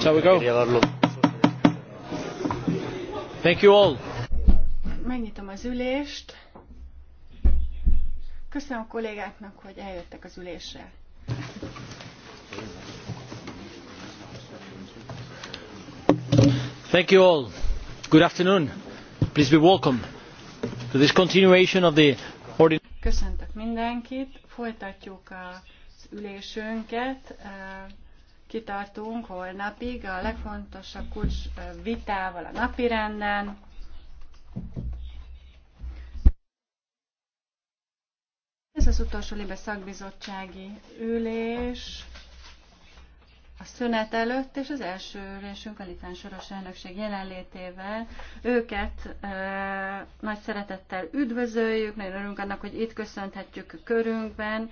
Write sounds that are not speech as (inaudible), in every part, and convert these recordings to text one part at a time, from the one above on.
Shall we go? Thank you all. Megnyitom az ülést. Köszönöm a kollégáknak, hogy eljöttek az ülésre. Thank you all. Good afternoon. Please be welcome to this continuation of the ordinary. Köszöntök mindenkit. Folytatjuk az ülésünket kitartunk holnapig a legfontosabb kulcs vitával a napirenden. Ez az utolsó Libe szakbizottsági ülés a szünet előtt, és az első ülésünk a Litván Soros Elnökség jelenlétével. Őket e, nagy szeretettel üdvözöljük, nagyon örülünk annak, hogy itt köszönhetjük körünkben.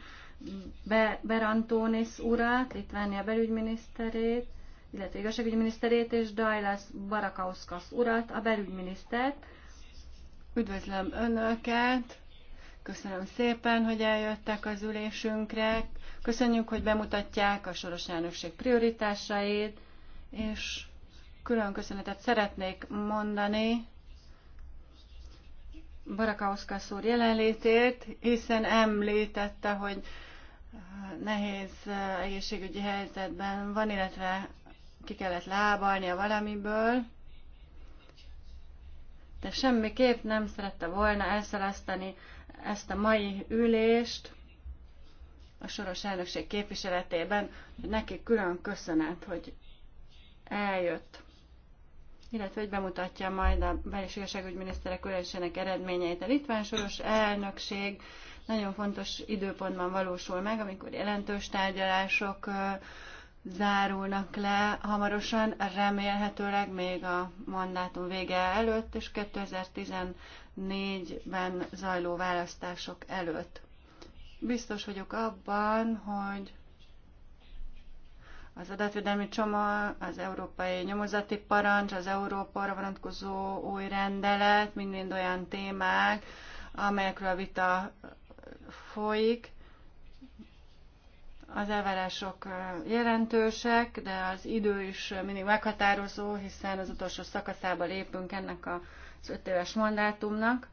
Berantónis urat, Litvánia belügyminiszterét, illetve igazságügyminiszterét és Dajlas Barakauskas urat, a belügyminisztert. Üdvözlöm Önöket! Köszönöm szépen, hogy eljöttek az ülésünkre. Köszönjük, hogy bemutatják a soros elnökség prioritásait, és külön köszönetet szeretnék mondani Barakauskas úr jelenlétét, hiszen említette, hogy nehéz egészségügyi helyzetben van, illetve ki kellett lábalnia valamiből, de semmiképp nem szerette volna elszalasztani ezt a mai ülést a soros elnökség képviseletében, hogy neki külön köszönet, hogy eljött, illetve hogy bemutatja majd a belségeségügyminiszterek ülésének eredményeit. A litván soros elnökség nagyon fontos időpontban valósul meg, amikor jelentős tárgyalások zárulnak le hamarosan, remélhetőleg még a mandátum vége előtt és 2014-ben zajló választások előtt. Biztos vagyok abban, hogy az adatvédelmi csomag, az európai nyomozati parancs, az Európára vonatkozó új rendelet, mind-mind olyan témák, amelyekről a vita folyik. Az elvárások jelentősek, de az idő is mindig meghatározó, hiszen az utolsó szakaszába lépünk ennek az öt éves mandátumnak.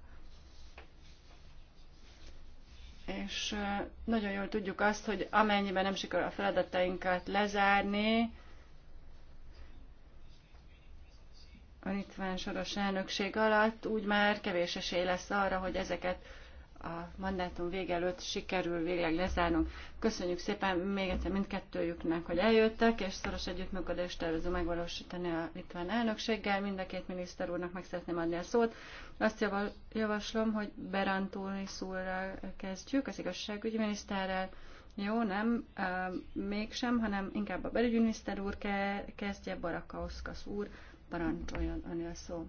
És nagyon jól tudjuk azt, hogy amennyiben nem sikerül a feladatainkat lezárni, a litván soros elnökség alatt úgy már kevés esély lesz arra, hogy ezeket a mandátum vége előtt sikerül végleg lezárnunk. Köszönjük szépen még egyszer mindkettőjüknek, hogy eljöttek, és szoros együttműködést tervező megvalósítani a litván elnökséggel. Mind a két miniszter úrnak meg szeretném adni a szót. Azt javaslom, hogy Berantóni szúrral kezdjük, az igazságügyi miniszterrel. Jó, nem, mégsem, hanem inkább a belügyminiszter úr kezdje, Barakauszkasz úr, parancsoljon önél szó.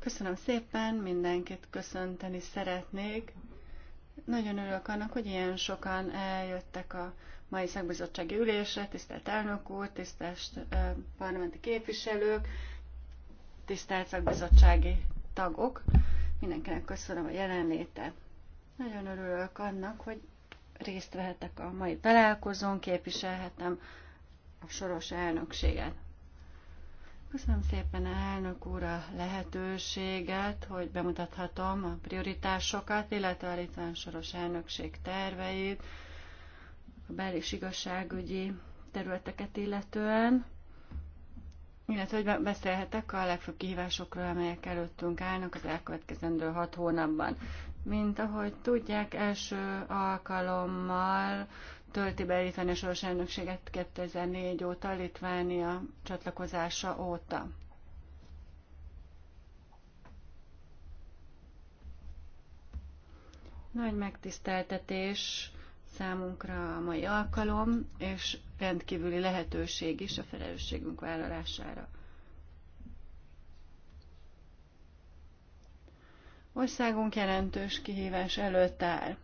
Köszönöm szépen, mindenkit köszönteni szeretnék. Nagyon örülök annak, hogy ilyen sokan eljöttek a mai szakbizottsági ülésre, tisztelt elnök úr, tisztelt parlamenti képviselők, tisztelt szakbizottsági tagok. Mindenkinek köszönöm a jelenlétet. Nagyon örülök annak, hogy részt vehetek a mai találkozón, képviselhetem a soros elnökséget. Köszönöm szépen elnök úr a lehetőséget, hogy bemutathatom a prioritásokat, illetve a litván soros elnökség terveit, a bel- és igazságügyi területeket illetően, illetve hogy beszélhetek a legfőbb kihívásokról, amelyek előttünk állnak az elkövetkezendő hat hónapban. Mint ahogy tudják, első alkalommal tölti be Litvánia soros elnökséget 2004 óta, Litvánia csatlakozása óta. Nagy megtiszteltetés számunkra a mai alkalom, és rendkívüli lehetőség is a felelősségünk vállalására. Országunk jelentős kihívás előtt áll.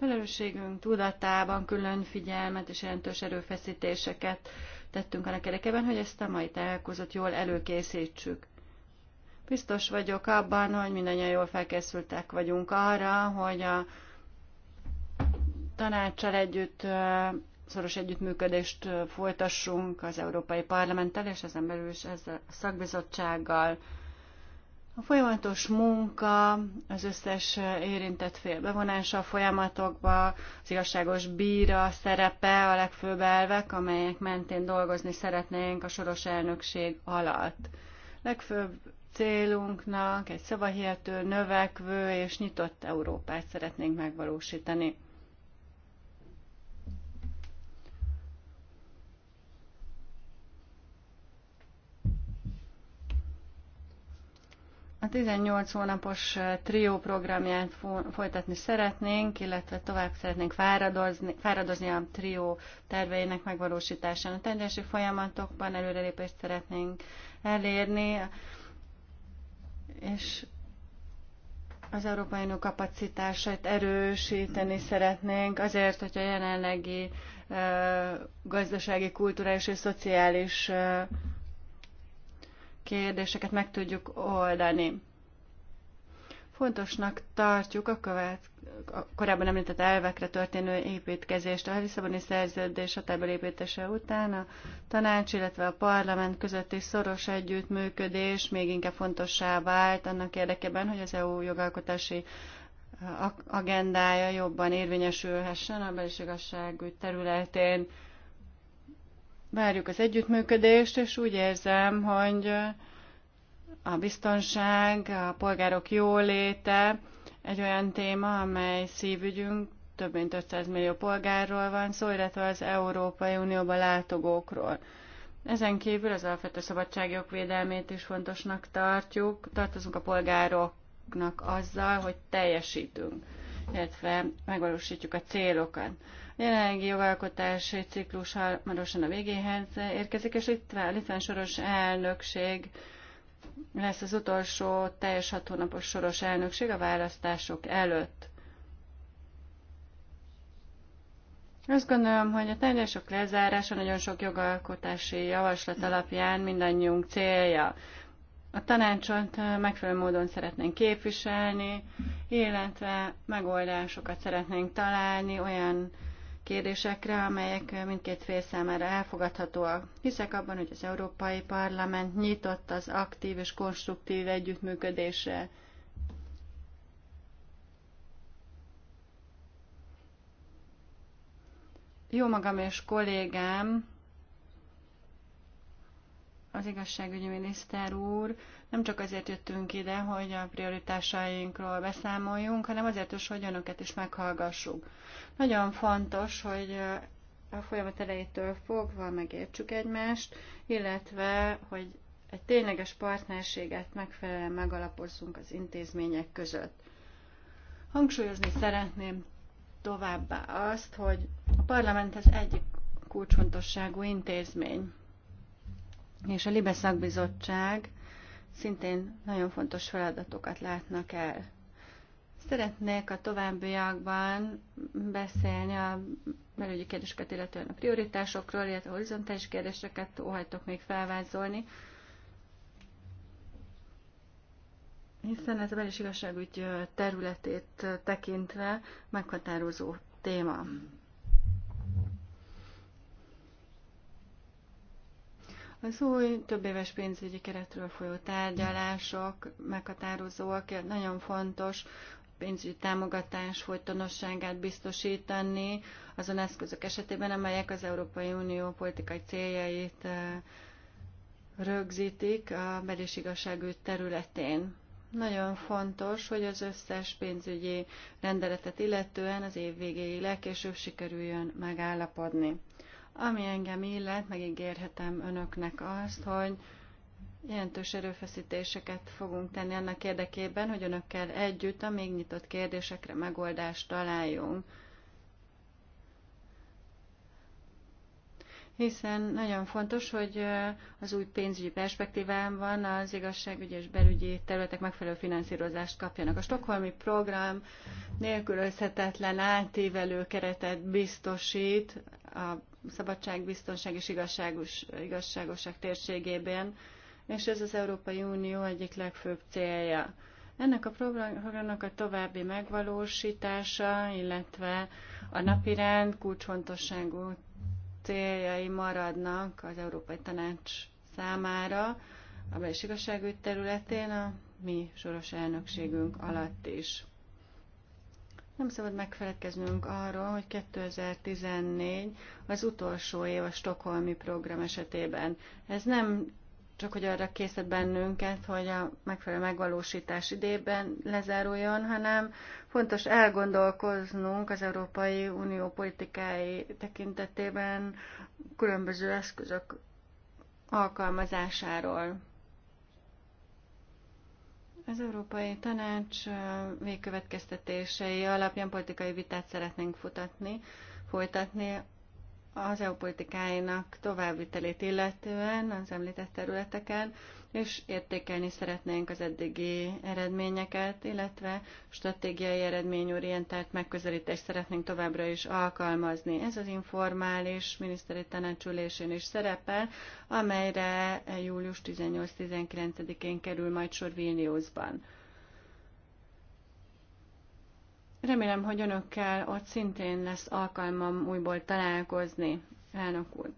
Felelősségünk tudatában külön figyelmet és jelentős erőfeszítéseket tettünk annak érdekében, hogy ezt a mai találkozót jól előkészítsük. Biztos vagyok abban, hogy mindannyian jól felkészültek vagyunk arra, hogy a tanácssal együtt szoros együttműködést folytassunk az Európai Parlamenttel, és ezen belül is ezzel a szakbizottsággal, a folyamatos munka, az összes érintett fél bevonása a folyamatokba, az igazságos bíra szerepe a legfőbb elvek, amelyek mentén dolgozni szeretnénk a soros elnökség alatt. Legfőbb célunknak egy szavahihető, növekvő és nyitott Európát szeretnénk megvalósítani. A 18 hónapos trió programját folytatni szeretnénk, illetve tovább szeretnénk fáradozni, fáradozni a trió terveinek megvalósításán. A tárgyalási folyamatokban előrelépést szeretnénk elérni, és az Európai Unió kapacitását erősíteni szeretnénk, azért, hogy a jelenlegi gazdasági, kulturális és szociális kérdéseket meg tudjuk oldani. Fontosnak tartjuk a, követ, a korábban említett elvekre történő építkezést. A Lisszaboni szerződés hatályba építése után a tanács, illetve a parlament közötti szoros együttműködés még inkább fontossá vált annak érdekében, hogy az EU jogalkotási agendája jobban érvényesülhessen a igazságügy területén várjuk az együttműködést, és úgy érzem, hogy a biztonság, a polgárok jóléte egy olyan téma, amely szívügyünk, több mint 500 millió polgárról van szó, illetve az Európai Unióba látogókról. Ezen kívül az alapvető szabadságjog védelmét is fontosnak tartjuk, tartozunk a polgároknak azzal, hogy teljesítünk, illetve megvalósítjuk a célokat jelenlegi jogalkotási ciklus hamarosan a végéhez érkezik, és itt a Litván soros elnökség lesz az utolsó teljes hat hónapos soros elnökség a választások előtt. Azt gondolom, hogy a tárgyalások lezárása nagyon sok jogalkotási javaslat alapján mindannyiunk célja. A tanácsot megfelelő módon szeretnénk képviselni, illetve megoldásokat szeretnénk találni olyan kérdésekre, amelyek mindkét fél számára elfogadhatóak. Hiszek abban, hogy az Európai Parlament nyitott az aktív és konstruktív együttműködésre. Jó magam és kollégám az igazságügyi miniszter úr, nem csak azért jöttünk ide, hogy a prioritásainkról beszámoljunk, hanem azért is, hogy önöket is meghallgassuk. Nagyon fontos, hogy a folyamat elejétől fogva megértsük egymást, illetve, hogy egy tényleges partnerséget megfelelően megalapozzunk az intézmények között. Hangsúlyozni szeretném továbbá azt, hogy a parlament az egyik kulcsfontosságú intézmény. És a Libe szakbizottság szintén nagyon fontos feladatokat látnak el. Szeretnék a továbbiakban beszélni a belügyi kérdéseket, illetően a prioritásokról, illetve a horizontális kérdéseket óhajtok még felvázolni. Hiszen ez a belügyi igazságügy területét tekintve meghatározó téma. Az új több éves pénzügyi keretről folyó tárgyalások meghatározóak, nagyon fontos pénzügyi támogatás folytonosságát biztosítani azon eszközök esetében, amelyek az Európai Unió politikai céljait eh, rögzítik a bel- igazságügy területén. Nagyon fontos, hogy az összes pénzügyi rendeletet illetően az év végéig legkésőbb sikerüljön megállapodni. Ami engem illet, megígérhetem önöknek azt, hogy jelentős erőfeszítéseket fogunk tenni annak érdekében, hogy önökkel együtt a még nyitott kérdésekre megoldást találjunk. hiszen nagyon fontos, hogy az új pénzügyi van, az igazságügyi és belügyi területek megfelelő finanszírozást kapjanak. A stokholmi program nélkülözhetetlen átívelő keretet biztosít a szabadság, biztonság és igazságos, igazságosság térségében, és ez az Európai Unió egyik legfőbb célja. Ennek a programnak a további megvalósítása, illetve a napirend kulcsfontosságú céljai maradnak az Európai Tanács számára, a belső igazságügy területén a mi soros elnökségünk alatt is. Nem szabad megfelelkeznünk arról, hogy 2014 az utolsó év a Stockholmi program esetében. Ez nem csak hogy arra készít bennünket, hogy a megfelelő megvalósítás idében lezáruljon, hanem fontos elgondolkoznunk az Európai Unió politikái tekintetében különböző eszközök alkalmazásáról. Az Európai Tanács végkövetkeztetései alapján politikai vitát szeretnénk futatni, folytatni az EU politikáinak továbbvitelét illetően az említett területeken, és értékelni szeretnénk az eddigi eredményeket, illetve stratégiai eredményorientált megközelítést szeretnénk továbbra is alkalmazni. Ez az informális miniszteri tanácsülésén is szerepel, amelyre július 18-19-én kerül majd sor Vilniusban. Remélem, hogy önökkel ott szintén lesz alkalmam újból találkozni, elnök úr.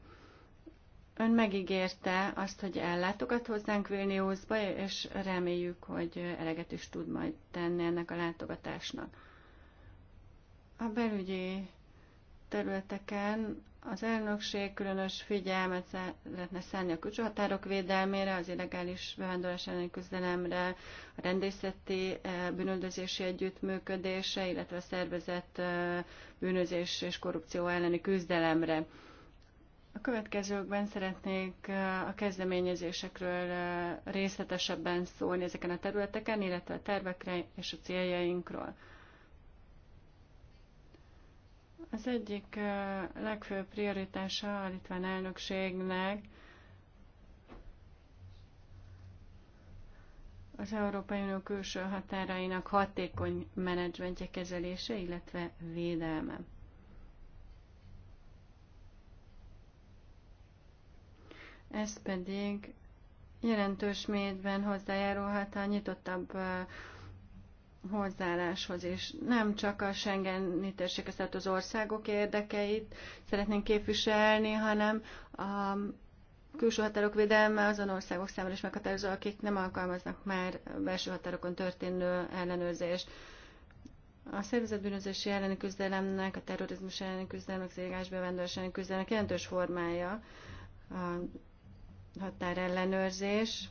Ön megígérte azt, hogy ellátogat hozzánk Vilniuszba, és reméljük, hogy eleget is tud majd tenni ennek a látogatásnak. A belügyi területeken az elnökség különös figyelmet szeretne szállni a külsőhatárok védelmére, az illegális bevándorlás elleni küzdelemre, a rendészeti eh, bűnöldözési együttműködése, illetve a szervezett eh, bűnözés és korrupció elleni küzdelemre. A következőkben szeretnék a kezdeményezésekről részletesebben szólni ezeken a területeken, illetve a tervekre és a céljainkról. Az egyik legfőbb prioritása a litván elnökségnek az Európai Unió külső határainak hatékony menedzsmentje kezelése, illetve védelme. ez pedig jelentős mértékben hozzájárulhat a nyitottabb hozzáálláshoz is. Nem csak a Schengeni térséghez, tehát az országok érdekeit szeretnénk képviselni, hanem a külső határok védelme azon országok számára is meghatározó, akik nem alkalmaznak már belső határokon történő ellenőrzést. A szervezetbűnözési elleni küzdelemnek, a terrorizmus elleni küzdelemnek, az égásbevándorlás elleni küzdelemnek jelentős formája a határellenőrzés,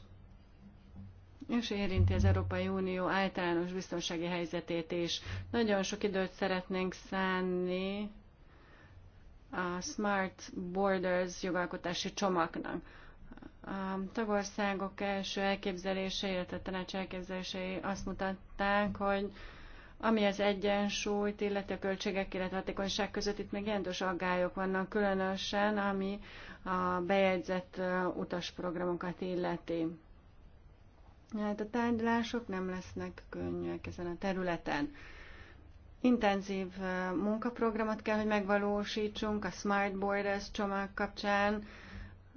és érinti az Európai Unió általános biztonsági helyzetét is. Nagyon sok időt szeretnénk szánni a Smart Borders jogalkotási csomagnak. A tagországok első elképzelése, illetve tanács elképzelései azt mutatták, hogy ami az egyensúlyt, illetve a költségek, illetve hatékonyság között itt még jelentős aggályok vannak, különösen ami a bejegyzett utasprogramokat illeti. Hát a tárgyalások nem lesznek könnyűek ezen a területen. Intenzív munkaprogramot kell, hogy megvalósítsunk a Smart Borders csomag kapcsán,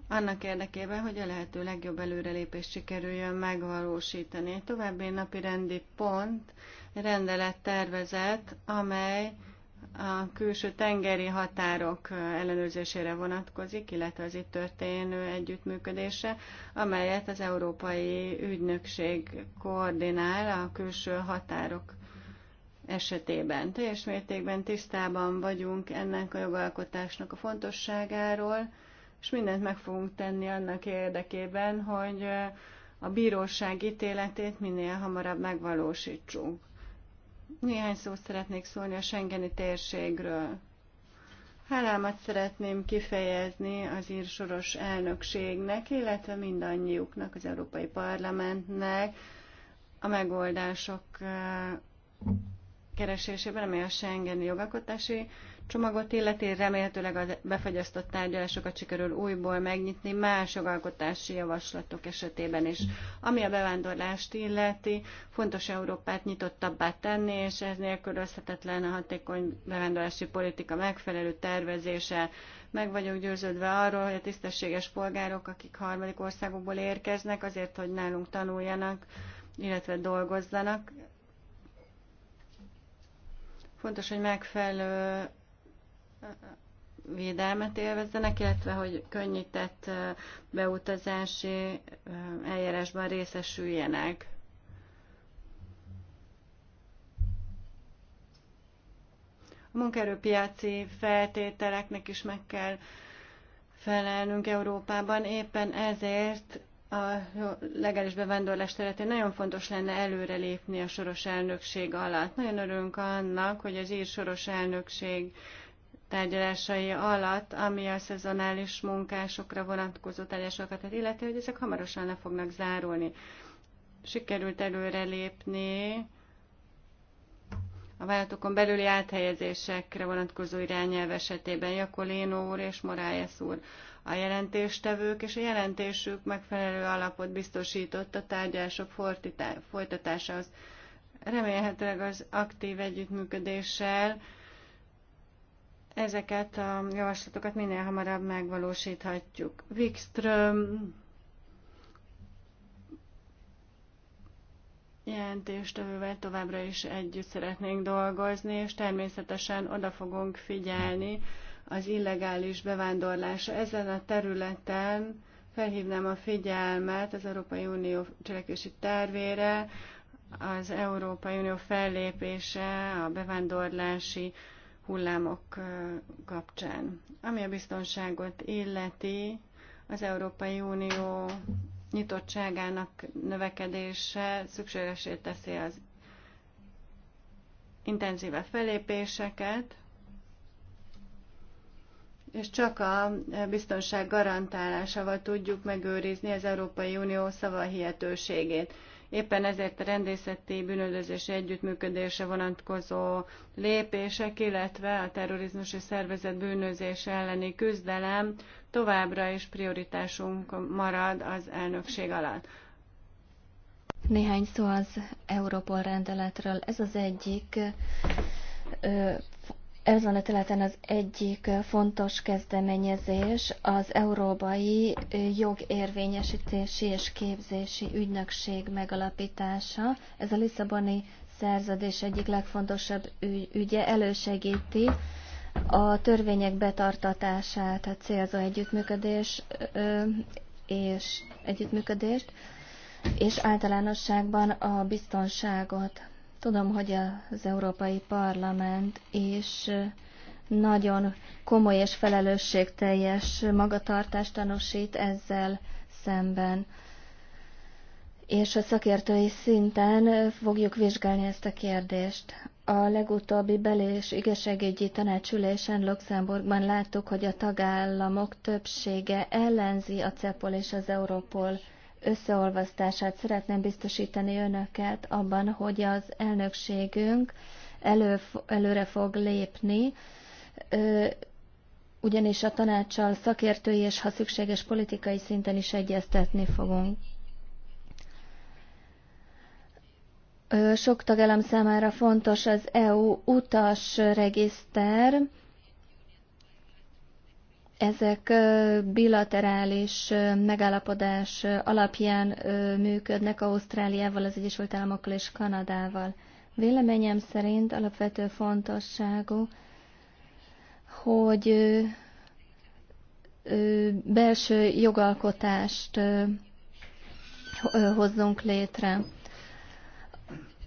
annak érdekében, hogy a lehető legjobb előrelépést sikerüljön megvalósítani. További napi rendi pont rendelet tervezet, amely a külső tengeri határok ellenőrzésére vonatkozik, illetve az itt történő együttműködése, amelyet az Európai Ügynökség koordinál a külső határok esetében. Teljes mértékben tisztában vagyunk ennek a jogalkotásnak a fontosságáról, és mindent meg fogunk tenni annak érdekében, hogy a bíróság ítéletét minél hamarabb megvalósítsuk. Néhány szót szeretnék szólni a Schengeni térségről. Hálámat szeretném kifejezni az írsoros elnökségnek, illetve mindannyiuknak, az Európai Parlamentnek a megoldások keresésében, amely a Schengeni jogalkotási csomagot illeti, remélhetőleg a befagyasztott tárgyalásokat sikerül újból megnyitni más jogalkotási javaslatok esetében is. Ami a bevándorlást illeti, fontos Európát nyitottabbá tenni, és ez összetetlen a hatékony bevándorlási politika megfelelő tervezése. Meg vagyok győződve arról, hogy a tisztességes polgárok, akik harmadik országokból érkeznek, azért, hogy nálunk tanuljanak, illetve dolgozzanak, fontos, hogy megfelelő védelmet élvezzenek, illetve hogy könnyített beutazási eljárásban részesüljenek. A munkaerőpiaci feltételeknek is meg kell felelnünk Európában, éppen ezért a legális bevándorlás területén nagyon fontos lenne előrelépni a soros elnökség alatt. Nagyon örülünk annak, hogy az ír soros elnökség tárgyalásai alatt, ami a szezonális munkásokra vonatkozó tárgyalásokat illeti, hogy ezek hamarosan le fognak zárulni. Sikerült előrelépni a vállalatokon belüli áthelyezésekre vonatkozó irányelv esetében Jakolino úr és Moráes úr a jelentéstevők, és a jelentésük megfelelő alapot biztosított a tárgyalások folytatásához. Remélhetőleg az aktív együttműködéssel ezeket a javaslatokat minél hamarabb megvalósíthatjuk. Wikström jelentéstevővel továbbra is együtt szeretnénk dolgozni, és természetesen oda fogunk figyelni az illegális bevándorlásra. Ezen a területen felhívnám a figyelmet az Európai Unió cselekvési tervére, az Európai Unió fellépése a bevándorlási hullámok kapcsán. Ami a biztonságot illeti, az Európai Unió nyitottságának növekedése szükségesé teszi az intenzíve felépéseket, és csak a biztonság garantálásával tudjuk megőrizni az Európai Unió szavahihetőségét. Éppen ezért a rendészeti bűnöldözési együttműködése vonatkozó lépések, illetve a terrorizmus és szervezet bűnözés elleni küzdelem továbbra is prioritásunk marad az elnökség alatt. Néhány szó az Európol rendeletről. Ez az egyik ezen a területen az egyik fontos kezdeményezés az Európai Jogérvényesítési és Képzési Ügynökség megalapítása. Ez a Lisszaboni szerződés egyik legfontosabb ügye elősegíti a törvények betartatását, a célzó együttműködés és együttműködést, és általánosságban a biztonságot. Tudom, hogy az Európai Parlament is nagyon komoly és felelősségteljes magatartást tanúsít ezzel szemben. És a szakértői szinten fogjuk vizsgálni ezt a kérdést. A legutóbbi bel- és igazságügyi tanácsülésen Luxemburgban láttuk, hogy a tagállamok többsége ellenzi a CEPOL és az Európol összeolvasztását szeretném biztosítani önöket abban, hogy az elnökségünk elő, előre fog lépni, ugyanis a tanácssal szakértői és ha szükséges politikai szinten is egyeztetni fogunk. Sok tagállam számára fontos az EU utas regiszter, ezek bilaterális megállapodás alapján működnek Ausztráliával, az Egyesült Államokkal és Kanadával. Véleményem szerint alapvető fontosságú, hogy belső jogalkotást hozzunk létre.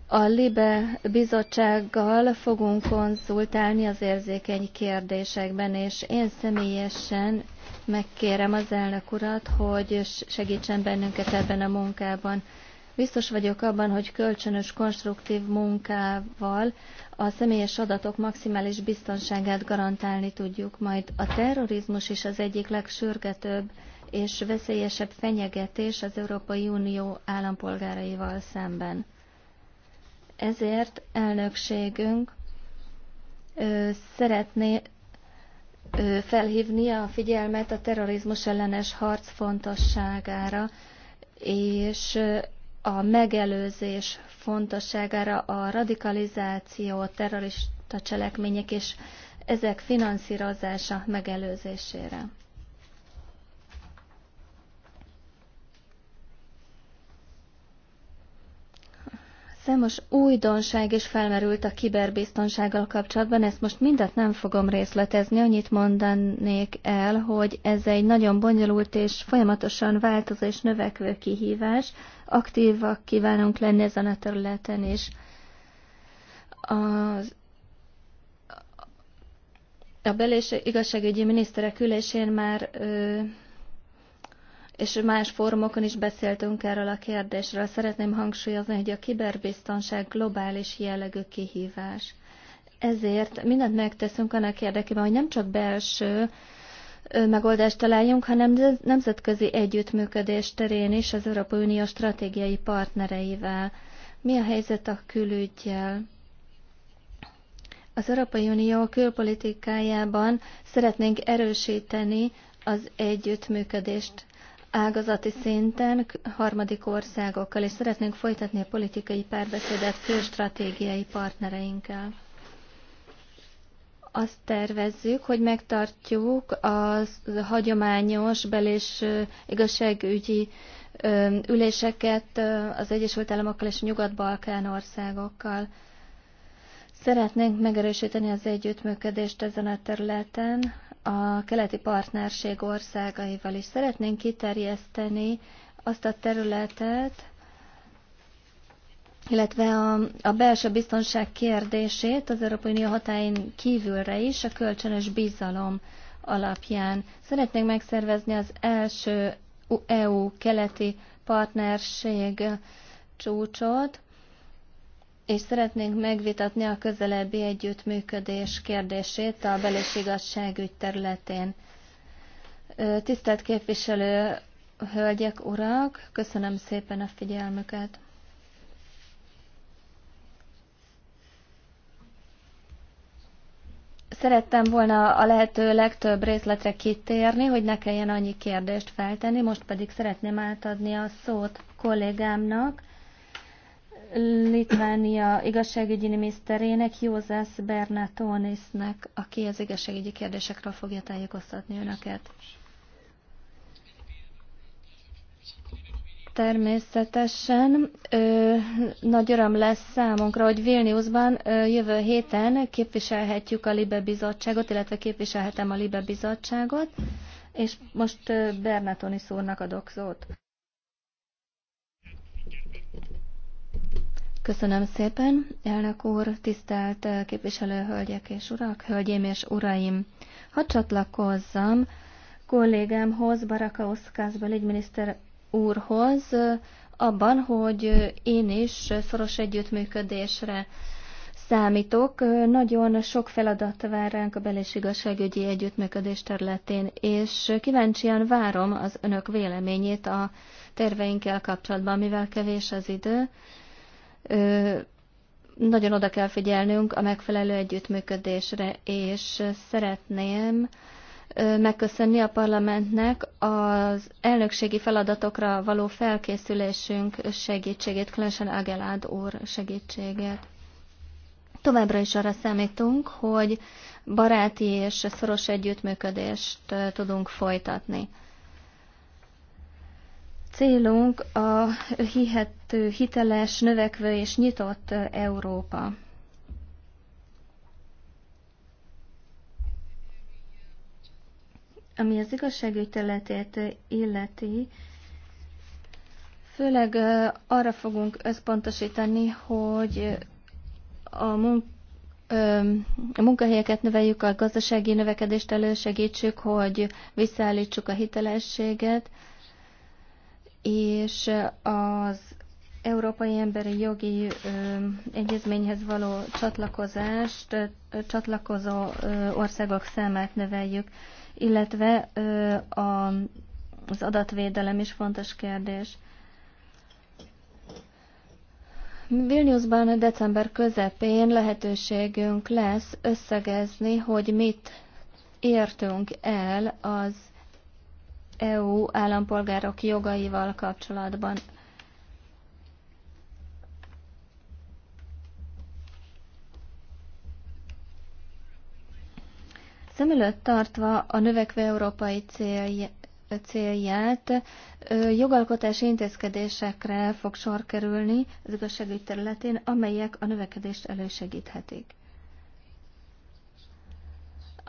A LIBE bizottsággal fogunk konzultálni az érzékeny kérdésekben, és én személyesen megkérem az elnök urat, hogy segítsen bennünket ebben a munkában. Biztos vagyok abban, hogy kölcsönös, konstruktív munkával a személyes adatok maximális biztonságát garantálni tudjuk majd. A terrorizmus is az egyik legsürgetőbb és veszélyesebb fenyegetés az Európai Unió állampolgáraival szemben. Ezért elnökségünk szeretné felhívni a figyelmet a terrorizmus ellenes harc fontosságára, és a megelőzés fontosságára, a radikalizáció, terrorista cselekmények és ezek finanszírozása megelőzésére. Számos újdonság is felmerült a kiberbiztonsággal kapcsolatban, ezt most mindet nem fogom részletezni, annyit mondanék el, hogy ez egy nagyon bonyolult és folyamatosan változó és növekvő kihívás. Aktívak kívánunk lenni ezen a területen is. Az a belés igazságügyi miniszterek ülésén már ö, és más fórumokon is beszéltünk erről a kérdésről. Szeretném hangsúlyozni, hogy a kiberbiztonság globális jellegű kihívás. Ezért mindent megteszünk annak érdekében, hogy nem csak belső megoldást találjunk, hanem nemzetközi együttműködés terén is az Európai Unió stratégiai partnereivel. Mi a helyzet a külügyjel? Az Európai Unió külpolitikájában szeretnénk erősíteni az együttműködést ágazati szinten, harmadik országokkal, és szeretnénk folytatni a politikai párbeszédet fő stratégiai partnereinkkel. Azt tervezzük, hogy megtartjuk a hagyományos bel- és igazságügyi üléseket az Egyesült Államokkal és Nyugat-Balkán országokkal. Szeretnénk megerősíteni az együttműködést ezen a területen, a keleti partnerség országaival is. Szeretnénk kiterjeszteni azt a területet, illetve a, a belső biztonság kérdését az Európai Unió hatáin kívülre is a kölcsönös bizalom alapján. Szeretnénk megszervezni az első EU keleti partnerség csúcsot, és szeretnénk megvitatni a közelebbi együttműködés kérdését a belés területén. Tisztelt képviselő, hölgyek, urak, köszönöm szépen a figyelmüket. Szerettem volna a lehető legtöbb részletre kitérni, hogy ne kelljen annyi kérdést feltenni, most pedig szeretném átadni a szót kollégámnak, Litvánia igazságügyi miniszterének, Józes Bernatonisnek, aki az igazságügyi kérdésekről fogja tájékoztatni önöket. Természetesen ö, nagy öröm lesz számunkra, hogy Vilniusban ö, jövő héten képviselhetjük a Libe Bizottságot, illetve képviselhetem a Libe Bizottságot, és most ö, szórnak úrnak adok szót. Köszönöm szépen, elnök úr, tisztelt eh, képviselő hölgyek és urak, hölgyém és uraim! Ha csatlakozzam kollégámhoz, Baraka Oszkász belügyminiszter úrhoz, eh, abban, hogy eh, én is szoros együttműködésre számítok. Nagyon sok feladat vár ránk a bel- és igazságügyi együttműködés területén, és kíváncsian várom az önök véleményét a terveinkkel kapcsolatban, mivel kevés az idő nagyon oda kell figyelnünk a megfelelő együttműködésre, és szeretném megköszönni a parlamentnek az elnökségi feladatokra való felkészülésünk segítségét, különösen Agelád úr segítségét. Továbbra is arra számítunk, hogy baráti és szoros együttműködést tudunk folytatni. Célunk a hihető, hiteles, növekvő és nyitott Európa. Ami az igazságügy területét illeti, főleg arra fogunk összpontosítani, hogy a munka a munkahelyeket növeljük, a gazdasági növekedést elősegítsük, hogy visszaállítsuk a hitelességet, és az Európai Emberi Jogi Egyezményhez való csatlakozást csatlakozó országok számát növeljük, illetve az adatvédelem is fontos kérdés. Vilniusban december közepén lehetőségünk lesz összegezni, hogy mit értünk el az EU állampolgárok jogaival kapcsolatban. Szem előtt tartva a növekvő európai célját, jogalkotási intézkedésekre fog sor kerülni az igazságügy területén, amelyek a növekedést elősegíthetik.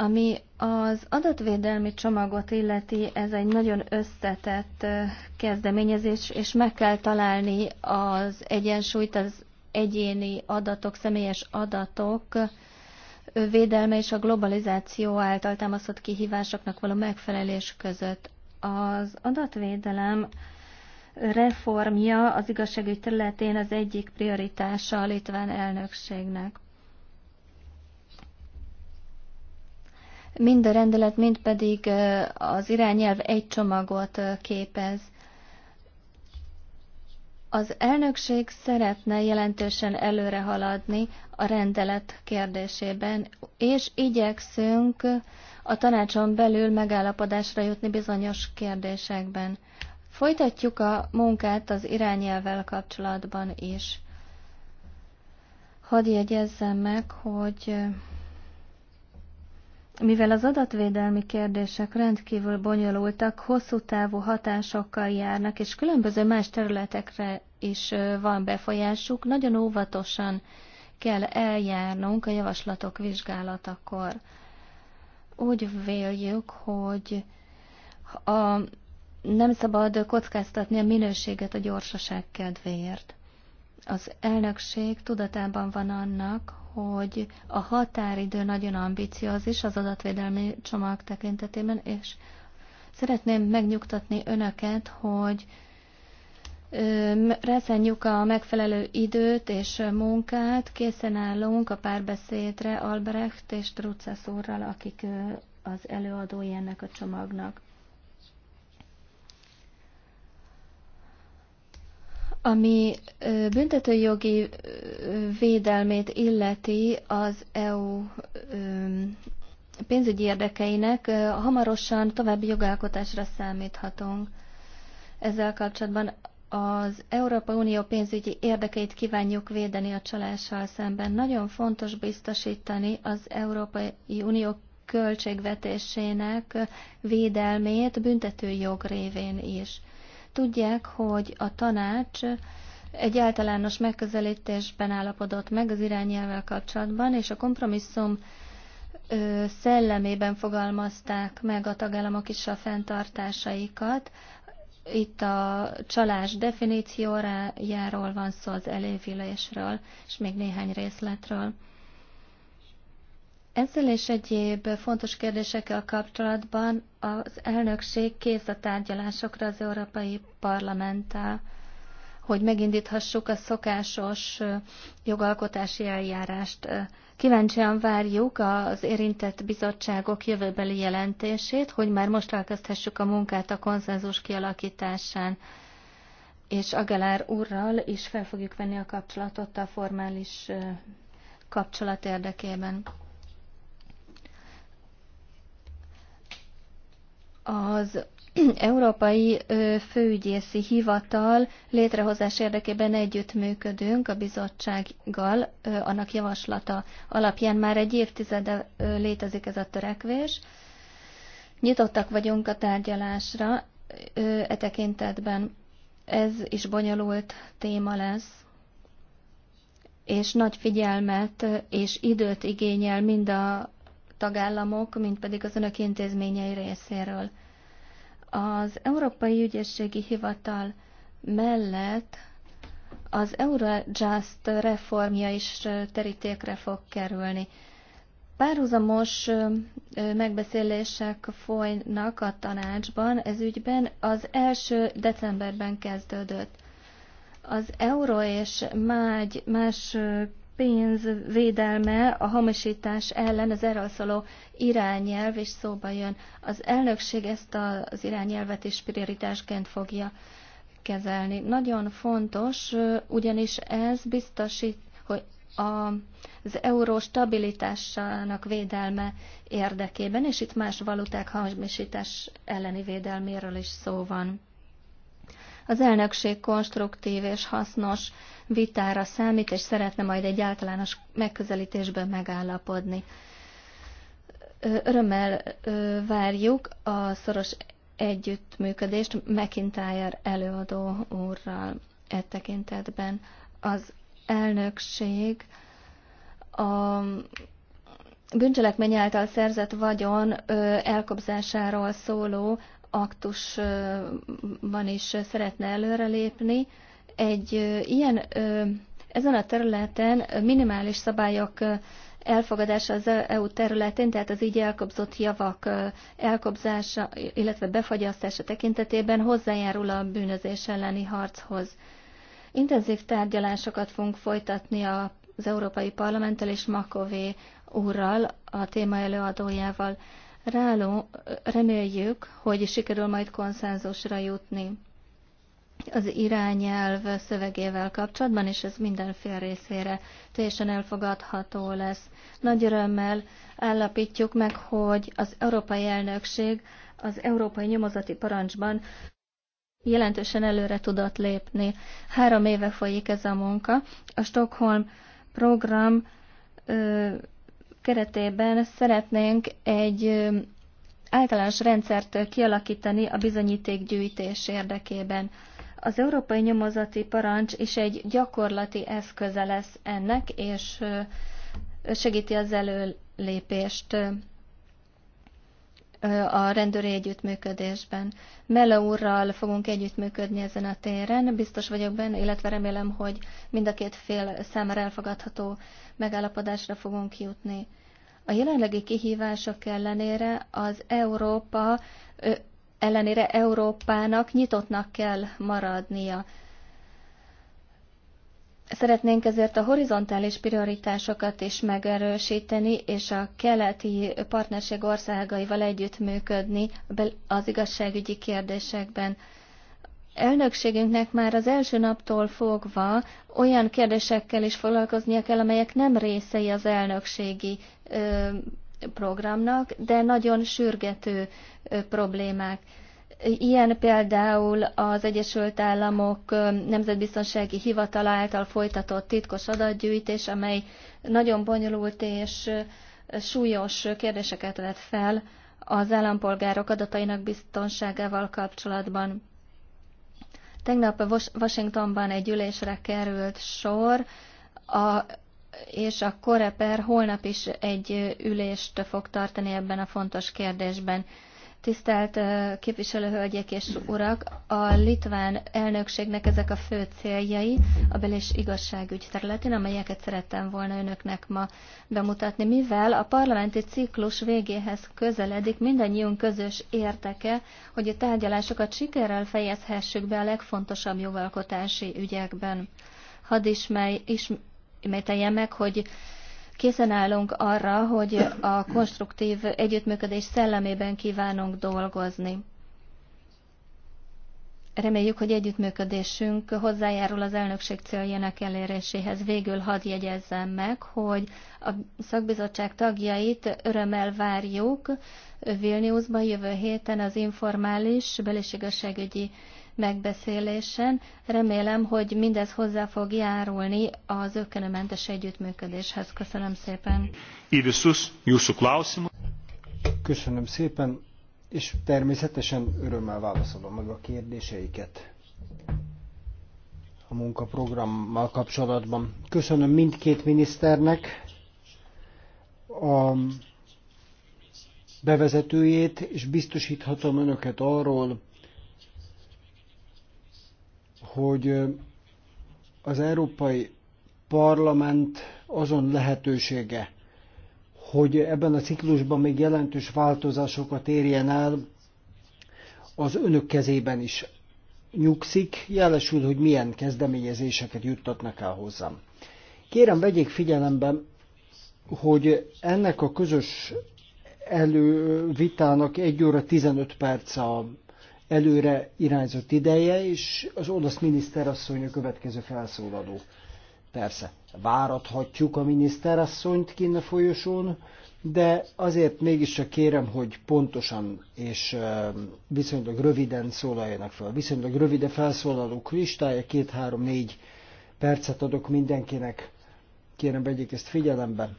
Ami az adatvédelmi csomagot illeti, ez egy nagyon összetett kezdeményezés, és meg kell találni az egyensúlyt az egyéni adatok, személyes adatok védelme és a globalizáció által támaszott kihívásoknak való megfelelés között. Az adatvédelem reformja az igazságügy területén az egyik prioritása a litván elnökségnek. mind a rendelet, mind pedig az irányelv egy csomagot képez. Az elnökség szeretne jelentősen előre haladni a rendelet kérdésében, és igyekszünk a tanácson belül megállapodásra jutni bizonyos kérdésekben. Folytatjuk a munkát az irányelvel kapcsolatban is. Hadd jegyezzem meg, hogy mivel az adatvédelmi kérdések rendkívül bonyolultak, hosszú távú hatásokkal járnak, és különböző más területekre is van befolyásuk, nagyon óvatosan kell eljárnunk a javaslatok vizsgálatakor. Úgy véljük, hogy a, nem szabad kockáztatni a minőséget a gyorsaság kedvéért. Az elnökség tudatában van annak, hogy a határidő nagyon ambiciózis az adatvédelmi csomag tekintetében, és szeretném megnyugtatni önöket, hogy Reszenjük a megfelelő időt és munkát, készen állunk a párbeszédre Albrecht és Trucesz úrral, akik az előadói ennek a csomagnak. Ami büntetőjogi védelmét illeti az EU pénzügyi érdekeinek, hamarosan további jogalkotásra számíthatunk. Ezzel kapcsolatban az Európa Unió pénzügyi érdekeit kívánjuk védeni a csalással szemben. Nagyon fontos biztosítani az Európai Unió költségvetésének védelmét büntetőjog révén is. Tudják, hogy a tanács egy általános megközelítésben állapodott meg az irányelvvel kapcsolatban, és a kompromisszum szellemében fogalmazták meg a tagállamok is a fenntartásaikat. Itt a csalás definíciójáról van szó, az elévülésről, és még néhány részletről. Ezzel és egyéb fontos kérdésekkel kapcsolatban az elnökség kész a tárgyalásokra az Európai Parlamenttel, hogy megindíthassuk a szokásos jogalkotási eljárást. Kíváncsian várjuk az érintett bizottságok jövőbeli jelentését, hogy már most elkezdhessük a munkát a konszenzus kialakításán, és Agelár úrral is fel fogjuk venni a kapcsolatot a formális kapcsolat érdekében. Az (clears throat) Európai Főügyészi Hivatal létrehozás érdekében együttműködünk a bizottsággal, annak javaslata alapján már egy évtizede létezik ez a törekvés. Nyitottak vagyunk a tárgyalásra e tekintetben. Ez is bonyolult téma lesz, és nagy figyelmet és időt igényel mind a tagállamok, mint pedig az önök intézményei részéről. Az Európai Ügyészségi Hivatal mellett az Eurojust reformja is terítékre fog kerülni. Párhuzamos megbeszélések folynak a tanácsban ez ügyben, az első decemberben kezdődött. Az Euro és mágy, más pénz védelme a hamisítás ellen az erről szóló irányelv is szóba jön. Az elnökség ezt az irányelvet is prioritásként fogja kezelni. Nagyon fontos, ugyanis ez biztosít, hogy az euró stabilitásának védelme érdekében, és itt más valuták hamisítás elleni védelméről is szó van. Az elnökség konstruktív és hasznos vitára számít, és szeretne majd egy általános megközelítésben megállapodni. Örömmel várjuk a szoros együttműködést McIntyre előadó úrral e tekintetben. Az elnökség a bűncselekmény által szerzett vagyon elkobzásáról szóló aktusban is szeretne előrelépni. Egy ilyen, ezen a területen minimális szabályok elfogadása az EU területén, tehát az így elkobzott javak elkobzása, illetve befagyasztása tekintetében hozzájárul a bűnözés elleni harchoz. Intenzív tárgyalásokat fogunk folytatni az Európai Parlamenttel és Makové úrral, a téma előadójával. Ráló, reméljük, hogy sikerül majd konszenzusra jutni az irányelv szövegével kapcsolatban, és ez mindenféle részére teljesen elfogadható lesz. Nagy örömmel állapítjuk meg, hogy az Európai Elnökség az Európai Nyomozati Parancsban jelentősen előre tudott lépni. Három éve folyik ez a munka. A Stockholm program ö, keretében szeretnénk egy általános rendszert kialakítani a bizonyítékgyűjtés érdekében. Az Európai Nyomozati Parancs is egy gyakorlati eszköze lesz ennek, és segíti az előlépést a rendőri együttműködésben. Mele úrral fogunk együttműködni ezen a téren, biztos vagyok benne, illetve remélem, hogy mind a két fél számára elfogadható megállapodásra fogunk jutni. A jelenlegi kihívások ellenére az Európa ellenére Európának nyitottnak kell maradnia. Szeretnénk ezért a horizontális prioritásokat is megerősíteni, és a keleti partnerség országaival együttműködni az igazságügyi kérdésekben. Elnökségünknek már az első naptól fogva olyan kérdésekkel is foglalkoznia kell, amelyek nem részei az elnökségi programnak, de nagyon sürgető problémák. Ilyen például az Egyesült Államok Nemzetbiztonsági Hivatala által folytatott titkos adatgyűjtés, amely nagyon bonyolult és súlyos kérdéseket vett fel az állampolgárok adatainak biztonságával kapcsolatban. Tegnap Washingtonban egy ülésre került sor, a, és a Koreper holnap is egy ülést fog tartani ebben a fontos kérdésben. Tisztelt képviselőhölgyek és urak, a litván elnökségnek ezek a fő céljai a bel- és igazságügy területén, amelyeket szerettem volna önöknek ma bemutatni, mivel a parlamenti ciklus végéhez közeledik mindannyiunk közös érteke, hogy a tárgyalásokat sikerrel fejezhessük be a legfontosabb jogalkotási ügyekben. Hadd ismételjem meg, hogy Készen állunk arra, hogy a konstruktív együttműködés szellemében kívánunk dolgozni. Reméljük, hogy együttműködésünk hozzájárul az elnökség céljának eléréséhez. Végül hadd jegyezzem meg, hogy a szakbizottság tagjait örömmel várjuk Vilniusban jövő héten az informális belégségösségügyi megbeszélésen. Remélem, hogy mindez hozzá fog járulni az ökönömentes együttműködéshez. Köszönöm szépen. Köszönöm szépen, és természetesen örömmel válaszolom meg a kérdéseiket a munkaprogrammal kapcsolatban. Köszönöm mindkét miniszternek a bevezetőjét, és biztosíthatom önöket arról, hogy az Európai Parlament azon lehetősége, hogy ebben a ciklusban még jelentős változásokat érjen el, az önök kezében is nyugszik, jelesül, hogy milyen kezdeményezéseket juttatnak el hozzám. Kérem, vegyék figyelembe, hogy ennek a közös elővitának 1 óra 15 perc a előre irányzott ideje, és az olasz miniszterasszony a következő felszólaló. Persze, várathatjuk a miniszterasszonyt kinn a folyosón, de azért mégiscsak kérem, hogy pontosan és viszonylag röviden szólaljanak fel. Viszonylag rövide a felszólalók listája, két-három-négy percet adok mindenkinek. Kérem, vegyék ezt figyelembe.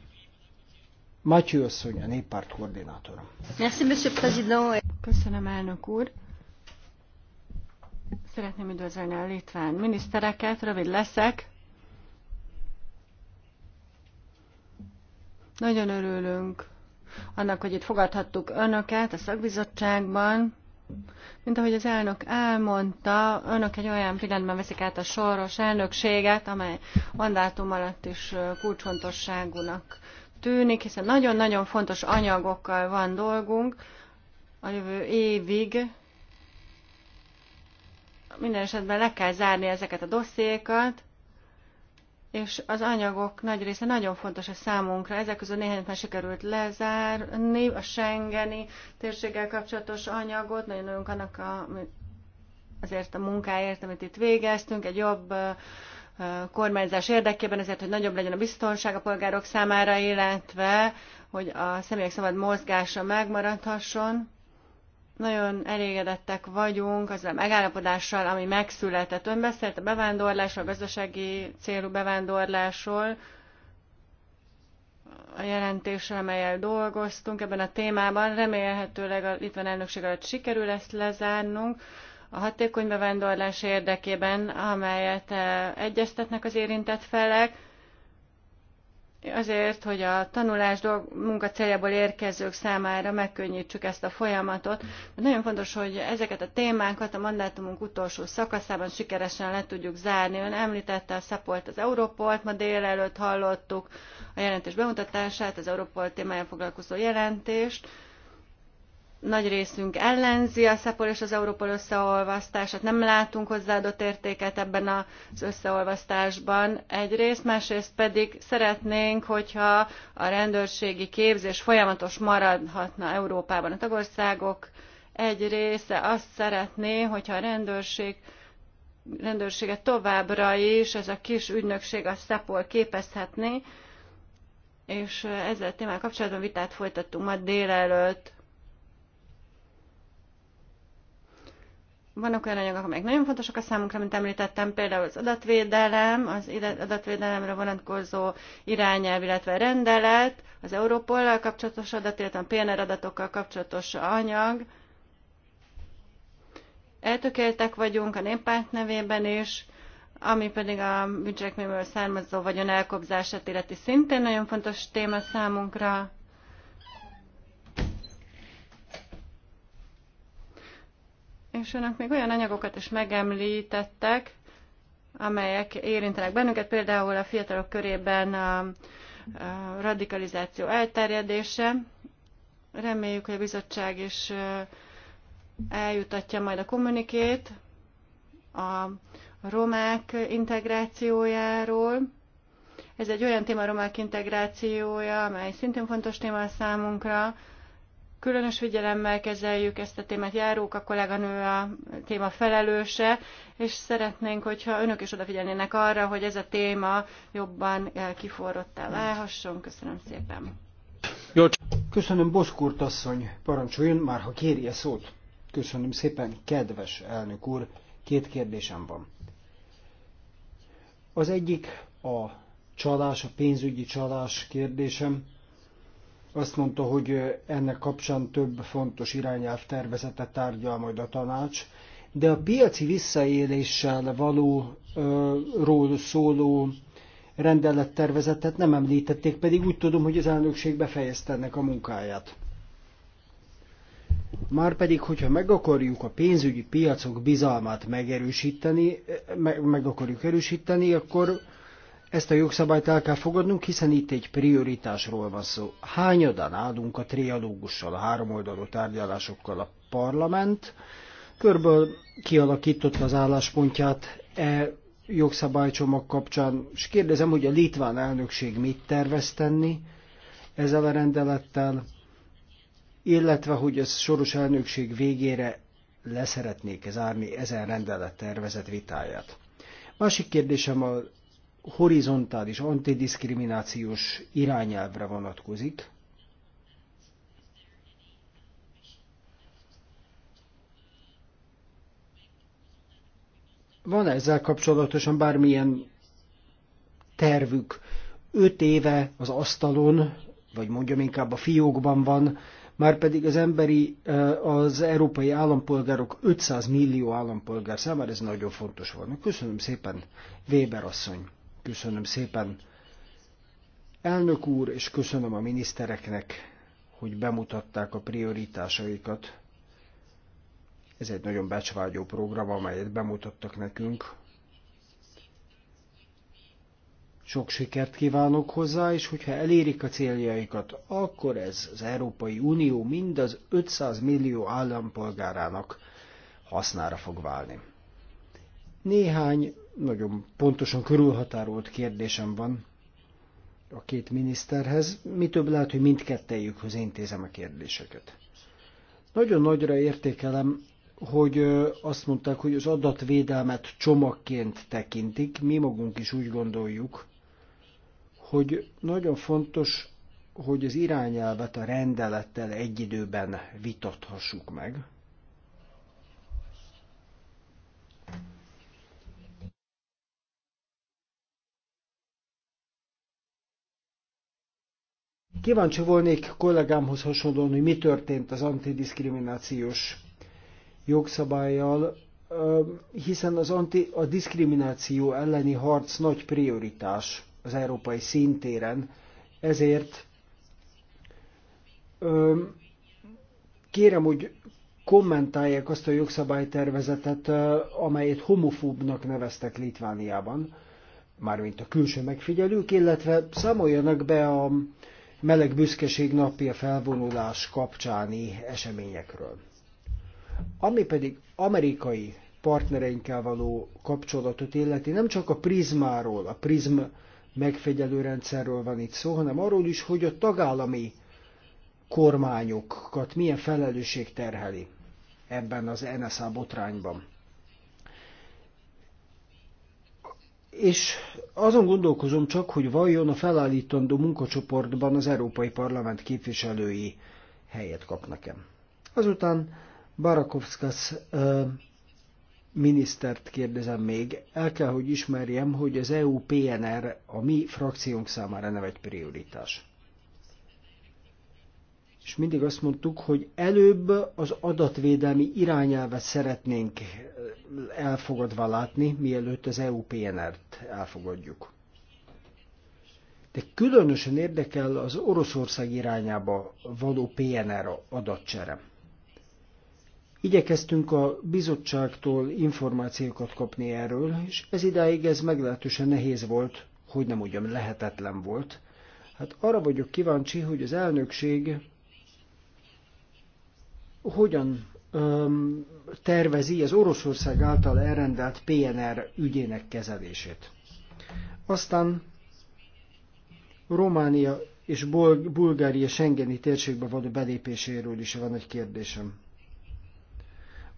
Matyő asszony, a néppárt koordinátora. Köszönöm, elnök úr. Szeretném üdvözölni a litván minisztereket, rövid leszek. Nagyon örülünk annak, hogy itt fogadhattuk önöket a szakbizottságban. Mint ahogy az elnök elmondta, önök egy olyan pillanatban veszik át a soros elnökséget, amely mandátum alatt is kulcsfontosságúnak tűnik, hiszen nagyon-nagyon fontos anyagokkal van dolgunk a jövő évig, minden esetben le kell zárni ezeket a dossziékat, és az anyagok nagy része nagyon fontos a számunkra. Ezek közül néhányat már sikerült lezárni, a Schengeni térséggel kapcsolatos anyagot, nagyon nagyon annak a, azért a munkáért, amit itt végeztünk, egy jobb kormányzás érdekében, ezért, hogy nagyobb legyen a biztonság a polgárok számára, illetve, hogy a személyek szabad mozgása megmaradhasson nagyon elégedettek vagyunk az a megállapodással, ami megszületett. Ön beszélt a bevándorlásról, a gazdasági célú bevándorlásról, a jelentésre, amelyel dolgoztunk ebben a témában. Remélhetőleg a litván elnökség alatt sikerül ezt lezárnunk a hatékony bevándorlás érdekében, amelyet eh, egyeztetnek az érintett felek azért, hogy a tanulás dolg, munka céljából érkezők számára megkönnyítsük ezt a folyamatot. de nagyon fontos, hogy ezeket a témákat a mandátumunk utolsó szakaszában sikeresen le tudjuk zárni. Ön említette a szapolt az Európolt, ma délelőtt hallottuk a jelentés bemutatását, az Európolt témájával foglalkozó jelentést nagy részünk ellenzi a SZEPOL és az europol összeolvasztását, nem látunk hozzáadott értéket ebben az összeolvasztásban egyrészt, másrészt pedig szeretnénk, hogyha a rendőrségi képzés folyamatos maradhatna Európában. A tagországok egy része azt szeretné, hogyha a rendőrség rendőrsége továbbra is, ez a kis ügynökség a SZEPOL képezhetné, és ezzel témával kapcsolatban vitát folytattunk ma délelőtt Vannak olyan anyagok, amelyek nagyon fontosak a számunkra, mint említettem, például az adatvédelem, az adatvédelemre vonatkozó irányelv, illetve rendelet, az Európollal kapcsolatos adat, illetve a PNR adatokkal kapcsolatos anyag. Eltökéltek vagyunk a néppárt nevében is, ami pedig a bűncselekményből származó vagyon elkobzását illeti szintén nagyon fontos téma számunkra. és önök még olyan anyagokat is megemlítettek, amelyek érintenek bennünket, például a fiatalok körében a, a radikalizáció elterjedése. Reméljük, hogy a bizottság is eljutatja majd a kommunikét a romák integrációjáról. Ez egy olyan téma a romák integrációja, amely szintén fontos téma a számunkra, különös figyelemmel kezeljük ezt a témát, járók a kolléganő a téma felelőse, és szeretnénk, hogyha önök is odafigyelnének arra, hogy ez a téma jobban kiforrottá válhasson. Köszönöm szépen. Jó. Köszönöm, Boszkurt asszony, parancsoljon már, ha kéri a szót. Köszönöm szépen, kedves elnök úr, két kérdésem van. Az egyik a csalás, a pénzügyi csalás kérdésem azt mondta, hogy ennek kapcsán több fontos irányelv tervezete tárgyal majd a tanács, de a piaci visszaéléssel való ö, ról szóló rendelettervezetet nem említették, pedig úgy tudom, hogy az elnökség befejezte ennek a munkáját. Márpedig, hogyha meg akarjuk a pénzügyi piacok bizalmát megerősíteni, meg, meg akarjuk erősíteni, akkor ezt a jogszabályt el kell fogadnunk, hiszen itt egy prioritásról van szó. Hányadan állunk a trialógussal, a háromoldalú tárgyalásokkal a parlament? Körből kialakította az álláspontját e jogszabálycsomag kapcsán, és kérdezem, hogy a litván elnökség mit tervez tenni ezzel a rendelettel, illetve hogy a soros elnökség végére leszeretnék zárni ezen rendelet tervezett vitáját. Másik kérdésem a horizontális antidiszkriminációs irányelvre vonatkozik. Van -e ezzel kapcsolatosan bármilyen tervük? Öt éve az asztalon, vagy mondjam inkább a fiókban van, már pedig az emberi, eh, az európai állampolgárok 500 millió állampolgár számára ez nagyon fontos volna. Köszönöm szépen, Weber asszony! Köszönöm szépen. Elnök úr, és köszönöm a minisztereknek, hogy bemutatták a prioritásaikat. Ez egy nagyon becsvágyó program, amelyet bemutattak nekünk. Sok sikert kívánok hozzá, és hogyha elérik a céljaikat, akkor ez az Európai Unió mind az 500 millió állampolgárának hasznára fog válni. Néhány nagyon pontosan körülhatárolt kérdésem van a két miniszterhez, mi több lehet, hogy mindkettejükhöz intézem a kérdéseket. Nagyon nagyra értékelem, hogy azt mondták, hogy az adatvédelmet csomagként tekintik. Mi magunk is úgy gondoljuk, hogy nagyon fontos, hogy az irányelvet a rendelettel egy időben vitathassuk meg, Kíváncsi volnék kollégámhoz hasonlóan, hogy mi történt az antidiszkriminációs jogszabályjal, hiszen az anti, a diszkrimináció elleni harc nagy prioritás az európai szintéren, ezért kérem, hogy kommentálják azt a jogszabálytervezetet, amelyet homofóbnak neveztek Litvániában, mármint a külső megfigyelők, illetve számoljanak be a meleg büszkeség napi a felvonulás kapcsáni eseményekről. Ami pedig amerikai partnereinkkel való kapcsolatot illeti, nem csak a prizmáról, a prizm megfigyelő rendszerről van itt szó, hanem arról is, hogy a tagállami kormányokat milyen felelősség terheli ebben az NSA botrányban. és azon gondolkozom csak, hogy vajon a felállítandó munkacsoportban az Európai Parlament képviselői helyet kapnak-e. Azután Barakovszkasz minisztert kérdezem még. El kell, hogy ismerjem, hogy az EU-PNR a mi frakciónk számára nem egy prioritás és mindig azt mondtuk, hogy előbb az adatvédelmi irányelvet szeretnénk eh, elfogadva látni, mielőtt az EU-PNR-t elfogadjuk. De különösen érdekel az Oroszország irányába való PNR adatcsere. Igyekeztünk a bizottságtól információkat kapni erről, és ez idáig ez meglehetősen nehéz volt, hogy nem mondjam lehetetlen volt. Hát arra vagyok kíváncsi, hogy az elnökség hogyan öm, tervezi az Oroszország által elrendelt PNR ügyének kezelését. Aztán Románia és Bulgária Schengeni térségbe való belépéséről is van egy kérdésem.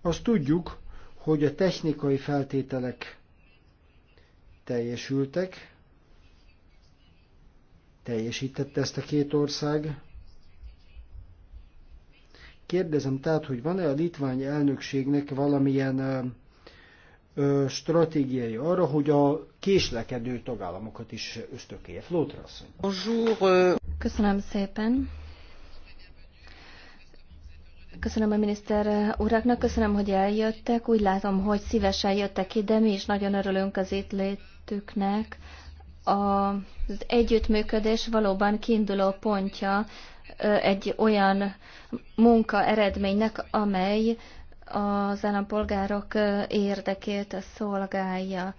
Azt tudjuk, hogy a technikai feltételek teljesültek, teljesítette ezt a két ország, Kérdezem tehát, hogy van-e a litvány elnökségnek valamilyen ö, stratégiai arra, hogy a késlekedő tagállamokat is ösztökélje. Flótra Bonjour. Köszönöm szépen. Köszönöm a miniszter uraknak, köszönöm, hogy eljöttek. Úgy látom, hogy szívesen jöttek ide, mi is nagyon örülünk az itt létüknek. Az együttműködés valóban kiinduló pontja egy olyan munka eredménynek, amely az állampolgárok érdekét szolgálja.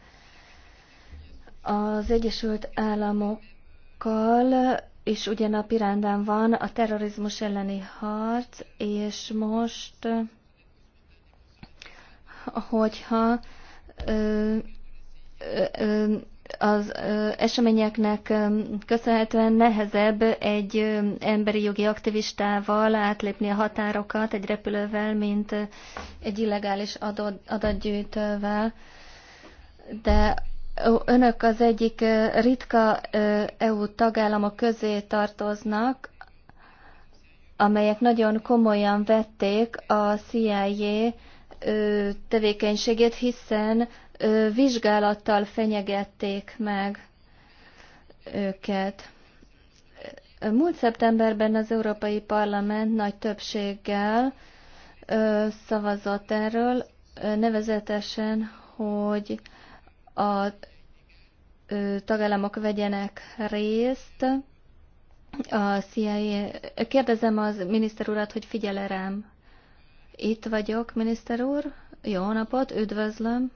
Az Egyesült Államokkal is ugye napirándán van a terrorizmus elleni harc, és most, hogyha ö, ö, ö, az eseményeknek köszönhetően nehezebb egy emberi jogi aktivistával átlépni a határokat egy repülővel, mint egy illegális adod, adatgyűjtővel. De önök az egyik ritka EU tagállamok közé tartoznak, amelyek nagyon komolyan vették a CIA tevékenységét, hiszen vizsgálattal fenyegették meg őket. Múlt szeptemberben az Európai Parlament nagy többséggel szavazott erről, nevezetesen, hogy a tagállamok vegyenek részt. A CIA... Kérdezem az miniszter urat, hogy figyele rám. Itt vagyok, miniszter úr. Jó napot, üdvözlöm.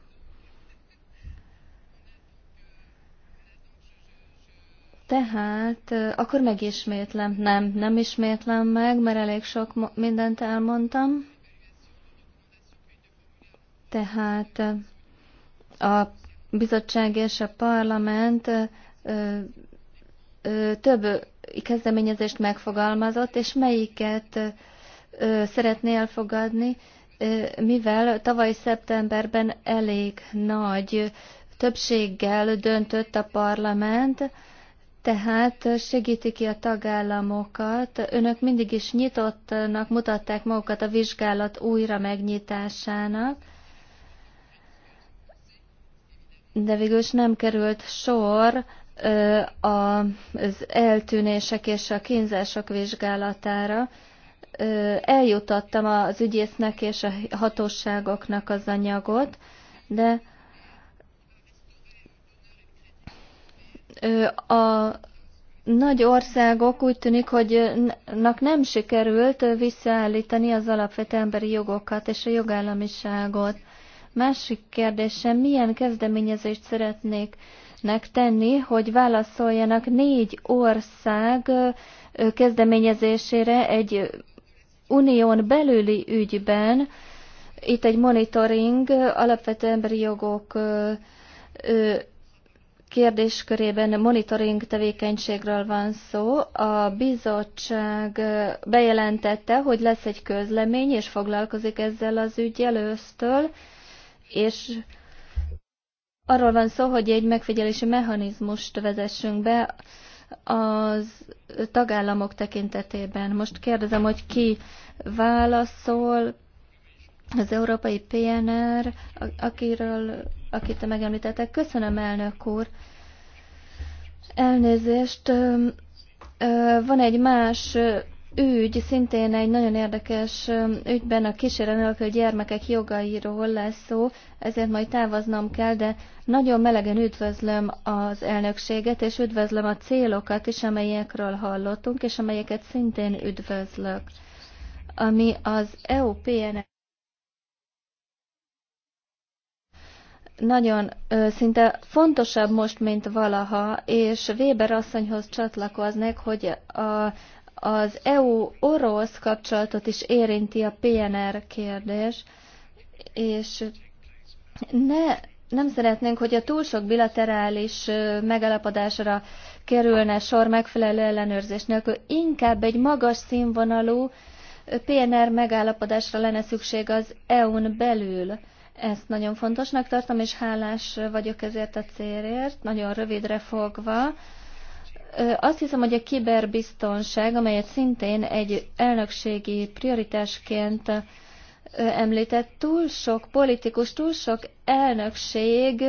Tehát akkor megismétlem. Nem, nem ismétlem meg, mert elég sok mindent elmondtam. Tehát a bizottság és a parlament több kezdeményezést megfogalmazott, és melyiket szeretné elfogadni, mivel tavaly szeptemberben elég nagy többséggel döntött a parlament, tehát segíti ki a tagállamokat. Önök mindig is nyitottnak mutatták magukat a vizsgálat újra megnyitásának, de végül is nem került sor az eltűnések és a kínzások vizsgálatára. Eljutottam az ügyésznek és a hatóságoknak az anyagot, de a nagy országok úgy tűnik, hogy nem sikerült visszaállítani az alapvető emberi jogokat és a jogállamiságot. Másik kérdésem, milyen kezdeményezést szeretnék tenni, hogy válaszoljanak négy ország kezdeményezésére egy unión belüli ügyben, itt egy monitoring, alapvető emberi jogok kérdéskörében monitoring tevékenységről van szó. A bizottság bejelentette, hogy lesz egy közlemény, és foglalkozik ezzel az ügy ősztől, és arról van szó, hogy egy megfigyelési mechanizmust vezessünk be az tagállamok tekintetében. Most kérdezem, hogy ki válaszol, az európai PNR, akiről akit te megemlítettek. Köszönöm, elnök úr. Elnézést. Van egy más ügy, szintén egy nagyon érdekes ügyben a kísérő nélkül gyermekek jogairól lesz szó, ezért majd távoznom kell, de nagyon melegen üdvözlöm az elnökséget, és üdvözlöm a célokat is, amelyekről hallottunk, és amelyeket szintén üdvözlök. Ami az EU nagyon szinte fontosabb most, mint valaha, és Weber asszonyhoz csatlakoznék, hogy a, az EU-orosz kapcsolatot is érinti a PNR kérdés, és ne, nem szeretnénk, hogy a túl sok bilaterális megalapodásra kerülne sor megfelelő ellenőrzés nélkül, inkább egy magas színvonalú PNR megállapodásra lenne szükség az EU-n belül ezt nagyon fontosnak tartom, és hálás vagyok ezért a célért. Nagyon rövidre fogva, azt hiszem, hogy a kiberbiztonság, amelyet szintén egy elnökségi prioritásként említett, túl sok politikus, túl sok elnökség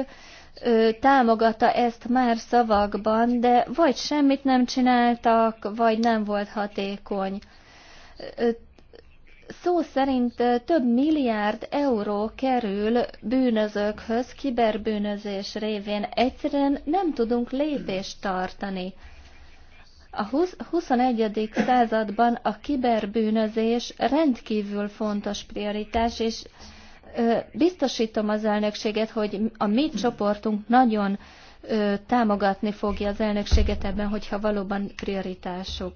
támogatta ezt már szavakban, de vagy semmit nem csináltak, vagy nem volt hatékony szó szerint több milliárd euró kerül bűnözőkhöz kiberbűnözés révén. Egyszerűen nem tudunk lépést tartani. A 21. században a kiberbűnözés rendkívül fontos prioritás, és biztosítom az elnökséget, hogy a mi csoportunk nagyon támogatni fogja az elnökséget ebben, hogyha valóban prioritásuk.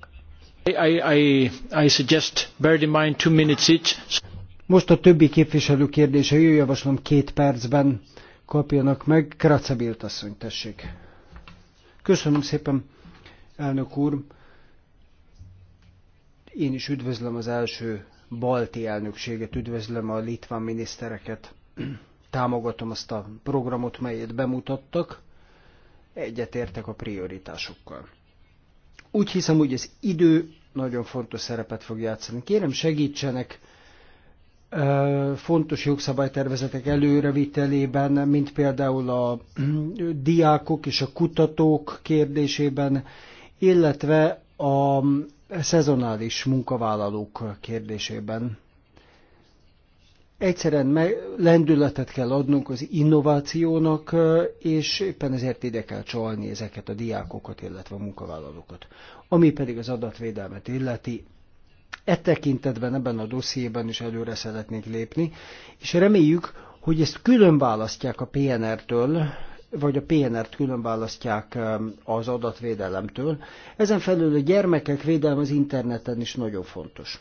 Most a többi képviselő kérdése, jó javaslom két percben kapjanak meg. Kracabilt asszony, tessék. Köszönöm szépen, elnök úr. Én is üdvözlöm az első balti elnökséget, üdvözlöm a litván minisztereket. Támogatom azt a programot, melyet bemutattak. Egyetértek a prioritásokkal. Úgy hiszem, hogy az idő nagyon fontos szerepet fog játszani. Kérem, segítsenek fontos jogszabálytervezetek előrevitelében, mint például a (clears throat) diákok és a kutatók kérdésében, illetve a szezonális munkavállalók kérdésében. Egyszerűen meg, lendületet kell adnunk az innovációnak, és éppen ezért ide kell csalni ezeket a diákokat, illetve a munkavállalókat. Ami pedig az adatvédelmet illeti, e tekintetben, ebben a dossziében is előre szeretnék lépni, és reméljük, hogy ezt külön választják a PNR-től, vagy a PNR-t külön választják az adatvédelemtől. Ezen felül a gyermekek védelme az interneten is nagyon fontos.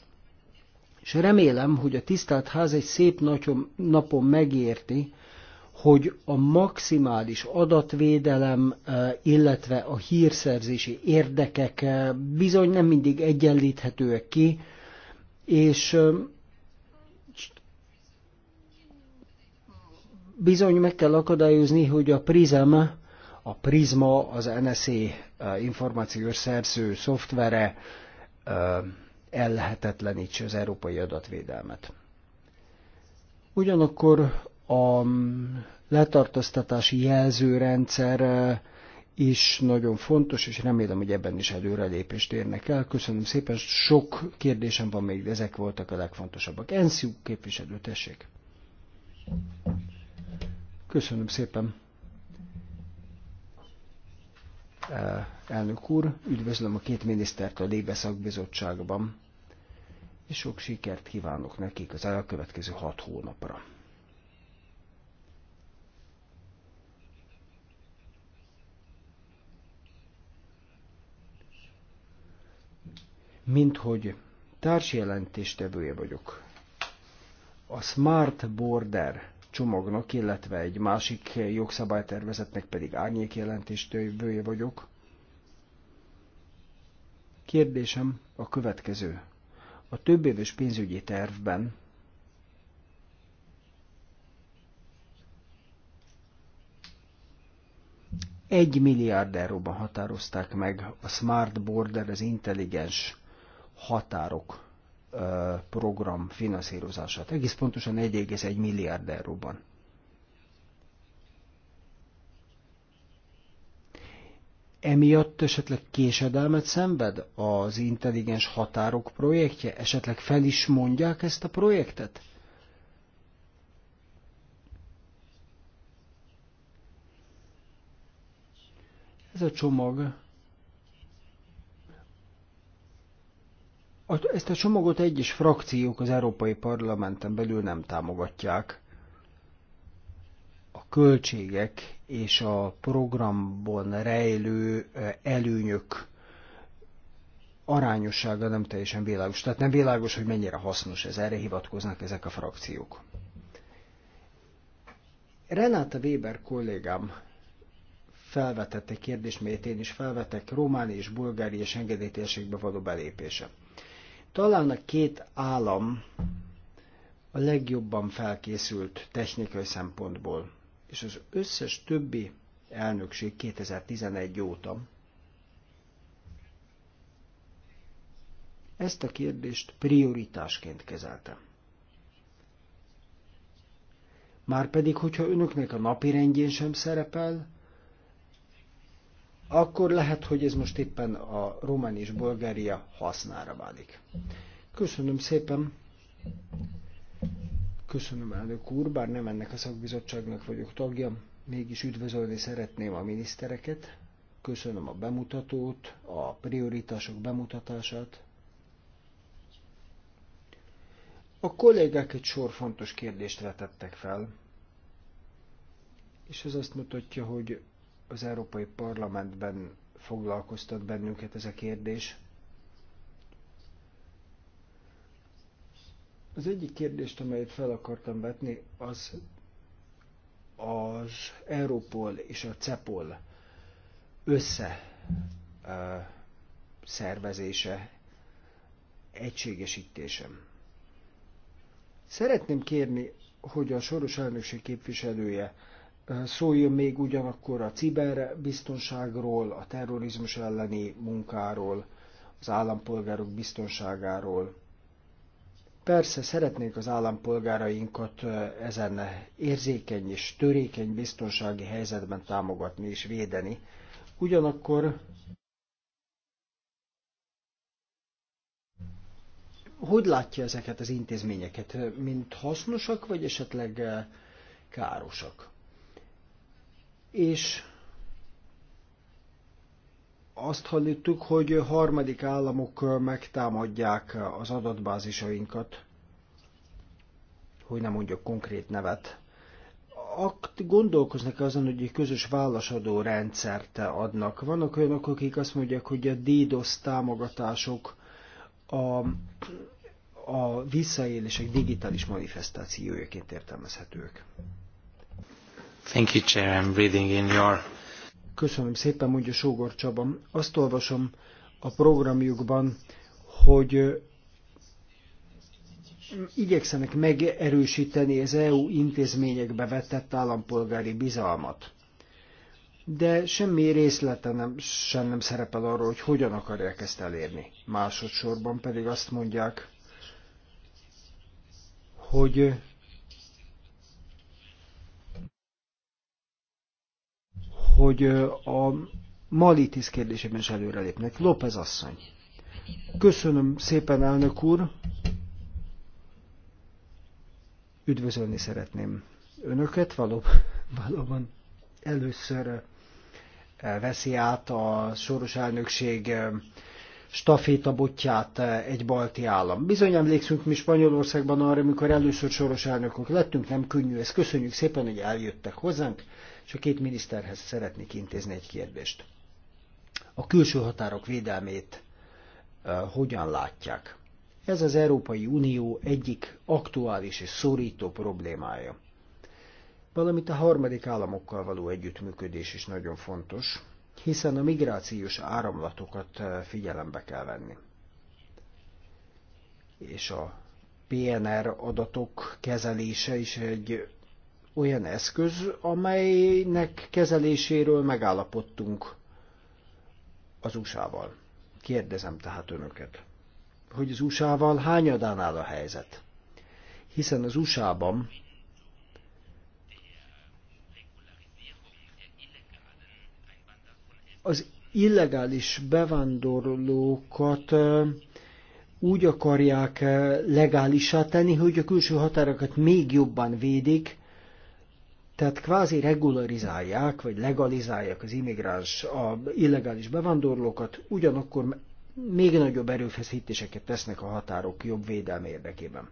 És remélem, hogy a tisztelt ház egy szép napon megérti, hogy a maximális adatvédelem, e, illetve a hírszerzési érdekek e, bizony nem mindig egyenlíthetőek ki, és e, bizony meg kell akadályozni, hogy a Prism, a Prisma, az NSA információs szerző szoftvere ellehetetlenítse az európai adatvédelmet. Ugyanakkor a letartóztatási jelzőrendszer eh, is nagyon fontos, és remélem, hogy ebben is előrelépést érnek el. Köszönöm szépen, sok kérdésem van még, de ezek voltak a legfontosabbak. Enszú képviselő, tessék! Köszönöm szépen! Eh, elnök úr, üdvözlöm a két minisztert a Lébe szakbizottságban és sok sikert kívánok nekik az elkövetkező hat hónapra. Mint hogy társjelentéstevője vagyok a Smart Border csomagnak, illetve egy másik jogszabálytervezetnek pedig árnyékjelentéstőjébője vagyok. Kérdésem a következő. A többéves pénzügyi tervben egy milliárd euróban határozták meg a Smart Border, az intelligens határok program finanszírozását. Egész pontosan 1,1 milliárd euróban. emiatt esetleg késedelmet szenved az intelligens határok projektje? Esetleg fel is mondják ezt a projektet? Ez a csomag. Ezt a csomagot egyes frakciók az Európai Parlamenten belül nem támogatják költségek és a programban rejlő előnyök arányossága nem teljesen világos. Tehát nem világos, hogy mennyire hasznos ez. Erre hivatkoznak ezek a frakciók. Renáta Weber kollégám felvetette kérdést, melyet én is felvetek, Románia és bulgári és engedélytérségbe való belépése. Talán a két állam a legjobban felkészült technikai szempontból és az összes többi elnökség 2011 óta ezt a kérdést prioritásként kezelte. Márpedig, hogyha önöknek a napi rendjén sem szerepel, akkor lehet, hogy ez most éppen a román és bulgária hasznára válik. Köszönöm szépen! Köszönöm, elnök úr, bár nem ennek a szakbizottságnak vagyok tagja, mégis üdvözölni szeretném a minisztereket. Köszönöm a bemutatót, a prioritások bemutatását. A kollégák egy sor fontos kérdést vetettek fel, és ez azt mutatja, hogy az Európai Parlamentben foglalkoztat bennünket ez a kérdés. Az egyik kérdést, amelyet fel akartam vetni, az az Európol és a CEPOL össze szervezése, egységesítésem. Szeretném kérni, hogy a soros elnökség képviselője szóljon még ugyanakkor a ciberbiztonságról, a terrorizmus elleni munkáról, az állampolgárok biztonságáról, Persze szeretnénk az állampolgárainkat ezen érzékeny és törékeny biztonsági helyzetben támogatni és védeni. Ugyanakkor hogy látja ezeket az intézményeket? Mint hasznosak, vagy esetleg károsak? És azt hallottuk, hogy harmadik államok megtámadják az adatbázisainkat, hogy nem mondjak konkrét nevet. Akt gondolkoznak azon, hogy egy közös válaszadó rendszert adnak. Vannak olyanok, akik azt mondják, hogy a DDoS támogatások a, a visszaélések digitális manifestációjaként értelmezhetők. Thank you, Chair. I'm reading in your Köszönöm szépen, mondja Sógor Csaba. Azt olvasom a programjukban, hogy igyekszenek megerősíteni az EU intézményekbe vetett állampolgári bizalmat. De semmi részlete nem, sem nem szerepel arról, hogy hogyan akarják ezt elérni. Másodszorban pedig azt mondják, hogy hogy a Malitis kérdésében is előrelépnek. López asszony. Köszönöm szépen, elnök úr. Üdvözölni szeretném önöket. Valóban, valóban először veszi át a soros elnökség stafétabotját egy balti állam. Bizony emlékszünk mi Spanyolországban arra, amikor először soros elnökök lettünk, nem könnyű ez. Köszönjük szépen, hogy eljöttek hozzánk és a két miniszterhez szeretnék intézni egy kérdést. A külső határok védelmét hogyan látják? Ez az Európai Unió egyik aktuális és szorító problémája. Valamint a harmadik államokkal való együttműködés is nagyon fontos, hiszen a migrációs áramlatokat figyelembe kell venni. És a PNR adatok kezelése is egy olyan eszköz, amelynek kezeléséről megállapodtunk az USA-val. Kérdezem tehát önöket, hogy az USA-val hányadán áll a helyzet? Hiszen az USA-ban az illegális bevándorlókat úgy akarják legálisá tenni, hogy a külső határokat még jobban védik, tehát kvázi regularizálják, vagy legalizálják az immigráns, a illegális bevándorlókat, ugyanakkor még nagyobb erőfeszítéseket tesznek a határok jobb védelme érdekében.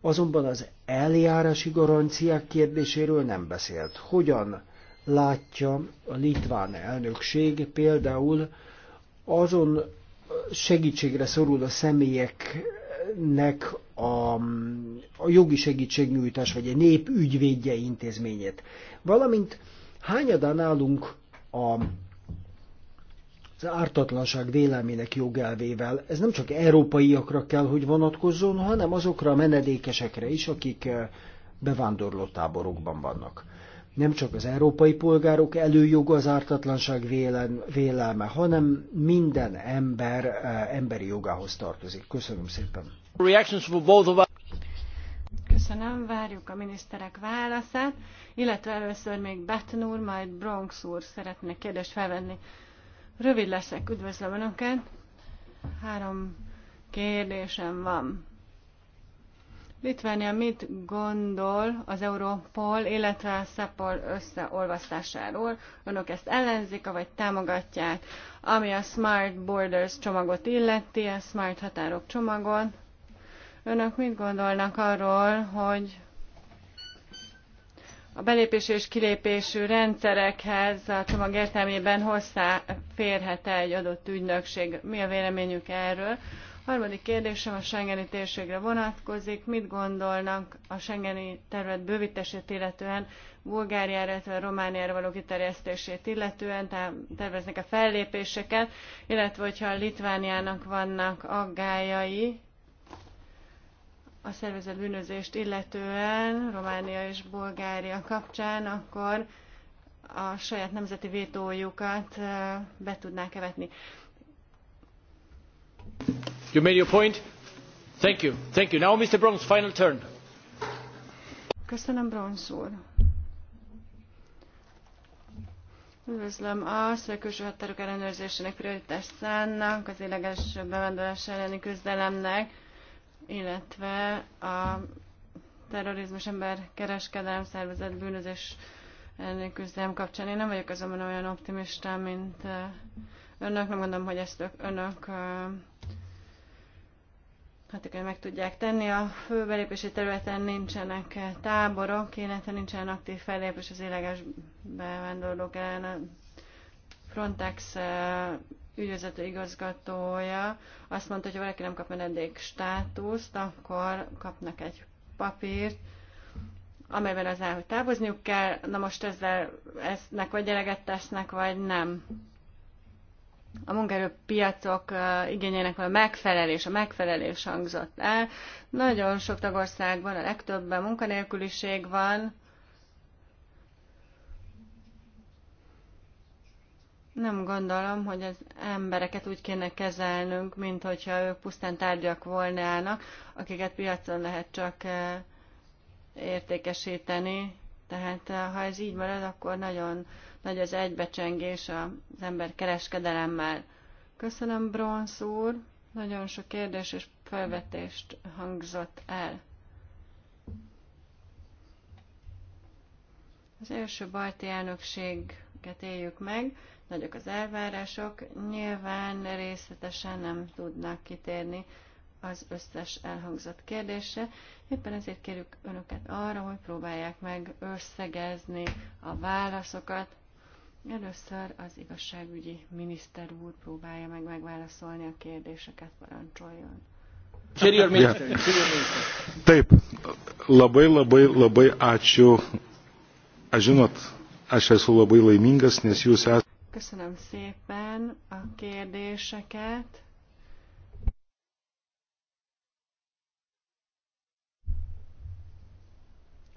Azonban az eljárási garanciák kérdéséről nem beszélt. Hogyan látja a litván elnökség például azon segítségre szoruló személyek nek a, a jogi segítségnyújtás vagy a nép ügyvédje intézményét. Valamint hányadán állunk a az ártatlanság vélelmének jogelvével. Ez nem csak európaiakra kell, hogy vonatkozzon, hanem azokra a menedékesekre is, akik eh, bevándorló táborokban vannak nem csak az európai polgárok előjoga az ártatlanság vélelme, hanem minden ember eh, emberi jogához tartozik. Köszönöm szépen. Köszönöm, várjuk a miniszterek válaszát, illetve először még Batten úr, majd Bronx úr szeretne kérdést felvenni. Rövid leszek, üdvözlöm Önöket. Három kérdésem van. Litvánia mit gondol az Európol, illetve a Szepol összeolvasztásáról? Önök ezt ellenzik, vagy támogatják? Ami a Smart Borders csomagot illeti, a Smart Határok csomagot, önök mit gondolnak arról, hogy a belépés és kilépésű rendszerekhez a csomag értelmében hozzáférhet -e egy adott ügynökség? Mi a véleményük erről? Harmadik kérdésem a Schengeni térségre vonatkozik. Mit gondolnak a Schengeni terület bővítését illetően, Bulgáriára, illetve Romániára való kiterjesztését illetően, terveznek a fellépéseket, illetve hogyha Litvániának vannak aggájai a szervezett bűnözést illetően, Románia és Bulgária kapcsán, akkor a saját nemzeti vétójukat eh, be tudnák kevetni. You made your point. Thank you. Thank you. Now Mr. final turn. Köszönöm, Üdvözlöm azt, hogy a külső határok ellenőrzésének prioritást szánnak, az illegális bevándorlás elleni küzdelemnek, illetve a terrorizmus emberkereskedelem szervezett bűnözés elleni küzdelem kapcsán. Én nem vagyok azonban olyan optimista, mint önök, nem gondolom, hogy ezt önök hát meg tudják tenni. A fő belépési területen nincsenek táborok, illetve nincsen aktív fellépés az éleges bevándorlók ellen. Frontex ügyvezető igazgatója azt mondta, hogy ha valaki nem kap menedék státuszt, akkor kapnak egy papírt, amelyben az áll, hogy távozniuk kell. Na most ezzel eznek vagy eleget tesznek, vagy nem a munkaerőpiacok igényének a megfelelés, a megfelelés hangzott el. Nagyon sok tagországban a legtöbben munkanélküliség van. Nem gondolom, hogy az embereket úgy kéne kezelnünk, mint hogyha ők pusztán tárgyak volnának, akiket piacon lehet csak értékesíteni. Tehát ha ez így marad, akkor nagyon nagy az egybecsengés az ember kereskedelemmel. Köszönöm, Bronsz úr, nagyon sok kérdés és felvetést hangzott el. Az első balti elnökséget éljük meg, nagyok az elvárások, nyilván részletesen nem tudnak kitérni az összes elhangzott kérdésre. Éppen ezért kérjük Önöket arra, hogy próbálják meg összegezni a válaszokat, Először az igazságügyi miniszter úr próbálja meg megválaszolni a kérdéseket, parancsoljon. Taip, labai labai labai ačiū. Aš žinot, aš esu labai laimingas, nes jūs esate. Köszönöm szépen a kérdéseket.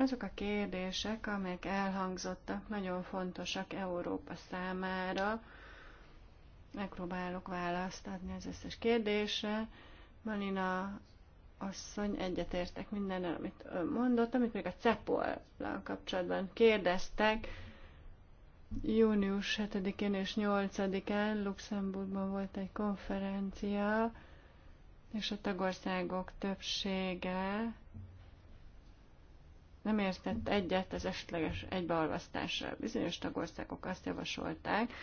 Azok a kérdések, amelyek elhangzottak, nagyon fontosak Európa számára. Megpróbálok választ adni az összes kérdésre. Malina asszony, egyetértek minden, amit ön mondott, amit még a cepol kapcsolatban kérdeztek. Június 7-én és 8-án Luxemburgban volt egy konferencia, és a tagországok többsége nem értett egyet az esetleges egybeolvasztással. Bizonyos tagországok azt javasolták,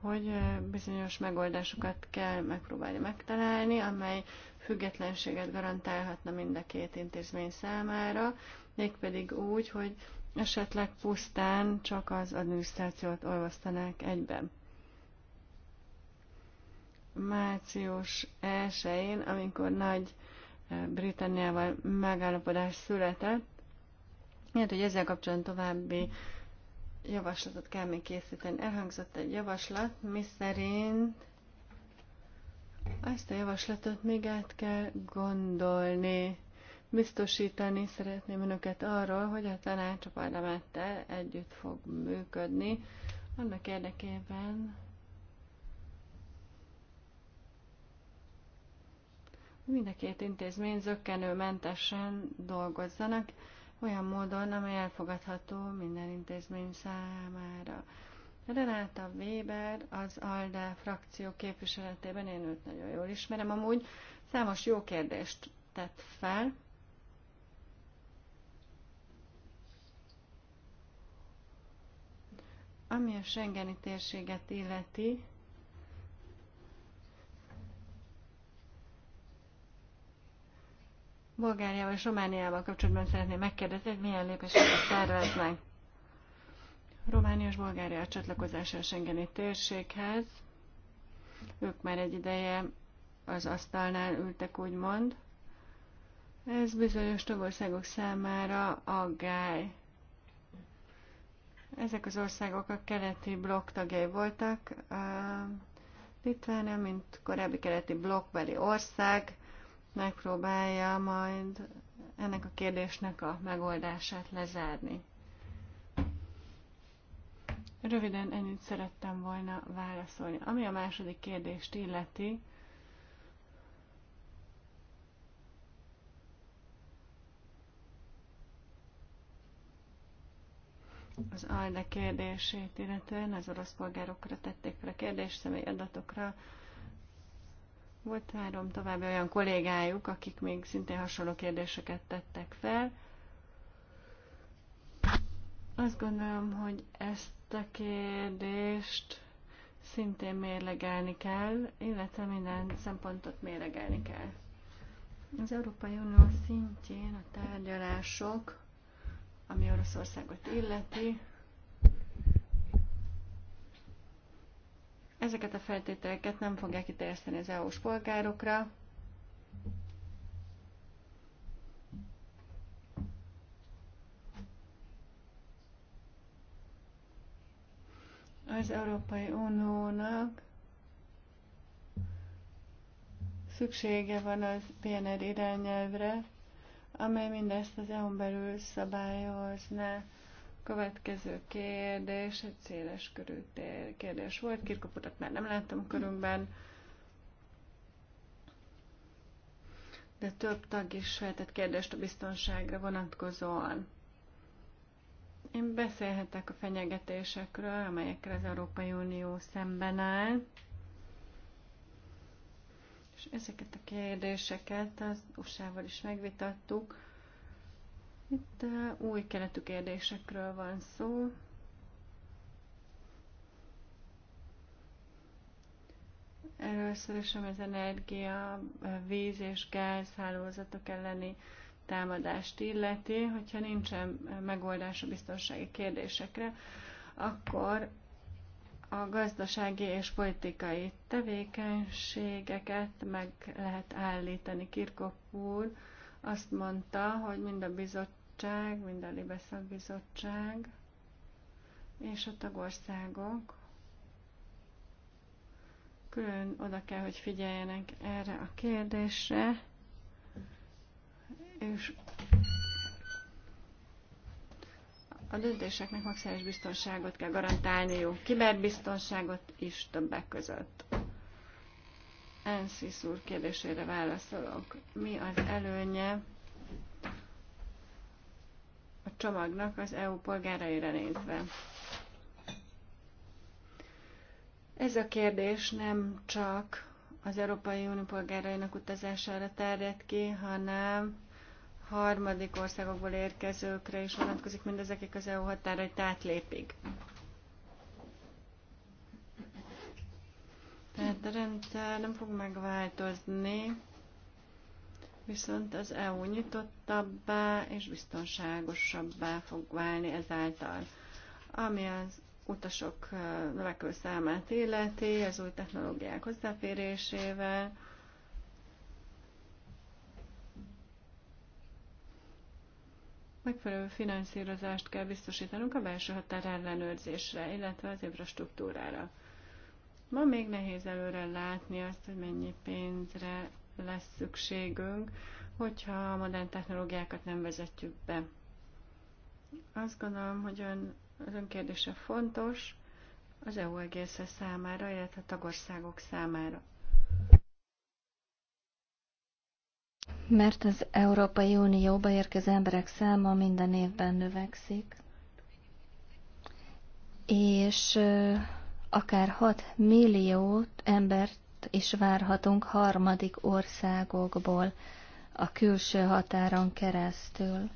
hogy bizonyos megoldásokat kell megpróbálni megtalálni, amely függetlenséget garantálhatna mind a két intézmény számára, mégpedig úgy, hogy esetleg pusztán csak az adminisztrációt olvasztanák egyben. Március 1-én, amikor nagy Britanniával megállapodás született, Miért, hogy ezzel kapcsolatban további javaslatot kell még készíteni. Elhangzott egy javaslat, mi szerint ezt a javaslatot még át kell gondolni. Biztosítani szeretném önöket arról, hogy a tanács a parlamenttel együtt fog működni, annak érdekében, mind a két intézmény zöggenőmentesen dolgozzanak, olyan módon, amely elfogadható minden intézmény számára. Renáta Weber az ALDE frakció képviseletében, én őt nagyon jól ismerem, amúgy számos jó kérdést tett fel. Ami a Schengeni térséget illeti, Bulgáriával és Romániával kapcsolatban szeretném megkérdezni, hogy milyen lépéseket terveznek. Románia és Bulgária csatlakozása a Schengeni térséghez. Ők már egy ideje az asztalnál ültek, úgymond. Ez bizonyos tagországok számára aggály. Ezek az országok a keleti blokk tagjai voltak. Litvánia, mint korábbi keleti blokkbeli ország, megpróbálja majd ennek a kérdésnek a megoldását lezárni. Röviden ennyit szerettem volna válaszolni. Ami a második kérdést illeti, az ALDE kérdését, illetően az orosz polgárokra tették fel a kérdést, személy adatokra, volt három további olyan kollégájuk, akik még szintén hasonló kérdéseket tettek fel. Azt gondolom, hogy ezt a kérdést szintén mérlegelni kell, illetve minden szempontot mérlegelni kell. Az Európai Unió szintjén a tárgyalások, ami Oroszországot illeti, Ezeket a feltételeket nem fogják kiterjeszteni az EU-s polgárokra. Az Európai Uniónak szüksége van az PNR irányelvre, amely mindezt az EU-n belül szabályozná. Következő kérdés, egy széles körű kérdés volt, kirkoputat már nem láttam körünkben, de több tag is feltett kérdést a biztonságra vonatkozóan. Én beszélhetek a fenyegetésekről, amelyekkel az Európai Unió szemben áll. És ezeket a kérdéseket az USA-val is megvitattuk itt új keletű kérdésekről van szó. Először is, az energia, víz és gáz hálózatok elleni támadást illeti, hogyha nincsen megoldás a biztonsági kérdésekre, akkor a gazdasági és politikai tevékenységeket meg lehet állítani. Kirkop úr azt mondta, hogy mind a bizottság, bizottság, mind a Libe bizottság és a tagországok külön oda kell, hogy figyeljenek erre a kérdésre, és a döntéseknek maximális biztonságot kell garantálniuk, kiberbiztonságot is többek között. Enszis úr kérdésére válaszolok. Mi az előnye csomagnak az EU polgáraira nézve. Ez a kérdés nem csak az Európai Unió polgárainak utazására terjed ki, hanem harmadik országokból érkezőkre is vonatkozik, mindezek, akik az EU határait átlépik. Tehát a rendszer nem fog megváltozni, viszont az EU nyitottabbá és biztonságosabbá fog válni ezáltal. Ami az utasok növekvő számát illeti, az új technológiák hozzáférésével, megfelelő finanszírozást kell biztosítanunk a belső határ ellenőrzésre, illetve az infrastruktúrára. Ma még nehéz előre látni azt, hogy mennyi pénzre lesz szükségünk, hogyha a modern technológiákat nem vezetjük be. Azt gondolom, hogy ön, az ön kérdése fontos az EU egésze számára, illetve a tagországok számára. Mert az Európai Unióba érkező emberek száma minden évben növekszik, és akár 6 millió embert támogatást is várhatunk harmadik országokból, a külső határon keresztül.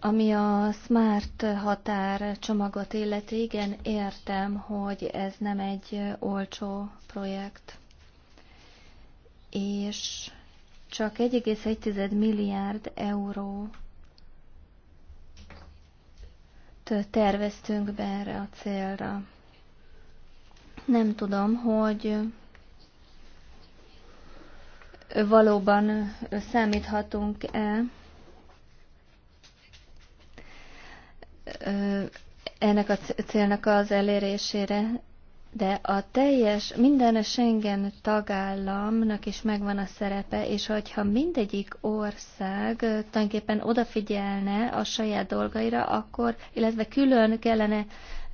Ami a smart határ csomagot illeti, igen, értem, hogy ez nem egy olcsó projekt. És csak 1,1 milliárd euró terveztünk be erre a célra. Nem tudom, hogy valóban számíthatunk-e ennek a célnak az elérésére, de a teljes, minden a Schengen tagállamnak is megvan a szerepe, és hogyha mindegyik ország tulajdonképpen odafigyelne a saját dolgaira, akkor, illetve külön kellene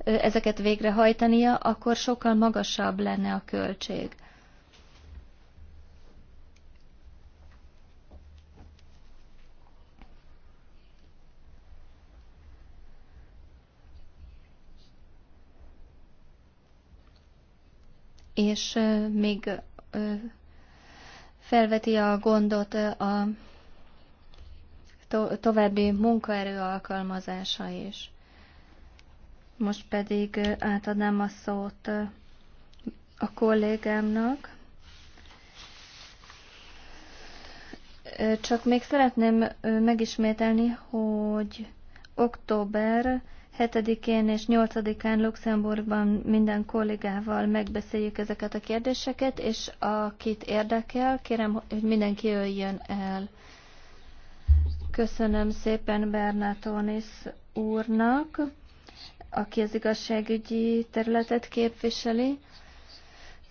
ezeket végrehajtania, akkor sokkal magasabb lenne a költség. És még felveti a gondot a további munkaerő alkalmazása is. Most pedig átadnám a szót a kollégámnak. Csak még szeretném megismételni, hogy október 7-én és 8-án Luxemburgban minden kollégával megbeszéljük ezeket a kérdéseket, és akit érdekel, kérem, hogy mindenki jöjjön el. Köszönöm szépen Bernátonis úrnak aki az igazságügyi területet képviseli.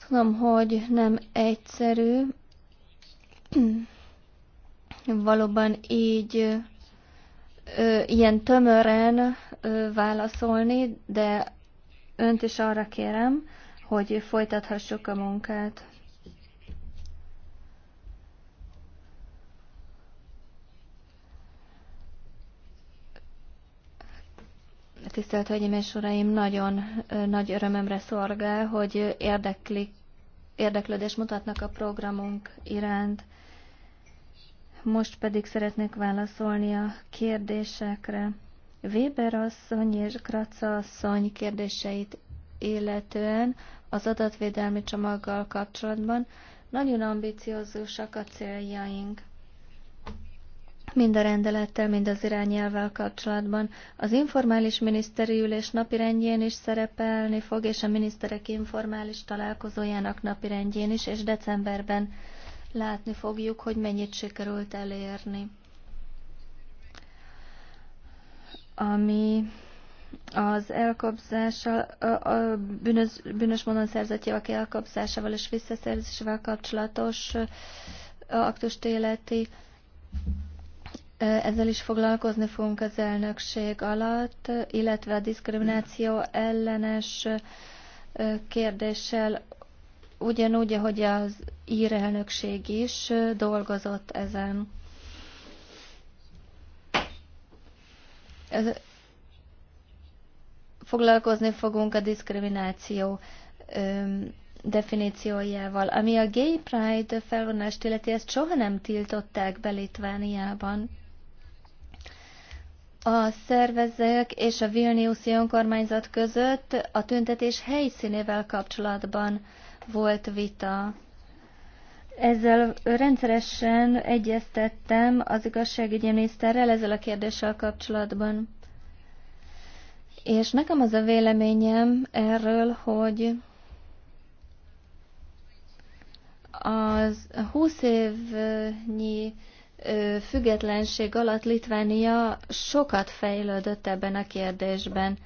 Tudom, hogy nem egyszerű (clears throat) valóban így ö, ilyen tömören ö, válaszolni, de önt is arra kérem, hogy folytathassuk a munkát. Tisztelt Hölgyeim és Uraim, nagyon nagy örömömre szolgál, hogy érdeklik, érdeklődést mutatnak a programunk iránt. Most pedig szeretnék válaszolni a kérdésekre. Weber asszony és Kratza asszony kérdéseit illetően az adatvédelmi csomaggal kapcsolatban nagyon ambiciózusak a céljaink mind a rendelettel, mind az irányelvvel kapcsolatban. Az informális miniszteri ülés napirendjén is szerepelni fog, és a miniszterek informális találkozójának napirendjén is, és decemberben látni fogjuk, hogy mennyit sikerült elérni. Ami az elkapzással, a, a bűnös, bűnös módon szerzett javak elkapzásával és visszaszerzésével kapcsolatos aktust életi ezzel is foglalkozni fogunk az elnökség alatt, illetve a diszkrimináció ellenes kérdéssel ugyanúgy, ahogy az ír elnökség is dolgozott ezen. Foglalkozni fogunk a diszkrimináció definíciójával. Ami a gay pride felvonást illeti, ezt soha nem tiltották be Litvániában a szervezők és a Vilniuszi önkormányzat között a tüntetés helyszínével kapcsolatban volt vita. Ezzel rendszeresen egyeztettem az igazságügyi miniszterrel ezzel a kérdéssel kapcsolatban. És nekem az a véleményem erről, hogy az 20 évnyi függetlenség alatt Litvánia sokat fejlődött ebben a kérdésben,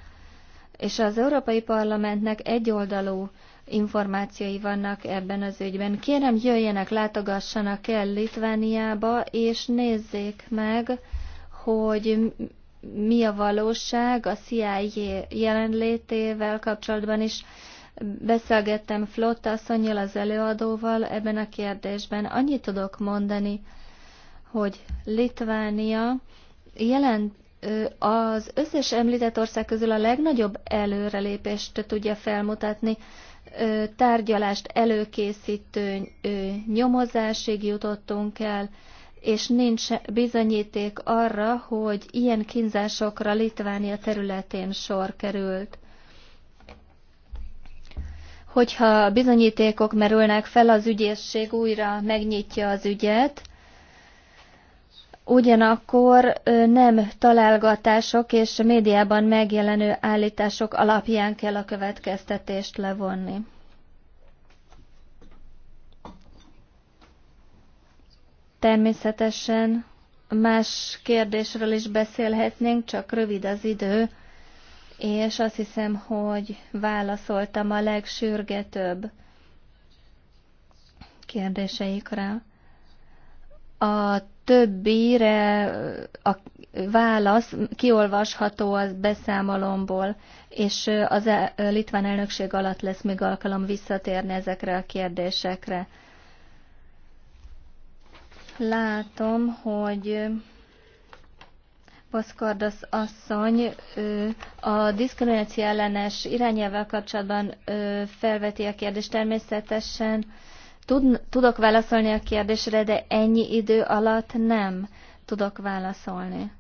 és az Európai Parlamentnek egyoldalú információi vannak ebben az ügyben. Kérem, jöjjenek, látogassanak el Litvániába, és nézzék meg, hogy mi a valóság a CIA jelenlétével kapcsolatban is. Beszélgettem Flotta asszonyjal, az előadóval ebben a kérdésben. Annyit tudok mondani, hogy Litvánia jelent az összes említett ország közül a legnagyobb előrelépést tudja felmutatni. Tárgyalást előkészítő nyomozásig jutottunk el, és nincs bizonyíték arra, hogy ilyen kínzásokra Litvánia területén sor került. Hogyha bizonyítékok merülnek fel, az ügyészség újra megnyitja az ügyet, Ugyanakkor nem találgatások és médiában megjelenő állítások alapján kell a következtetést levonni. Természetesen más kérdésről is beszélhetnénk, csak rövid az idő, és azt hiszem, hogy válaszoltam a legsürgetőbb kérdéseikre. A többire a válasz kiolvasható az beszámolomból, és az e- litván elnökség alatt lesz még alkalom visszatérni ezekre a kérdésekre. Látom, hogy Paszkardasz asszony a diszkrimináció ellenes irányelvvel kapcsolatban felveti a kérdést természetesen, Tud, tudok válaszolni a kérdésre, de ennyi idő alatt nem tudok válaszolni.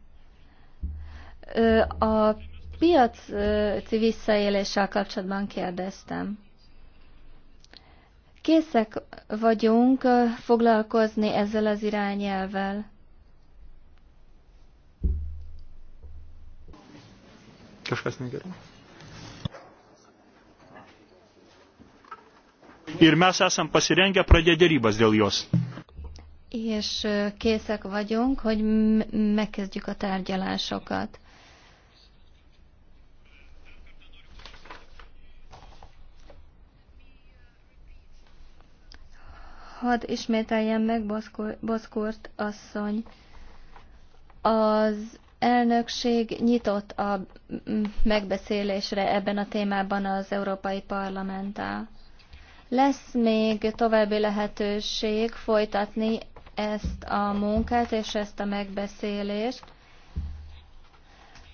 A piaci visszaéléssel kapcsolatban kérdeztem. Készek vagyunk foglalkozni ezzel az irányelvel. Köszönöm. Ir mes esam pasirengę pradėti dėrybas dėl jos. És készek vagyunk, hogy megkezdjük a tárgyalásokat. Hadd ismételjem meg, Boszkurt asszony. Az elnökség nyitott a megbeszélésre ebben a témában az Európai Parlamenttel. Lesz még további lehetőség folytatni ezt a munkát és ezt a megbeszélést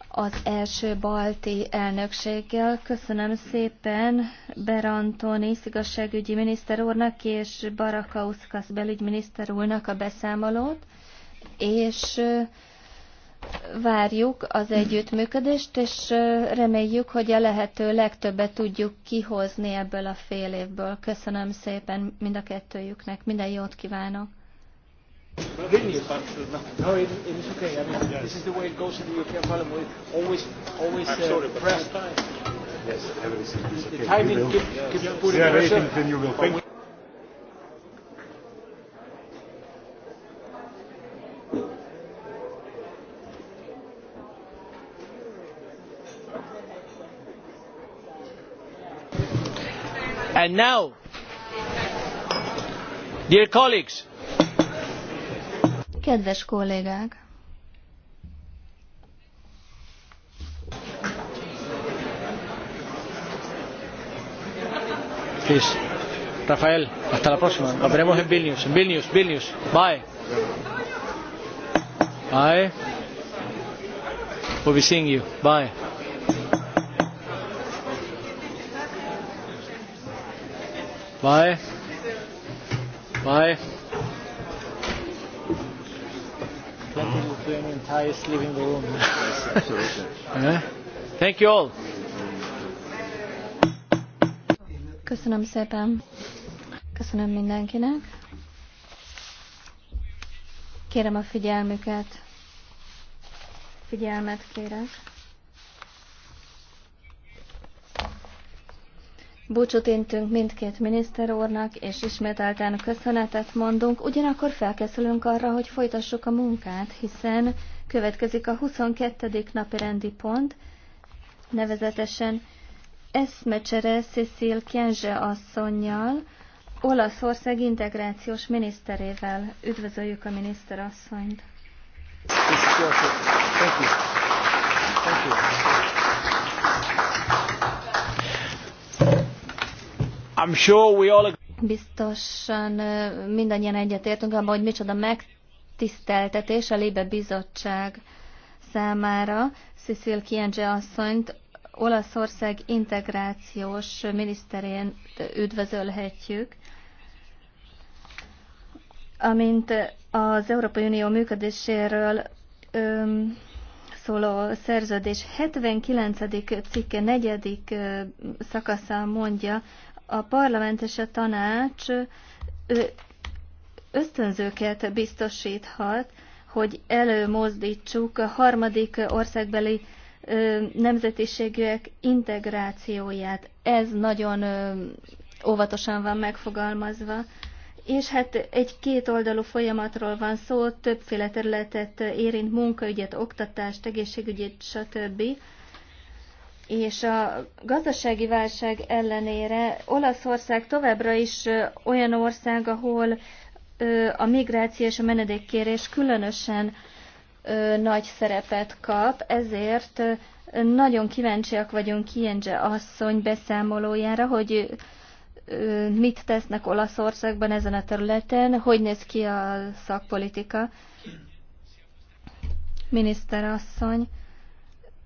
az első balti elnökséggel. Köszönöm szépen Berantoni igazságügyi miniszter úrnak és Barakauskas belügyminiszter úrnak a beszámolót, és várjuk az együttműködést, és reméljük, hogy a lehető legtöbbet tudjuk kihozni ebből a fél évből. Köszönöm szépen mind a kettőjüknek, minden jót kívánok! No, it, it is okay. I mean, yes. this is the way it goes in the European Parliament. We always, always uh, Yes, everything is okay. The timing keeps keep putting yeah, pressure. Yeah, ratings, then you will and now dear colleagues kedves kollégák Please. Rafael, hasta la próxima. Nos veremos en Vilnius, en Vilnius, Vilnius. Bye. Bye. We'll be seeing you. Bye. Bye. Bye. (laughs) Eh? thank you all. Köszönöm szépen. Köszönöm mindenkinek. Kérem a figyelmüket. Figyelmet kérek. Búcsút intünk mindkét miniszter úrnak, és ismételten köszönetet mondunk, ugyanakkor felkészülünk arra, hogy folytassuk a munkát, hiszen következik a 22. napi rendi pont, nevezetesen eszmecsere Cecil Kienzse asszonynal, Olaszország integrációs miniszterével. Üdvözöljük a miniszterasszonyt! Thank you. Thank you. I'm sure we all... Biztosan mindannyian egyetértünk abban, hogy micsoda megtiszteltetés a Libe Bizottság számára Cecil Kienge asszonyt Olaszország integrációs miniszterén üdvözölhetjük. Amint az Európai Unió működéséről öm, szóló szerződés 79. cikke negyedik szakasza mondja, a parlament és a tanács ösztönzőket biztosíthat, hogy előmozdítsuk a harmadik országbeli nemzetiségűek integrációját. Ez nagyon óvatosan van megfogalmazva. És hát egy kétoldalú folyamatról van szó, többféle területet érint, munkaügyet, oktatást, egészségügyet, stb és a gazdasági válság ellenére Olaszország továbbra is olyan ország, ahol a migráció és a menedékkérés különösen nagy szerepet kap, ezért nagyon kíváncsiak vagyunk Kienge asszony beszámolójára, hogy mit tesznek Olaszországban ezen a területen, hogy néz ki a szakpolitika. Miniszter asszony,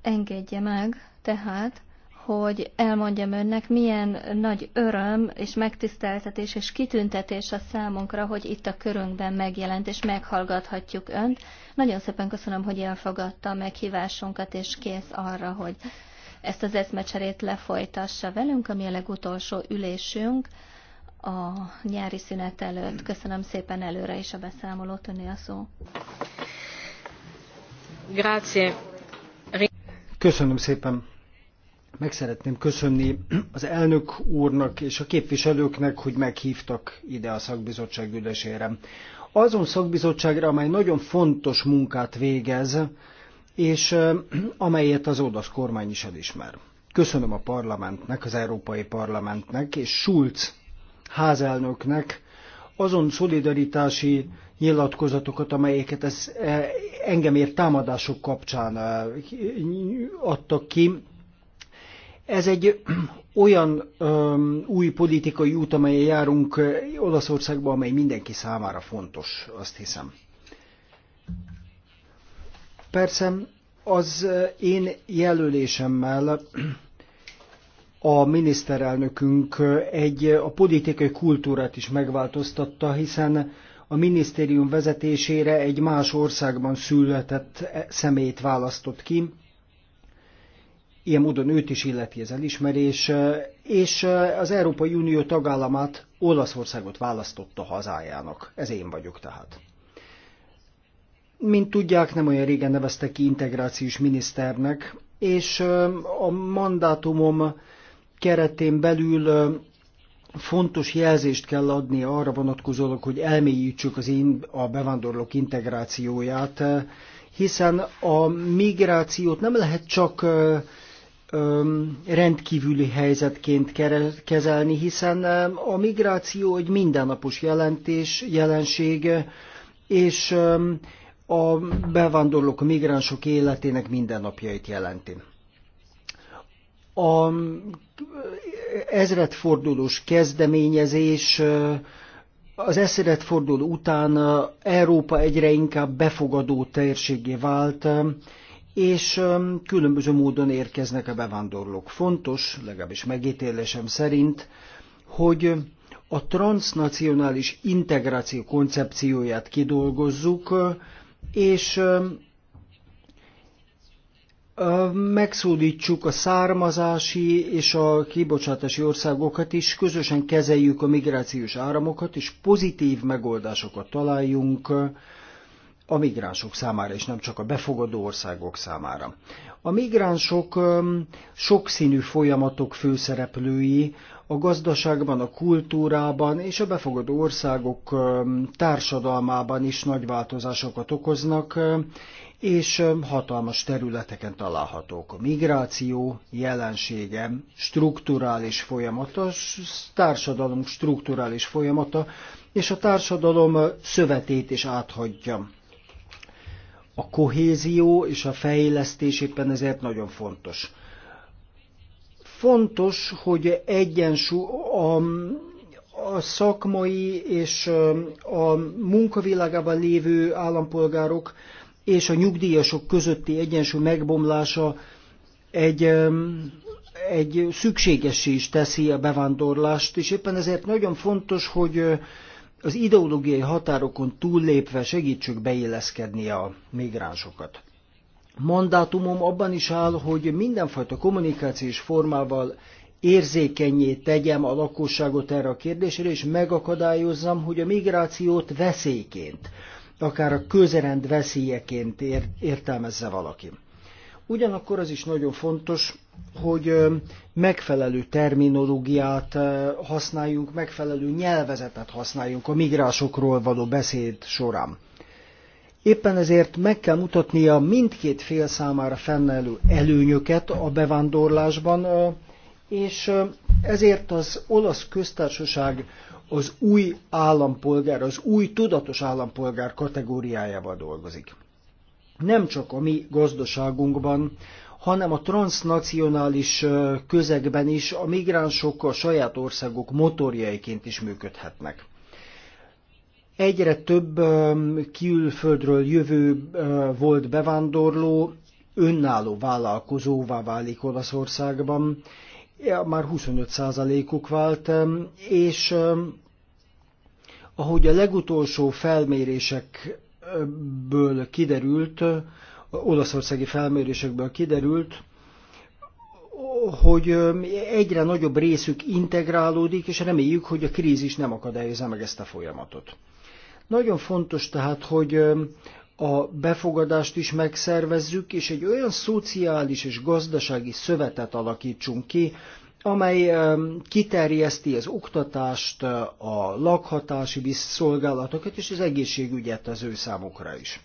engedje meg tehát, hogy elmondjam önnek, milyen nagy öröm és megtiszteltetés és kitüntetés a számunkra, hogy itt a körünkben megjelent és meghallgathatjuk önt. Nagyon szépen köszönöm, hogy elfogadta a meghívásunkat, és kész arra, hogy ezt az eszmecserét lefolytassa velünk, ami a legutolsó ülésünk a nyári szünet előtt. Köszönöm szépen előre is a beszámolót, öné a szó. Grazie. Köszönöm szépen. Meg szeretném köszönni az elnök úrnak és a képviselőknek, hogy meghívtak ide a szakbizottság ülésére. Azon szakbizottságra, amely nagyon fontos munkát végez, és amelyet az olasz kormány is elismer. Köszönöm a parlamentnek, az Európai Parlamentnek és Schulz házelnöknek azon szolidaritási nyilatkozatokat, amelyeket ez e, engem ért támadások kapcsán adtak ki, ez egy (clears throat) olyan öm, új politikai út, amelyen járunk Olaszországba, amely mindenki számára fontos, azt hiszem. Persze az én jelölésemmel (clears throat) a miniszterelnökünk egy a politikai kultúrát is megváltoztatta, hiszen a minisztérium vezetésére egy más országban született e, személyt választott ki, Ilyen módon őt is illeti az elismerés, eh, és eh, az Európai Unió tagállamát, Olaszországot választotta hazájának. Ez én vagyok tehát. Mint tudják, nem olyan régen neveztek ki integrációs miniszternek, és eh, a mandátumom keretén belül fontos jelzést kell adni arra vonatkozólag, hogy elmélyítsük az én, a bevándorlók integrációját, hiszen a migrációt nem lehet csak rendkívüli helyzetként kezelni, hiszen a migráció egy mindennapos jelentés, jelenség, és a bevándorlók, a migránsok életének mindennapjait jelenti. A ezredfordulós kezdeményezés az ezredforduló után Európa egyre inkább befogadó térségé vált, és különböző módon érkeznek a bevándorlók. Fontos, legalábbis megítélésem szerint, hogy a transnacionális integráció koncepcióját kidolgozzuk, és megszólítsuk a származási és a kibocsátási országokat is, közösen kezeljük a migrációs áramokat, és pozitív megoldásokat találjunk a migránsok számára, és nem csak a befogadó országok számára. A migránsok sokszínű folyamatok főszereplői a gazdaságban, a kultúrában és a befogadó országok társadalmában is nagy változásokat okoznak, és hatalmas területeken találhatók. A migráció jelensége strukturális folyamata, társadalom strukturális folyamata, és a társadalom szövetét is áthagyja a kohézió és a fejlesztés éppen ezért nagyon fontos. Fontos, hogy egyensúly a, a szakmai és a munkavilágában lévő állampolgárok és a nyugdíjasok közötti egyensúly megbomlása egy, egy szükségessé is teszi a bevándorlást, és éppen ezért nagyon fontos, hogy az ideológiai határokon túllépve segítsük beilleszkedni a migránsokat. Mandátumom abban is áll, hogy mindenfajta kommunikációs formával érzékenyé tegyem a lakosságot erre a kérdésre, és megakadályozzam, hogy a migrációt veszélyként, akár a közrend veszélyeként értelmezze valaki. Ugyanakkor az is nagyon fontos, hogy megfelelő terminológiát használjunk, megfelelő nyelvezetet használjunk a migrásokról való beszéd során. Éppen ezért meg kell mutatnia mindkét fél számára fennálló előnyöket a bevándorlásban, és ezért az olasz köztársaság az új állampolgár, az új tudatos állampolgár kategóriájával dolgozik nem csak a mi gazdaságunkban, hanem a transnacionális közegben is a migránsok a saját országok motorjaiként is működhetnek. Egyre több külföldről jövő volt bevándorló, önálló vállalkozóvá válik Olaszországban, már 25%-uk vált, és ahogy a legutolsó felmérések ből kiderült, olaszországi felmérésekből kiderült, hogy egyre nagyobb részük integrálódik, és reméljük, hogy a krízis nem akadályozza meg ezt a folyamatot. Nagyon fontos tehát, hogy a befogadást is megszervezzük, és egy olyan szociális és gazdasági szövetet alakítsunk ki, amely kiterjeszti az oktatást, a lakhatási szolgálatokat és az egészségügyet az ő számukra is.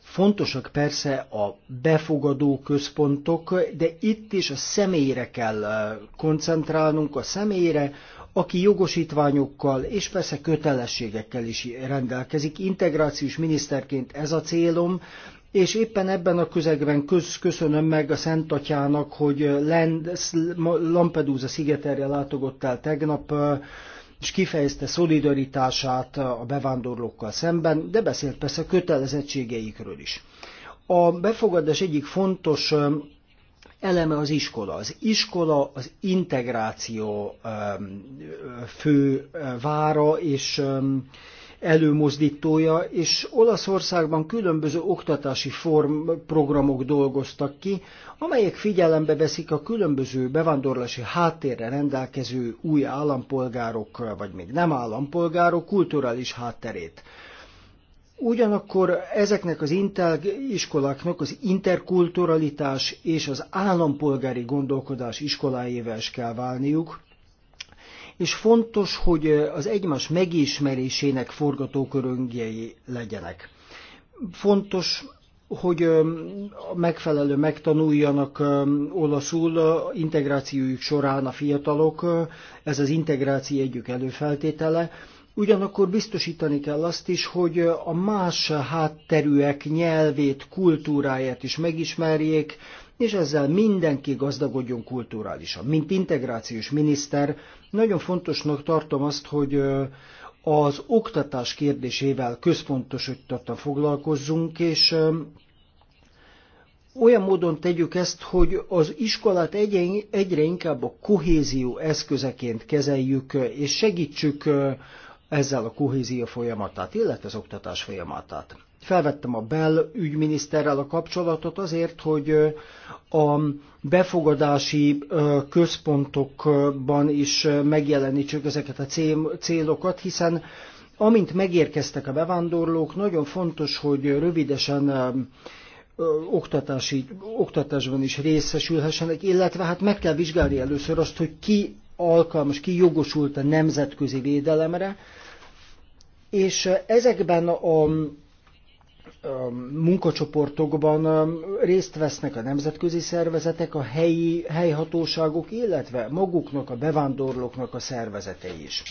Fontosak persze a befogadó központok, de itt is a személyre kell koncentrálnunk, a személyre, aki jogosítványokkal és persze kötelességekkel is rendelkezik. Integrációs miniszterként ez a célom, és éppen ebben a közegben köz, köszönöm meg a Szent Atyának, hogy Lampedusa szigeterre látogott el tegnap, és kifejezte szolidaritását a bevándorlókkal szemben, de beszélt persze a kötelezettségeikről is. A befogadás egyik fontos eleme az iskola. Az iskola az integráció fő vára, és előmozdítója, és Olaszországban különböző oktatási form programok dolgoztak ki, amelyek figyelembe veszik a különböző bevándorlási háttérre rendelkező új állampolgárok, vagy még nem állampolgárok kulturális hátterét. Ugyanakkor ezeknek az iskoláknak az interkulturalitás és az állampolgári gondolkodás iskolájével is kell válniuk, és fontos, hogy eh, az egymás megismerésének forgatóköröngjei legyenek. Fontos, hogy eh, megfelelő megtanuljanak eh, olaszul integrációjuk során a fiatalok, ez az integráció egyik előfeltétele, Ugyanakkor biztosítani kell azt is, hogy a más hátterűek nyelvét, kultúráját is megismerjék, és ezzel mindenki gazdagodjon kulturálisan. Mint integrációs miniszter nagyon fontosnak tartom azt, hogy az oktatás kérdésével központosítottan foglalkozzunk, és olyan módon tegyük ezt, hogy az iskolát egyre inkább a kohézió eszközeként kezeljük, és segítsük ezzel a kohézió folyamatát, illetve az oktatás folyamatát. Felvettem a Bell ügyminiszterrel a kapcsolatot azért, hogy a befogadási központokban is megjelenítsük ezeket a célokat, hiszen amint megérkeztek a bevándorlók, nagyon fontos, hogy rövidesen oktatási, oktatásban is részesülhessenek, illetve hát meg kell vizsgálni először azt, hogy ki alkalmas, ki jogosult a nemzetközi védelemre, és ezekben a munkacsoportokban um, részt vesznek a nemzetközi szervezetek, a helyi helyhatóságok, illetve maguknak, a bevándorlóknak a szervezetei is.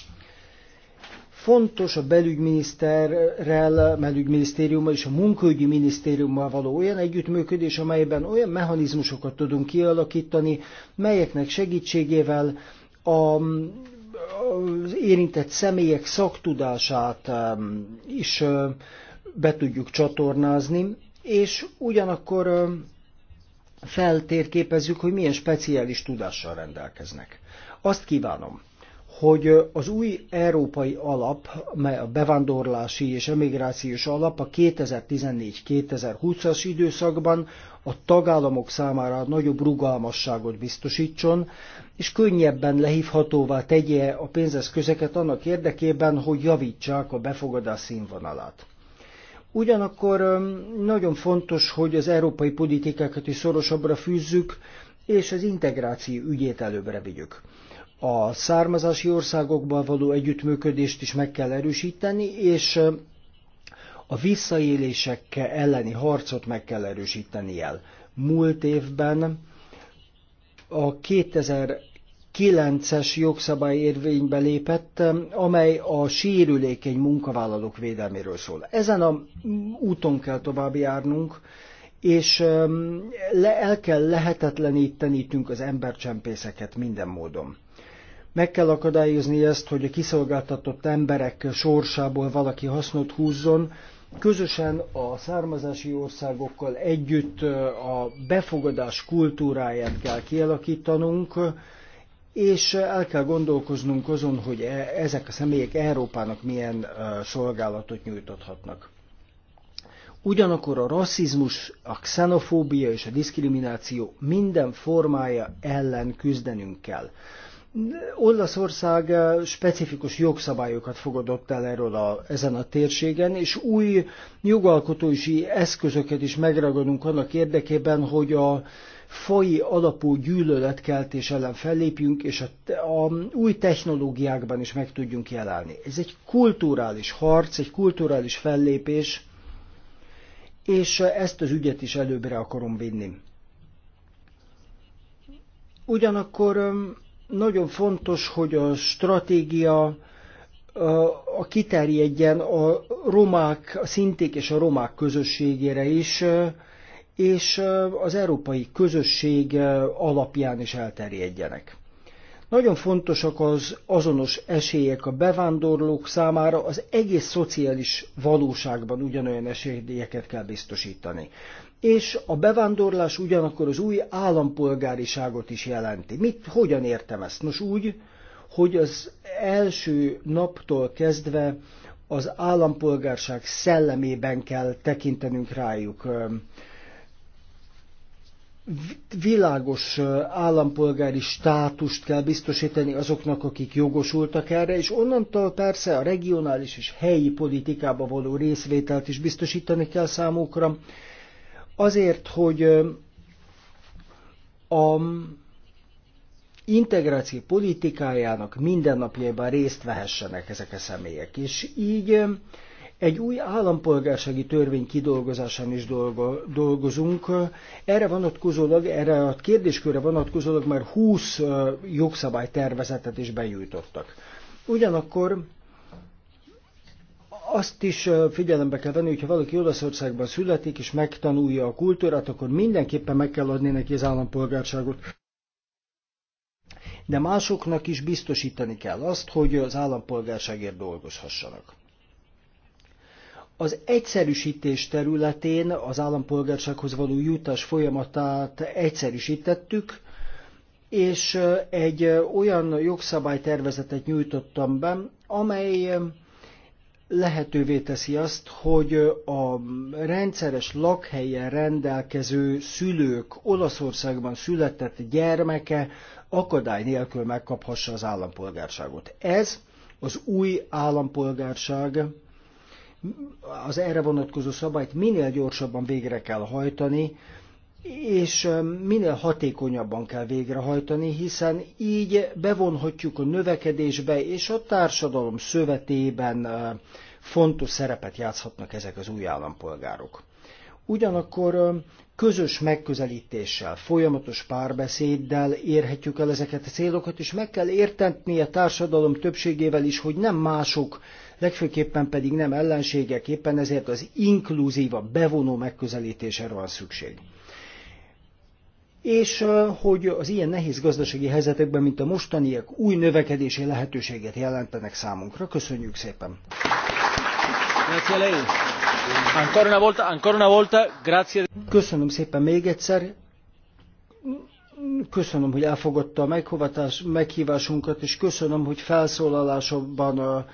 Fontos a belügyminiszterrel, belügyminisztériummal és a munkaügyi minisztériummal való olyan együttműködés, amelyben olyan mechanizmusokat tudunk kialakítani, melyeknek segítségével a az érintett személyek szaktudását um, is be tudjuk csatornázni, és ugyanakkor feltérképezzük, hogy milyen speciális tudással rendelkeznek. Azt kívánom, hogy az új európai alap, mely a bevándorlási és emigrációs alap a 2014-2020-as időszakban a tagállamok számára nagyobb rugalmasságot biztosítson, és könnyebben lehívhatóvá tegye a pénzeszközeket annak érdekében, hogy javítsák a befogadás színvonalát. Ugyanakkor nagyon fontos, hogy az európai politikákat is szorosabbra fűzzük, és az integráció ügyét előbbre vigyük. A származási országokban való együttműködést is meg kell erősíteni, és a visszaélések elleni harcot meg kell erősíteni el. Múlt évben a 2000 9-es jogszabály érvénybe lépett, amely a sérülékeny munkavállalók védelméről szól. Ezen a úton kell tovább járnunk, és le, el kell lehetetlenítenítünk az embercsempészeket minden módon. Meg kell akadályozni ezt, hogy a kiszolgáltatott emberek sorsából valaki hasznot húzzon, közösen a származási országokkal együtt a befogadás kultúráját kell kialakítanunk, és el kell gondolkoznunk azon, hogy e, ezek a személyek Európának milyen e, szolgálatot nyújtathatnak. Ugyanakkor a rasszizmus, a xenofóbia és a diszkrimináció minden formája ellen küzdenünk kell. Olaszország e, specifikus jogszabályokat fogadott el erről a, ezen a térségen, és új jogalkotói eszközöket is megragadunk annak érdekében, hogy a fai alapú gyűlöletkeltés ellen fellépjünk, és a, a új technológiákban is meg tudjunk jelenni. Ez egy kulturális harc, egy kulturális fellépés, és ezt az ügyet is előbbre akarom vinni. Ugyanakkor nagyon fontos, hogy a stratégia a kiterjedjen a romák, a szinték és a romák közösségére is, és az európai közösség alapján is elterjedjenek. Nagyon fontosak az azonos esélyek a bevándorlók számára, az egész szociális valóságban ugyanolyan esélyeket kell biztosítani. És a bevándorlás ugyanakkor az új állampolgáriságot is jelenti. Mit, hogyan értem ezt? Nos úgy, hogy az első naptól kezdve az állampolgárság szellemében kell tekintenünk rájuk világos állampolgári státust kell biztosítani azoknak, akik jogosultak erre, és onnantól persze a regionális és helyi politikába való részvételt is biztosítani kell számukra, azért, hogy a integráció politikájának mindennapjában részt vehessenek ezek a személyek. És így egy új állampolgársági törvény kidolgozásán is dolgozunk. Erre vonatkozólag, erre a kérdéskörre vonatkozólag már 20 jogszabálytervezetet is bejutottak. Ugyanakkor azt is figyelembe kell venni, hogyha valaki Olaszországban születik és megtanulja a kultúrát, akkor mindenképpen meg kell adni neki az állampolgárságot. De másoknak is biztosítani kell azt, hogy az állampolgárságért dolgozhassanak. Az egyszerűsítés területén az állampolgársághoz való jutás folyamatát egyszerűsítettük, és egy olyan jogszabálytervezetet nyújtottam be, amely lehetővé teszi azt, hogy a rendszeres lakhelyen rendelkező szülők Olaszországban született gyermeke akadály nélkül megkaphassa az állampolgárságot. Ez az új állampolgárság az erre vonatkozó szabályt minél gyorsabban végre kell hajtani, és minél hatékonyabban kell végrehajtani, hiszen így bevonhatjuk a növekedésbe, és a társadalom szövetében fontos szerepet játszhatnak ezek az új állampolgárok. Ugyanakkor közös megközelítéssel, folyamatos párbeszéddel érhetjük el ezeket a célokat, és meg kell értetni a társadalom többségével is, hogy nem mások legfőképpen pedig nem ellenségek, éppen ezért az inkluzíva, bevonó megközelítésre van szükség. És hogy az ilyen nehéz gazdasági helyzetekben, mint a mostaniak, új növekedési lehetőséget jelentenek számunkra. Köszönjük szépen! Köszönöm szépen még egyszer. Köszönöm, hogy elfogadta a meghívásunkat, és köszönöm, hogy felszólalásokban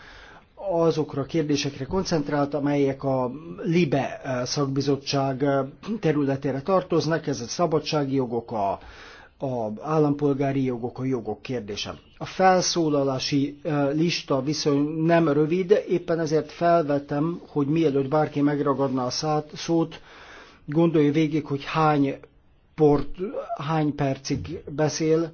azokra a kérdésekre koncentrált, amelyek a LIBE eh, szakbizottság eh, területére tartoznak, ez a jogok a, a állampolgári jogok, a jogok kérdése. A felszólalási eh, lista viszony nem rövid, éppen ezért felvetem, hogy mielőtt bárki megragadna a szát, szót, gondolja végig, hogy hány, port, hány percig beszél,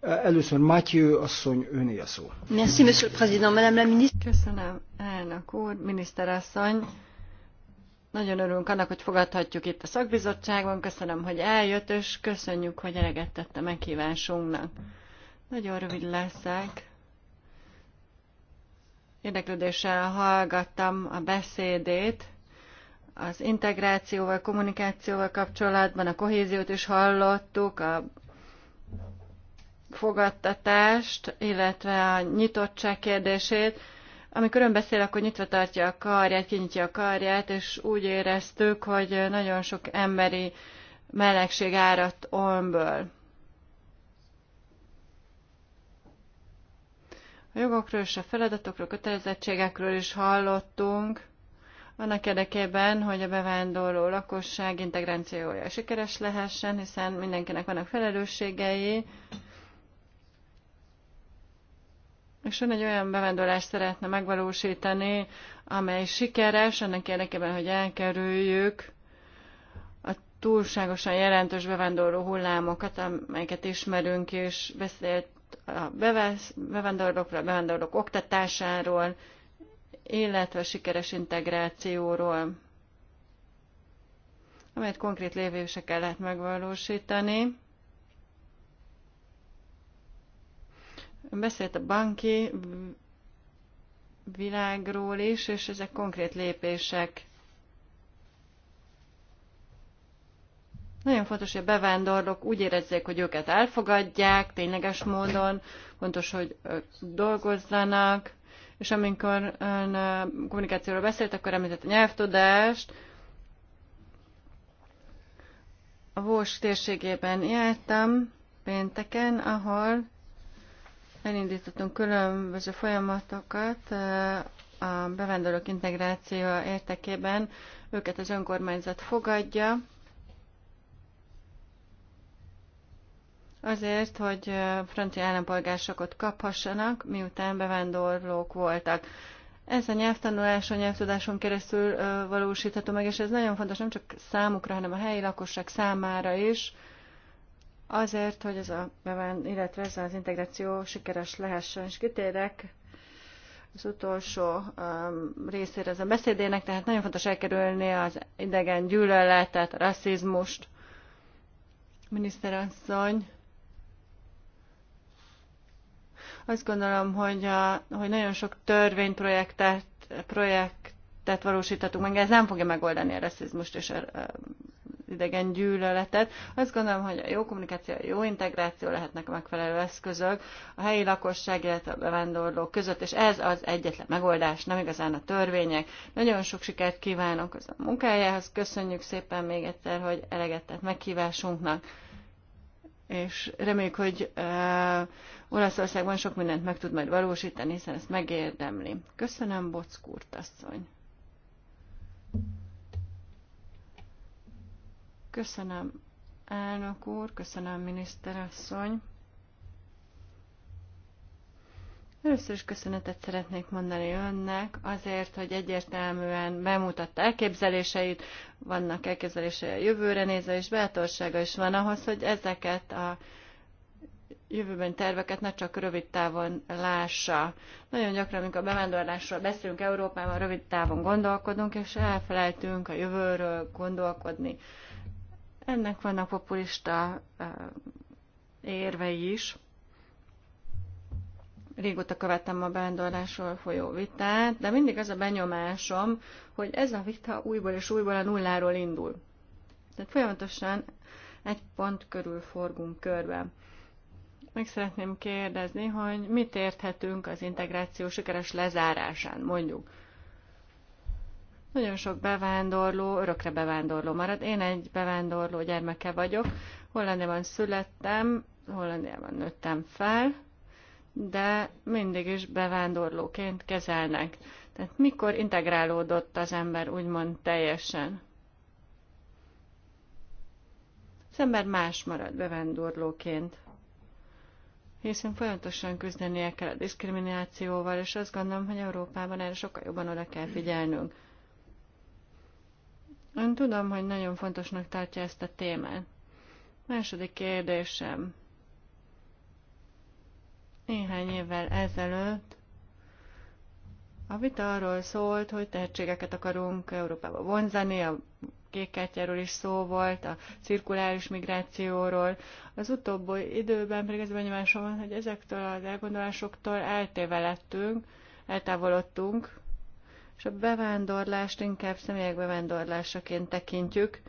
Először Mathieu asszony, öné a szó. Merci, monsieur le président, madame la ministre. Köszönöm, elnök úr, miniszterasszony. Nagyon örülünk annak, hogy fogadhatjuk itt a szakbizottságban. Köszönöm, hogy eljött, és köszönjük, hogy eleget tette meghívásunknak. Nagyon rövid leszek. Érdeklődéssel hallgattam a beszédét. Az integrációval, kommunikációval kapcsolatban a kohéziót is hallottuk, a fogadtatást, illetve a nyitottság kérdését. Amikor ön beszél, akkor nyitva tartja a karját, kinyitja a karját, és úgy éreztük, hogy nagyon sok emberi melegség áradt önből. A jogokról és a feladatokról, kötelezettségekről is hallottunk, annak érdekében, hogy a bevándorló lakosság integrációja sikeres lehessen, hiszen mindenkinek vannak felelősségei, és ön egy olyan bevándorlást szeretne megvalósítani, amely sikeres, annak érdekében, hogy elkerüljük a túlságosan jelentős bevándorló hullámokat, amelyeket ismerünk, és beszélt a bevándorlókról, a bevándorlók oktatásáról, illetve a sikeres integrációról, amelyet konkrét lévésekkel lehet megvalósítani. Ön beszélt a banki világról is, és ezek konkrét lépések. Nagyon fontos, hogy a bevándorlók úgy érezzék, hogy őket elfogadják tényleges módon, fontos, hogy dolgozzanak, és amikor ön kommunikációról beszélt, akkor említett a nyelvtudást. A Vós térségében jártam pénteken, ahol Elindítottunk különböző folyamatokat eh, a bevándorlók integráció értekében. Őket az önkormányzat fogadja, azért, hogy eh, francia állampolgárságot kaphassanak, miután bevándorlók voltak. Ez a nyelvtanuláson, nyelvtudáson keresztül eh, valósítható meg, és ez nagyon fontos nem csak számukra, hanem a helyi lakosság számára is, Azért, hogy ez a, illetve ez az integráció sikeres lehessen, és kitérek az utolsó um, részére az a beszédének, tehát nagyon fontos elkerülni az idegen gyűlöletet, rasszizmust. Miniszterasszony, azt gondolom, hogy, a, hogy nagyon sok törvényprojektet projektet valósítatunk meg, ez nem fogja megoldani a rasszizmust és a idegen gyűlöletet. Azt gondolom, hogy a jó kommunikáció, a jó integráció lehetnek a megfelelő eszközök a helyi lakosság, illetve a bevándorlók között, és ez az egyetlen megoldás, nem igazán a törvények. Nagyon sok sikert kívánok az a munkájához, köszönjük szépen még egyszer, hogy eleget tett meghívásunknak és reméljük, hogy uh, Olaszországban sok mindent meg tud majd valósítani, hiszen ezt megérdemli. Köszönöm, Bockurt asszony! Köszönöm, elnök úr, köszönöm, miniszterasszony. Először is köszönetet szeretnék mondani önnek azért, hogy egyértelműen bemutatta elképzeléseit, vannak elképzelései a jövőre nézve, és bátorsága is van ahhoz, hogy ezeket a jövőben terveket ne csak rövid távon lássa. Nagyon gyakran, amikor bevándorlásról beszélünk Európában, rövid távon gondolkodunk, és elfelejtünk a jövőről gondolkodni. Ennek vannak populista érvei is. Régóta követtem a bevándorlásról folyó vitát, de mindig az a benyomásom, hogy ez a vita újból és újból a nulláról indul. Tehát folyamatosan egy pont körül forgunk körbe. Meg szeretném kérdezni, hogy mit érthetünk az integráció sikeres lezárásán, mondjuk. Nagyon sok bevándorló, örökre bevándorló marad. Én egy bevándorló gyermeke vagyok. Hollandiában születtem, Hollandiában nőttem fel, de mindig is bevándorlóként kezelnek. Tehát mikor integrálódott az ember úgymond teljesen? Az ember más marad bevándorlóként hiszen folyamatosan küzdenie kell a diszkriminációval, és azt gondolom, hogy Európában erre sokkal jobban oda kell figyelnünk. Ön tudom, hogy nagyon fontosnak tartja ezt a témát. Második kérdésem. Néhány évvel ezelőtt a vita arról szólt, hogy tehetségeket akarunk Európába vonzani, a kékkártyáról is szó volt, a cirkuláris migrációról. Az utóbbi időben pedig ez benyomásom van, hogy ezektől az elgondolásoktól eltévelettünk, eltávolodtunk, és a bevándorlást inkább személyek bevándorlásaként tekintjük.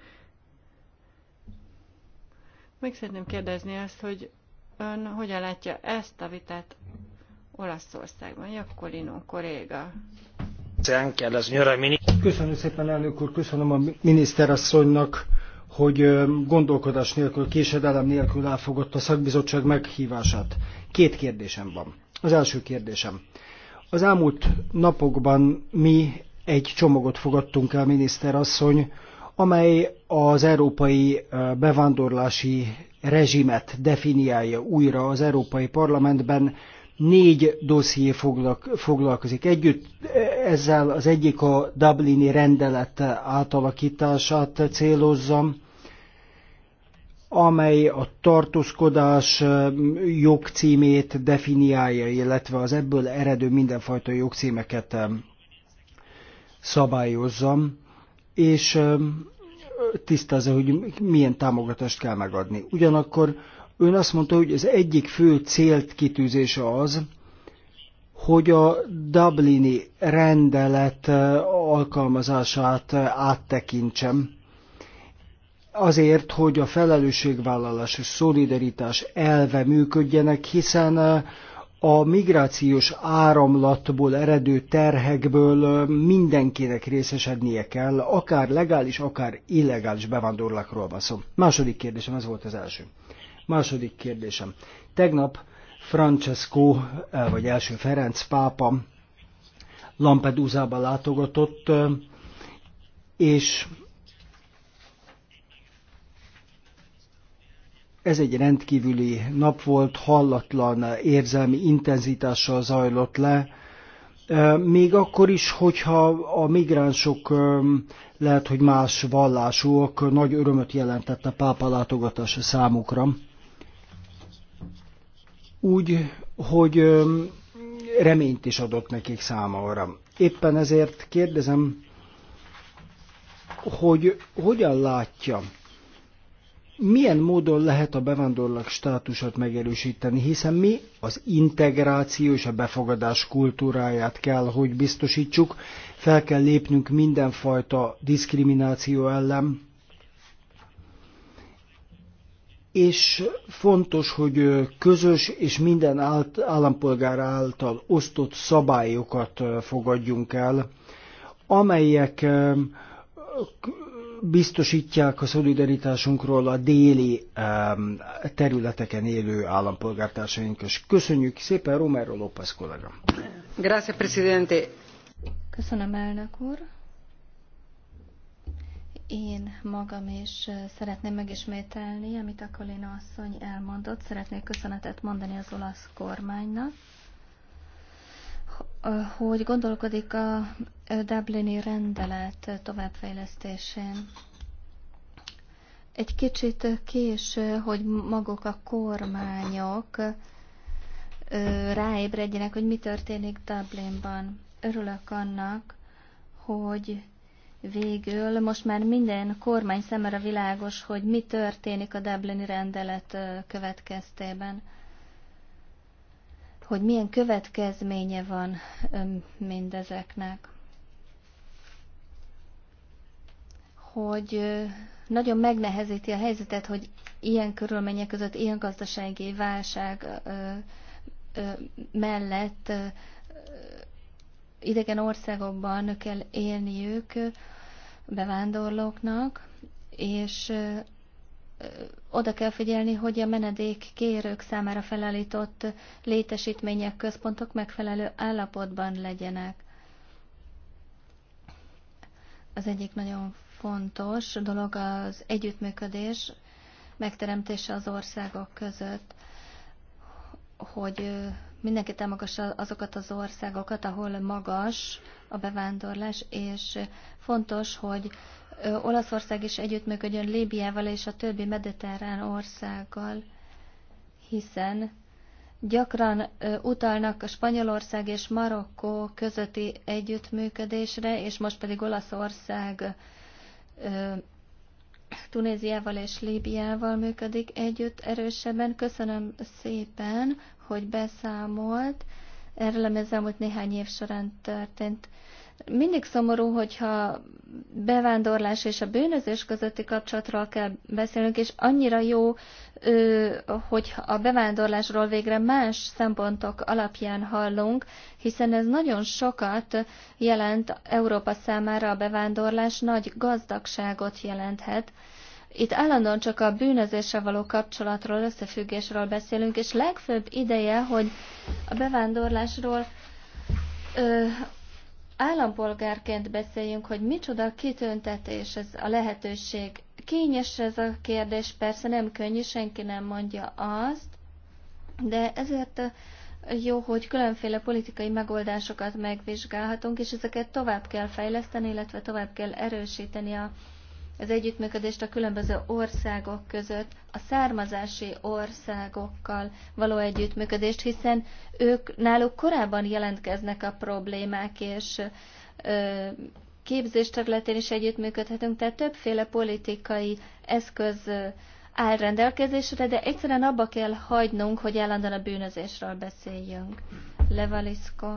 Meg szeretném kérdezni azt, hogy ön hogyan látja ezt a vitát Olaszországban, Jakkolino kolléga. Köszönöm szépen, elnök úr, köszönöm a miniszterasszonynak, hogy gondolkodás nélkül, késedelem nélkül elfogadta a szakbizottság meghívását. Két kérdésem van. Az első kérdésem. Az elmúlt napokban mi egy csomagot fogadtunk el, miniszterasszony, amely az európai bevándorlási rezsimet definiálja újra az Európai Parlamentben. Négy dosszié foglalkozik együtt, ezzel az egyik a Dublini rendelet átalakítását célozzam, amely a tartózkodás jogcímét definiálja, illetve az ebből eredő mindenfajta jogcímeket szabályozzam, és tisztázza, hogy milyen támogatást kell megadni. Ugyanakkor ön azt mondta, hogy az egyik fő célt kitűzése az, hogy a Dublini rendelet alkalmazását áttekintsem azért, hogy a felelősségvállalás és szolidaritás elve működjenek, hiszen eh, a migrációs áramlatból eredő terhekből eh, mindenkinek részesednie kell, akár legális, akár illegális bevándorlákról van szó. Második kérdésem, ez volt az első. Második kérdésem. Tegnap Francesco, eh, vagy első Ferenc pápa Lampedusa-ba látogatott, és Ez egy rendkívüli nap volt, hallatlan érzelmi intenzitással zajlott le, még akkor is, hogyha a migránsok lehet, hogy más vallásúak, nagy örömöt jelentett a pápa látogatása számukra. Úgy, hogy reményt is adott nekik számára. Éppen ezért kérdezem, hogy hogyan látja milyen módon lehet a bevándorlók státusát megerősíteni, hiszen mi az integráció és a befogadás kultúráját kell, hogy biztosítsuk, fel kell lépnünk mindenfajta diszkrimináció ellen, és fontos, hogy közös és minden állampolgár által osztott szabályokat fogadjunk el, amelyek biztosítják a szolidaritásunkról a déli um, területeken élő állampolgártársaink. És köszönjük szépen Romero López kollega. Grazie, Presidente. Köszönöm, elnök úr. Én magam is szeretném megismételni, amit a Kolina asszony elmondott. Szeretnék köszönetet mondani az olasz kormánynak hogy gondolkodik a Dublini rendelet továbbfejlesztésén. Egy kicsit késő, hogy maguk a kormányok ráébredjenek, hogy mi történik Dublinban. Örülök annak, hogy végül most már minden kormány szemre világos, hogy mi történik a Dublini rendelet következtében hogy milyen következménye van mindezeknek. Hogy nagyon megnehezíti a helyzetet, hogy ilyen körülmények között, ilyen gazdasági válság mellett idegen országokban kell élniük bevándorlóknak, és oda kell figyelni, hogy a menedék kérők számára felállított létesítmények, központok megfelelő állapotban legyenek. Az egyik nagyon fontos dolog az együttműködés megteremtése az országok között, hogy mindenki támogassa azokat az országokat, ahol magas a bevándorlás, és fontos, hogy Olaszország is együttműködjön Líbiával és a többi mediterrán országgal, hiszen gyakran utalnak a Spanyolország és Marokkó közötti együttműködésre, és most pedig Olaszország Tunéziával és Líbiával működik együtt erősebben. Köszönöm szépen, hogy beszámolt. Erről az elmúlt néhány év során történt mindig szomorú, hogyha bevándorlás és a bűnözés közötti kapcsolatról kell beszélnünk, és annyira jó, hogy a bevándorlásról végre más szempontok alapján hallunk, hiszen ez nagyon sokat jelent Európa számára a bevándorlás, nagy gazdagságot jelenthet. Itt állandóan csak a bűnözéssel való kapcsolatról, összefüggésről beszélünk, és legfőbb ideje, hogy a bevándorlásról állampolgárként beszéljünk, hogy micsoda kitüntetés ez a lehetőség. Kényes ez a kérdés, persze nem könnyű, senki nem mondja azt, de ezért jó, hogy különféle politikai megoldásokat megvizsgálhatunk, és ezeket tovább kell fejleszteni, illetve tovább kell erősíteni a az együttműködést a különböző országok között, a származási országokkal való együttműködést, hiszen ők náluk korábban jelentkeznek a problémák, és ö, képzés területén is együttműködhetünk, tehát többféle politikai eszköz áll rendelkezésre, de egyszerűen abba kell hagynunk, hogy állandóan a bűnözésről beszéljünk. Levalisko.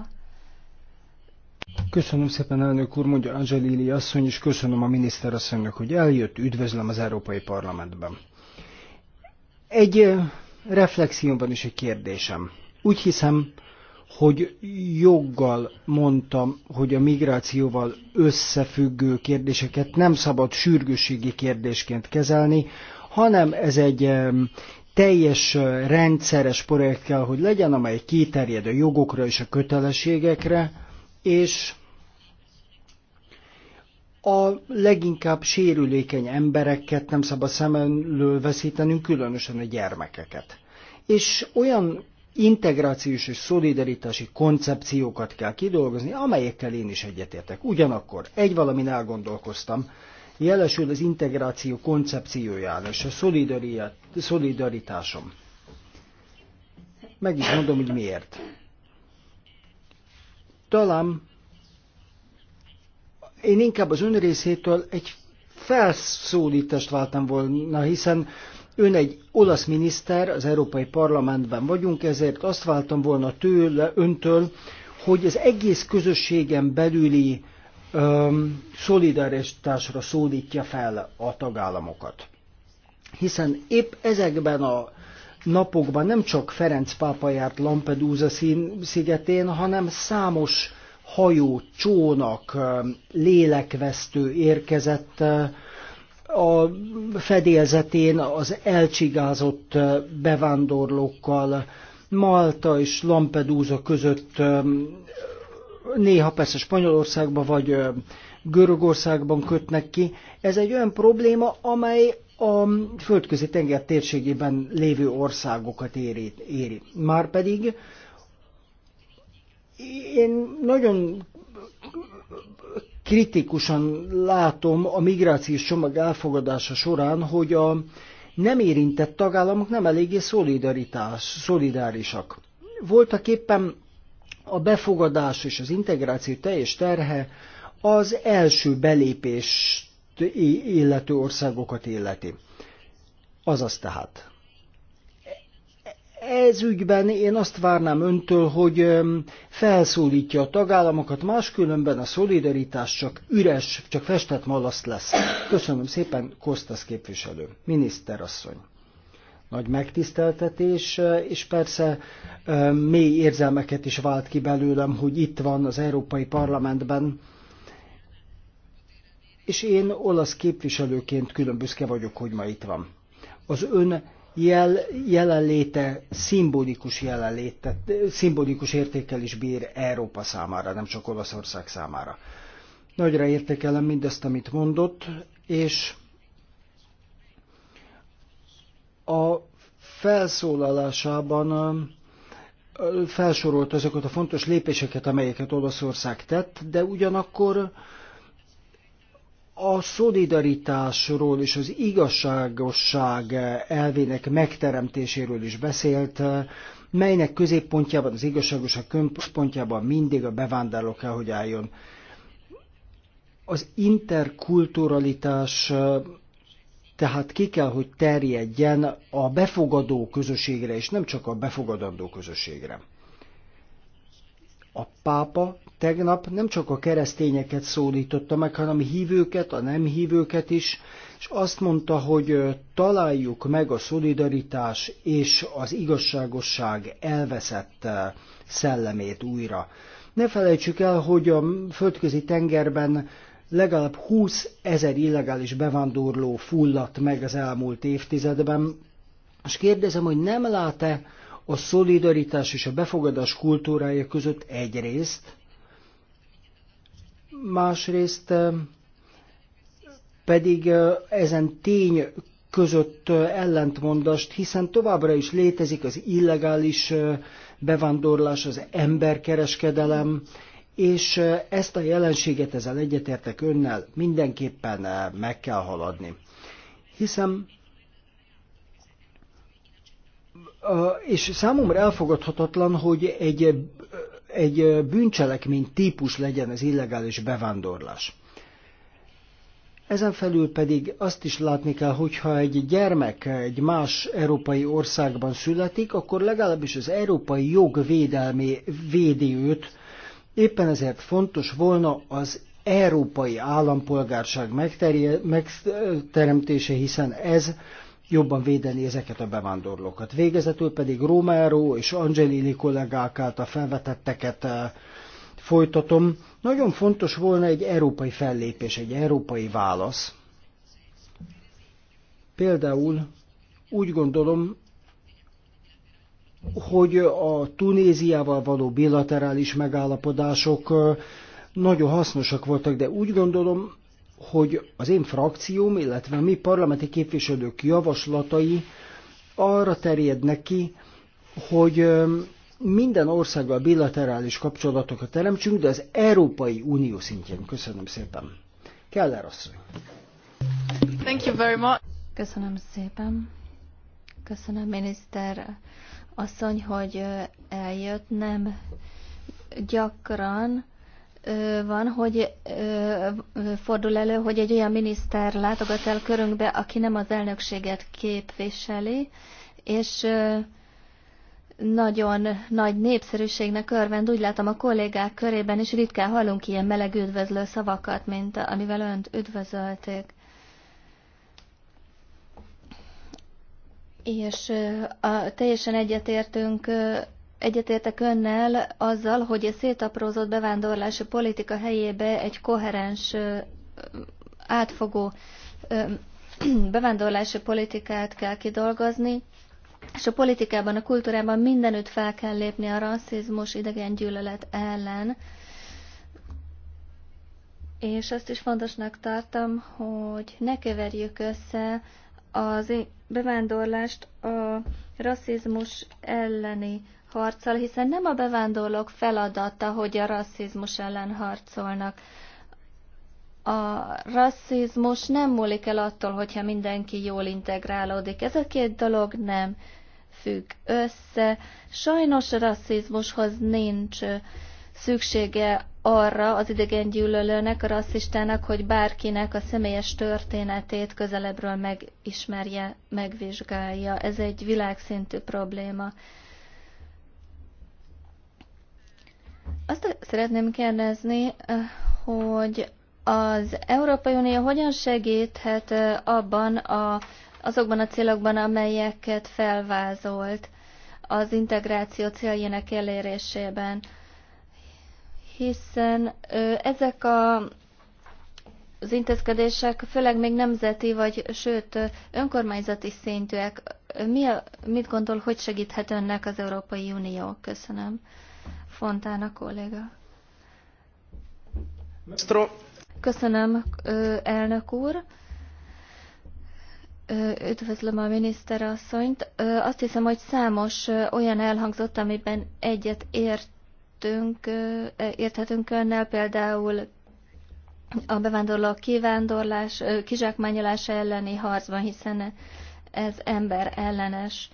Köszönöm szépen, elnök úr, mondja Angelili asszony, és köszönöm a miniszter asszonynak, hogy eljött, üdvözlöm az Európai Parlamentben. Egy reflexiómban is egy kérdésem. Úgy hiszem, hogy joggal mondtam, hogy a migrációval összefüggő kérdéseket nem szabad sürgősségi kérdésként kezelni, hanem ez egy teljes rendszeres projekt kell, hogy legyen, amely kiterjed a jogokra és a kötelességekre, és a leginkább sérülékeny embereket nem szabad szemelől veszítenünk, különösen a gyermekeket. És olyan integrációs és szolidaritási koncepciókat kell kidolgozni, amelyekkel én is egyetértek. Ugyanakkor egy valamin elgondolkoztam, jelesül az integráció koncepciójára és a szolidaritásom. Meg is mondom, hogy miért. Talán én inkább az ön részétől egy felszólítást váltam volna, hiszen ön egy olasz miniszter, az Európai Parlamentben vagyunk, ezért azt váltam volna tőle, öntől, hogy az egész közösségen belüli um, szolidaritásra szólítja fel a tagállamokat. Hiszen épp ezekben a napokban nem csak Ferenc pápa járt Lampedusa szigetén, hanem számos hajó, csónak, lélekvesztő érkezett a fedélzetén az elcsigázott bevándorlókkal, Malta és Lampedusa között, néha persze Spanyolországban vagy Görögországban kötnek ki. Ez egy olyan probléma, amely a földközi tenger térségében lévő országokat éri. éri. Márpedig én nagyon kritikusan látom a migrációs csomag elfogadása során, hogy a nem érintett tagállamok nem eléggé szolidaritás, szolidárisak. Voltak éppen a befogadás és az integráció teljes terhe az első belépést illető országokat illeti. Azaz tehát. Ez ügyben én azt várnám öntől, hogy felszólítja a tagállamokat, máskülönben a szolidaritás csak üres, csak festett malaszt lesz. Köszönöm szépen, Kostas képviselő, miniszterasszony nagy megtiszteltetés, és persze mély érzelmeket is vált ki belőlem, hogy itt van az Európai Parlamentben, és én olasz képviselőként különbözke vagyok, hogy ma itt van. Az ön jel, jelenléte szimbolikus jelenléte, szimbolikus értékel is bír Európa számára, nem csak Olaszország számára. Nagyra értékelem mindezt, amit mondott, és a felszólalásában felsorolt azokat a fontos lépéseket, amelyeket Olaszország tett, de ugyanakkor a szolidaritásról és az igazságosság elvének megteremtéséről is beszélt, melynek középpontjában, az igazságosság központjában mindig a bevándorló kell, hogy álljon. Az interkulturalitás tehát ki kell, hogy terjedjen a befogadó közösségre, és nem csak a befogadandó közösségre. A pápa Tegnap nem csak a keresztényeket szólította meg, hanem a hívőket, a nem hívőket is, és azt mondta, hogy találjuk meg a szolidaritás és az igazságosság elveszett szellemét újra. Ne felejtsük el, hogy a földközi tengerben legalább 20 ezer illegális bevándorló fulladt meg az elmúlt évtizedben, és kérdezem, hogy nem lát-e a szolidaritás és a befogadás kultúrája között egyrészt másrészt pedig ezen tény között ellentmondást, hiszen továbbra is létezik az illegális bevándorlás, az emberkereskedelem, és ezt a jelenséget ezzel egyetértek önnel mindenképpen meg kell haladni. Hiszen és számomra elfogadhatatlan, hogy egy egy bűncselekmény típus legyen az illegális bevándorlás. Ezen felül pedig azt is látni kell, hogyha egy gyermek egy más európai országban születik, akkor legalábbis az európai jog védelmi védi őt. Éppen ezért fontos volna az európai állampolgárság megteremtése, hiszen ez jobban védeni ezeket a bevándorlókat. Végezetül pedig Romero és Angelini kollégák által felvetetteket eh, folytatom. Nagyon fontos volna egy európai fellépés, egy európai válasz. Például úgy gondolom, hogy a Tunéziával való bilaterális megállapodások eh, nagyon hasznosak voltak, de úgy gondolom, hogy az én frakcióm, illetve a mi parlamenti képviselők javaslatai arra terjednek ki, hogy minden országgal bilaterális kapcsolatokat teremtsünk, de az Európai Unió szintjén. Köszönöm szépen. Keller asszony. Thank you very much. Köszönöm szépen. Köszönöm, miniszter asszony, hogy eljött. Nem gyakran van, hogy fordul elő, hogy egy olyan miniszter látogat el körünkbe, aki nem az elnökséget képviseli, és nagyon nagy népszerűségnek örvend, úgy látom a kollégák körében is ritkán hallunk ilyen meleg üdvözlő szavakat, mint amivel önt üdvözölték. És a, teljesen egyetértünk Egyetértek önnel azzal, hogy a szétaprózott bevándorlási politika helyébe egy koherens, átfogó (clears throat) bevándorlási politikát kell kidolgozni, és a politikában, a kultúrában mindenütt fel kell lépni a rasszizmus, idegengyűlölet ellen. És azt is fontosnak tartom, hogy ne keverjük össze az bevándorlást a rasszizmus elleni harccal, hiszen nem a bevándorlók feladata, hogy a rasszizmus ellen harcolnak. A rasszizmus nem múlik el attól, hogyha mindenki jól integrálódik. Ez a két dolog nem függ össze. Sajnos a rasszizmushoz nincs szüksége arra az idegen gyűlölőnek, a rasszistának, hogy bárkinek a személyes történetét közelebbről megismerje, megvizsgálja. Ez egy világszintű probléma. Azt szeretném kérdezni, hogy az Európai Unió hogyan segíthet abban a, azokban a célokban, amelyeket felvázolt az integráció céljének elérésében? Hiszen ezek a az intézkedések főleg még nemzeti, vagy sőt önkormányzati szintűek. Mi a, mit gondol, hogy segíthet önnek az Európai Unió? Köszönöm. Fontána kolléga. Köszönöm, elnök úr. Üdvözlöm a miniszterasszonyt. Azt hiszem, hogy számos olyan elhangzott, amiben egyet értünk, e, érthetünk önnel, például a bevándorló kivándorlás, kizsákmányolás elleni harcban, hiszen ez ember ellenes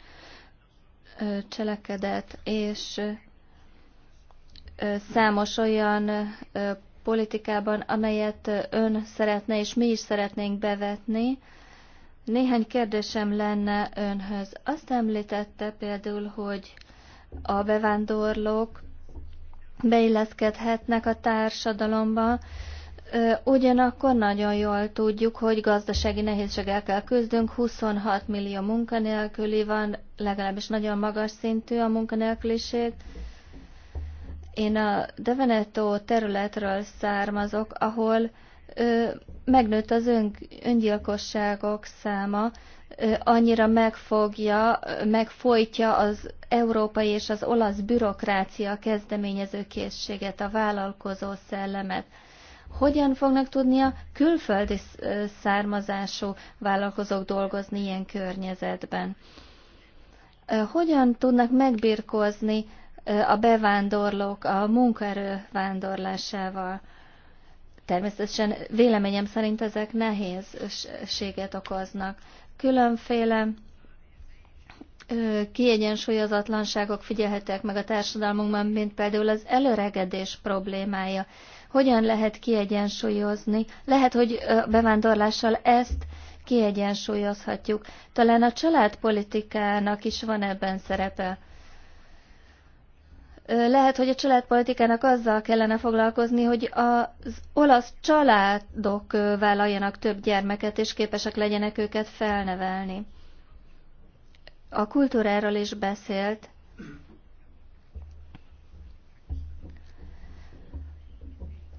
cselekedet, és számos olyan politikában, amelyet ön szeretne, és mi is szeretnénk bevetni. Néhány kérdésem lenne önhöz. Azt említette például, hogy a bevándorlók beilleszkedhetnek a társadalomba, ugyanakkor nagyon jól tudjuk, hogy gazdasági nehézségekkel küzdünk, 26 millió munkanélküli van, legalábbis nagyon magas szintű a munkanélküliség, én a Deveneto területről származok, ahol ö, megnőtt az ön, öngyilkosságok száma, ö, annyira megfogja, megfojtja az európai és az olasz bürokrácia kezdeményező készséget, a vállalkozó szellemet. Hogyan fognak tudni a külföldi származású vállalkozók dolgozni ilyen környezetben? Hogyan tudnak megbirkózni a bevándorlók a munkaerő vándorlásával. Természetesen véleményem szerint ezek nehézséget okoznak. Különféle kiegyensúlyozatlanságok figyelhetőek meg a társadalmunkban, mint például az előregedés problémája. Hogyan lehet kiegyensúlyozni? Lehet, hogy bevándorlással ezt kiegyensúlyozhatjuk. Talán a családpolitikának is van ebben szerepe. Lehet, hogy a családpolitikának azzal kellene foglalkozni, hogy az olasz családok vállaljanak több gyermeket, és képesek legyenek őket felnevelni. A kultúráról is beszélt.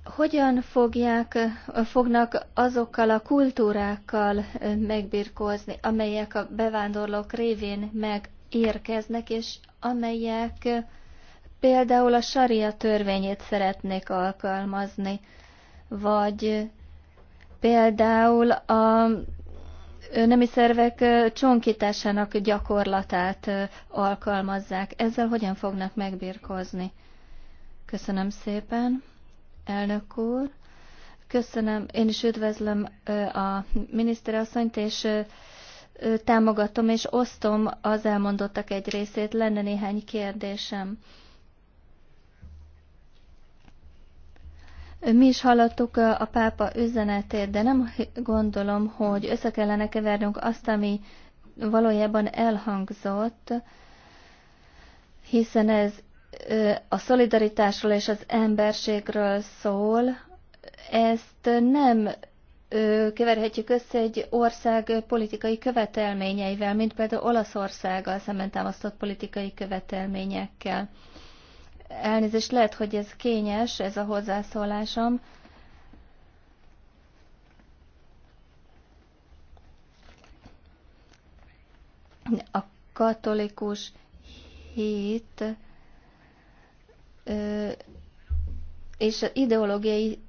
Hogyan fogják, fognak azokkal a kultúrákkal megbirkózni, amelyek a bevándorlók révén megérkeznek, és amelyek például a saria törvényét szeretnék alkalmazni, vagy például a nemi szervek csonkításának gyakorlatát alkalmazzák. Ezzel hogyan fognak megbirkózni? Köszönöm szépen, elnök úr. Köszönöm, én is üdvözlöm a miniszterasszonyt, és támogatom és osztom az elmondottak egy részét. Lenne néhány kérdésem. Mi is hallottuk a pápa üzenetét, de nem gondolom, hogy össze kellene kevernünk azt, ami valójában elhangzott, hiszen ez a szolidaritásról és az emberségről szól. Ezt nem keverhetjük össze egy ország politikai követelményeivel, mint például Olaszországgal szemben támasztott politikai követelményekkel. Elnézést, lehet, hogy ez kényes, ez a hozzászólásom. A katolikus hit és ideológiai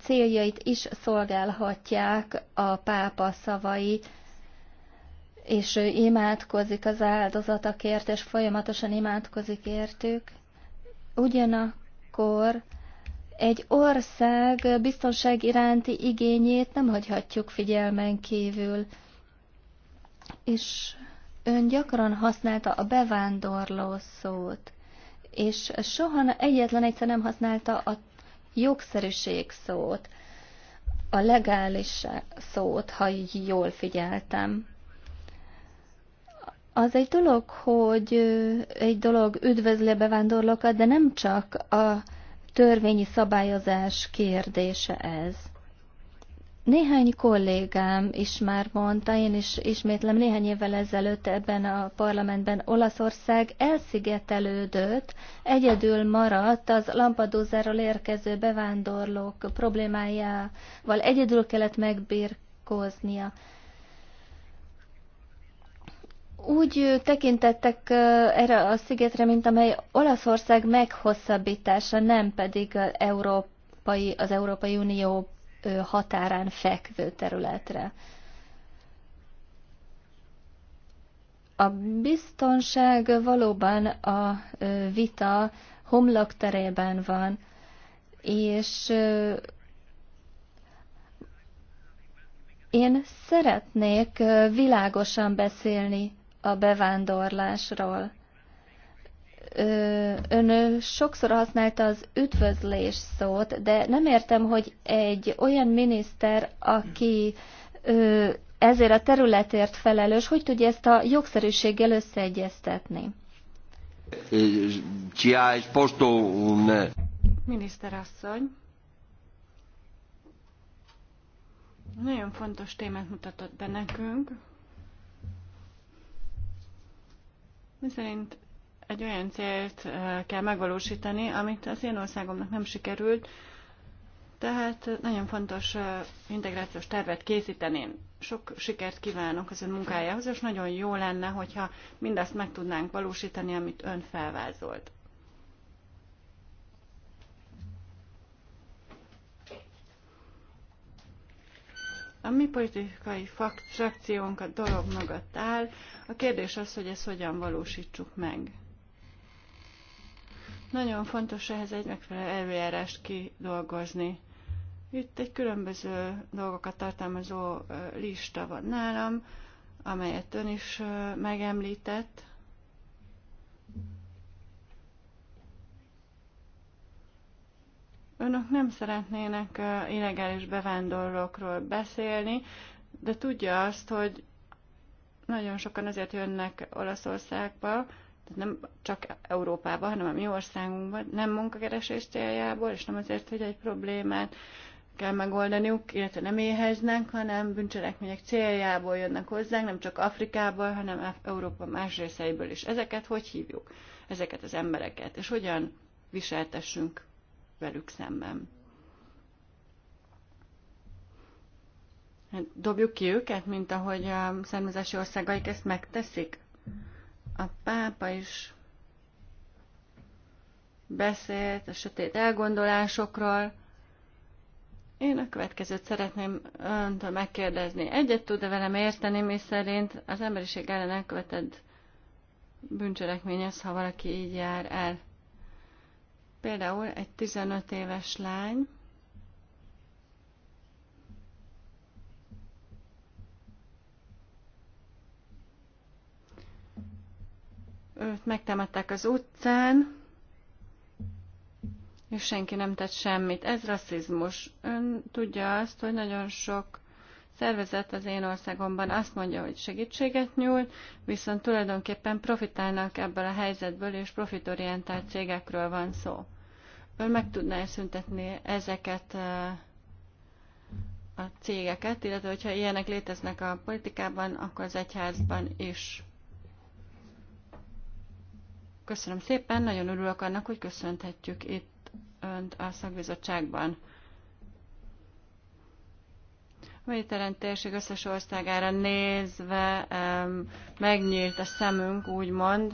céljait is szolgálhatják a pápa szavai, és ő imádkozik az áldozatakért, és folyamatosan imádkozik értük. Ugyanakkor egy ország biztonság iránti igényét nem hagyhatjuk figyelmen kívül. És ön gyakran használta a bevándorló szót, és soha egyetlen egyszer nem használta a jogszerűség szót, a legális szót, ha jól figyeltem. Az egy dolog, hogy egy dolog üdvözli a bevándorlókat, de nem csak a törvényi szabályozás kérdése ez. Néhány kollégám is már mondta, én is ismétlem néhány évvel ezelőtt ebben a parlamentben Olaszország elszigetelődött, egyedül maradt az Lampadózáról érkező bevándorlók problémájával, egyedül kellett megbírkoznia úgy tekintettek erre a szigetre, mint amely Olaszország meghosszabbítása, nem pedig európai, az Európai Unió határán fekvő területre. A biztonság valóban a vita homlokterében van, és én szeretnék világosan beszélni a bevándorlásról. Ön sokszor használta az üdvözlés szót, de nem értem, hogy egy olyan miniszter, aki ezért a területért felelős, hogy tudja ezt a jogszerűséggel összeegyeztetni? Miniszterasszony, nagyon fontos témát mutatott be nekünk, miszerint egy olyan célt eh, kell megvalósítani, amit az én országomnak nem sikerült, tehát nagyon fontos eh, integrációs tervet készíteni. Sok sikert kívánok az ön munkájához, és nagyon jó lenne, hogyha mindazt meg tudnánk valósítani, amit ön felvázolt. A mi politikai frakciónk a dolog mögött áll. A kérdés az, hogy ezt hogyan valósítsuk meg. Nagyon fontos ehhez egy megfelelő előjárást kidolgozni. Itt egy különböző dolgokat tartalmazó lista van nálam, amelyet ön is megemlített. Önök nem szeretnének illegális bevándorlókról beszélni, de tudja azt, hogy nagyon sokan azért jönnek Olaszországba, tehát nem csak Európába, hanem a mi országunkban, nem munkakeresés céljából, és nem azért, hogy egy problémát kell megoldaniuk, illetve nem éheznek, hanem bűncselekmények céljából jönnek hozzánk, nem csak Afrikából, hanem Európa más részeiből is. Ezeket hogy hívjuk? Ezeket az embereket, és hogyan viseltessünk velük szemben. Hát dobjuk ki őket, mint ahogy a származási országaik ezt megteszik. A pápa is beszélt a sötét elgondolásokról. Én a következőt szeretném öntől megkérdezni. Egyet tud-e velem érteni, mi szerint az emberiség ellen elkövetett bűncselekmény az, ha valaki így jár el? Például egy 15 éves lány, őt megtámadták az utcán, és senki nem tett semmit. Ez rasszizmus. Ön tudja azt, hogy nagyon sok szervezet az én országomban azt mondja, hogy segítséget nyújt, viszont tulajdonképpen profitálnak ebből a helyzetből, és profitorientált cégekről van szó. Ön meg tudná szüntetni ezeket a cégeket, illetve hogyha ilyenek léteznek a politikában, akkor az egyházban is. Köszönöm szépen, nagyon örülök annak, hogy köszönhetjük itt önt a szakbizottságban. Mediterrán térség összes országára nézve um, megnyílt a szemünk, úgymond,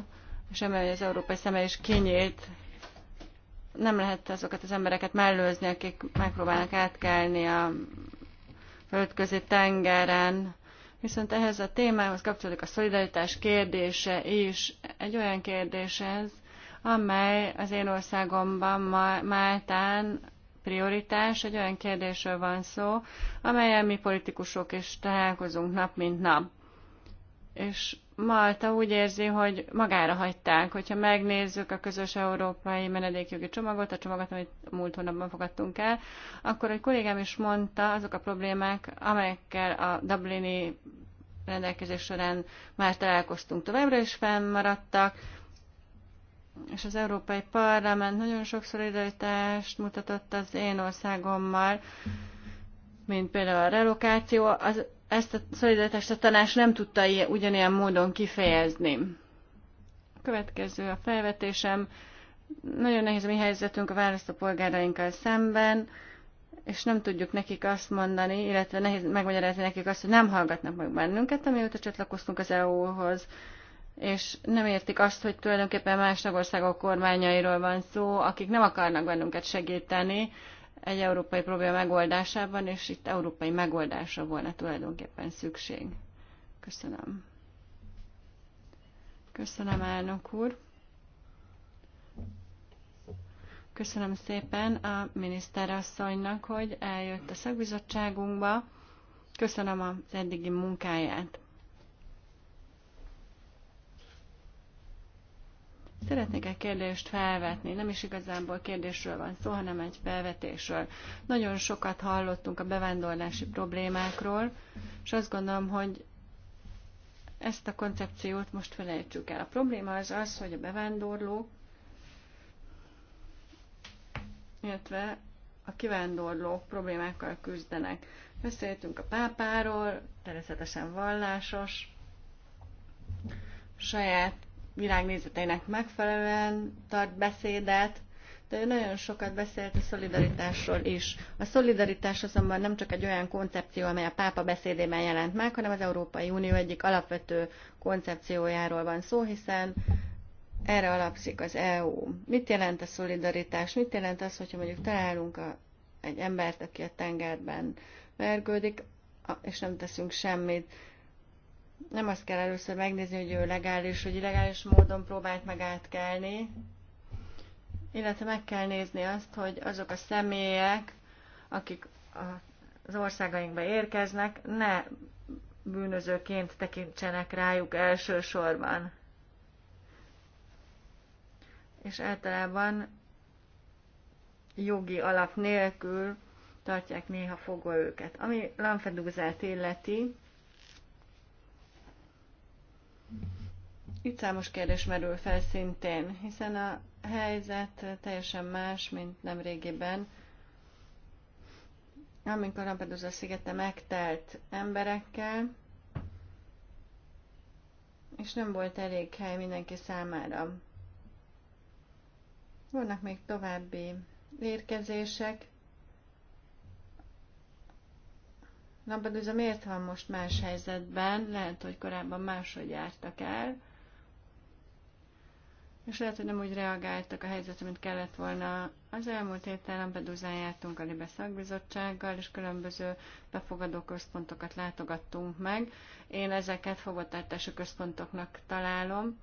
és emelje az európai szeme is kinyílt. Nem lehet azokat az embereket mellőzni, akik megpróbálnak átkelni a földközi tengeren. Viszont ehhez a témához kapcsolódik a szolidaritás kérdése is. Egy olyan kérdés ez, amely az én országomban, Máltán prioritás, egy olyan kérdésről van szó, amelyen mi politikusok is találkozunk nap mint nap. És Malta úgy érzi, hogy magára hagyták. Hogyha megnézzük a közös európai menedékjogi csomagot, a csomagot, amit múlt hónapban fogadtunk el, akkor egy kollégám is mondta azok a problémák, amelyekkel a Dublini rendelkezés során már találkoztunk továbbra is fennmaradtak, és az Európai Parlament nagyon sok szolidaritást mutatott az én országommal, mint például a relokáció, az, ezt a szolidaritást a tanács nem tudta ilyen, ugyanilyen módon kifejezni. Következő a felvetésem. Nagyon nehéz a mi helyzetünk a választópolgárainkkal szemben, és nem tudjuk nekik azt mondani, illetve nehéz megmagyarázni nekik azt, hogy nem hallgatnak meg bennünket, amióta csatlakoztunk az EU-hoz és nem értik azt, hogy tulajdonképpen más tagországok kormányairól van szó, akik nem akarnak bennünket segíteni egy európai probléma megoldásában, és itt európai megoldásra volna tulajdonképpen szükség. Köszönöm. Köszönöm, elnök úr. Köszönöm szépen a miniszterasszonynak, hogy eljött a szakbizottságunkba. Köszönöm az eddigi munkáját. Szeretnék egy kérdést felvetni, nem is igazából kérdésről van szó, hanem egy felvetésről. Nagyon sokat hallottunk a bevándorlási problémákról, és azt gondolom, hogy ezt a koncepciót most felejtsük el. A probléma az az, hogy a bevándorló, illetve a kivándorlók problémákkal küzdenek. Beszéltünk a pápáról, természetesen vallásos, saját világnézeteinek megfelelően tart beszédet, de ő nagyon sokat beszélt a szolidaritásról is. A szolidaritás azonban nem csak egy olyan koncepció, amely a pápa beszédében jelent meg, hanem az Európai Unió egyik alapvető koncepciójáról van szó, hiszen erre alapszik az EU. Mit jelent a szolidaritás? Mit jelent az, hogyha mondjuk találunk a, egy embert, aki a tengerben vergődik, és nem teszünk semmit? nem azt kell először megnézni, hogy ő legális, hogy illegális módon próbált meg átkelni, illetve meg kell nézni azt, hogy azok a személyek, akik az országainkba érkeznek, ne bűnözőként tekintsenek rájuk elsősorban. És általában jogi alap nélkül tartják néha fogva őket. Ami Lampedusa-t illeti, Itt számos kérdés merül fel szintén, hiszen a helyzet teljesen más, mint nem régiben. Amikor Lampedusa szigete megtelt emberekkel, és nem volt elég hely mindenki számára. Vannak még további érkezések. Lampedusa miért van most más helyzetben? Lehet, hogy korábban máshogy jártak el. És lehet, hogy nem úgy reagáltak a helyzetre, mint kellett volna. Az elmúlt héten Lampedusán jártunk a Libe szakbizottsággal, és különböző befogadó központokat látogattunk meg. Én ezeket fogadtartási központoknak találom.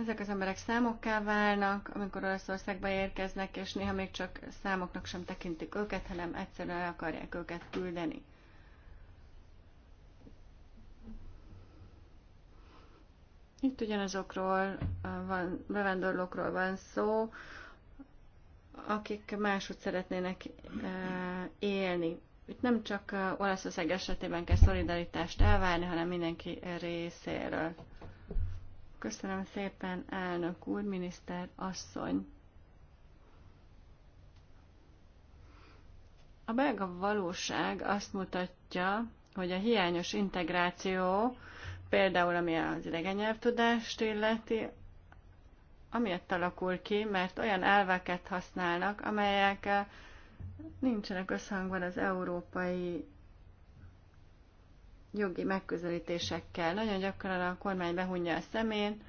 Ezek az emberek számokká válnak, amikor Olaszországba érkeznek, és néha még csak számoknak sem tekintik őket, hanem egyszerűen akarják őket küldeni. Itt ugyanazokról van, bevándorlókról van szó, akik máshogy szeretnének élni. Itt nem csak Olaszország esetében kell szolidaritást elvárni, hanem mindenki részéről. Köszönöm szépen, elnök úr, miniszter asszony. A belga valóság azt mutatja, hogy a hiányos integráció Például, ami az idegen nyelvtudást illeti, amiatt alakul ki, mert olyan elveket használnak, amelyek eh, nincsenek összhangban az európai jogi megközelítésekkel. Nagyon gyakran a kormány behunja a szemén,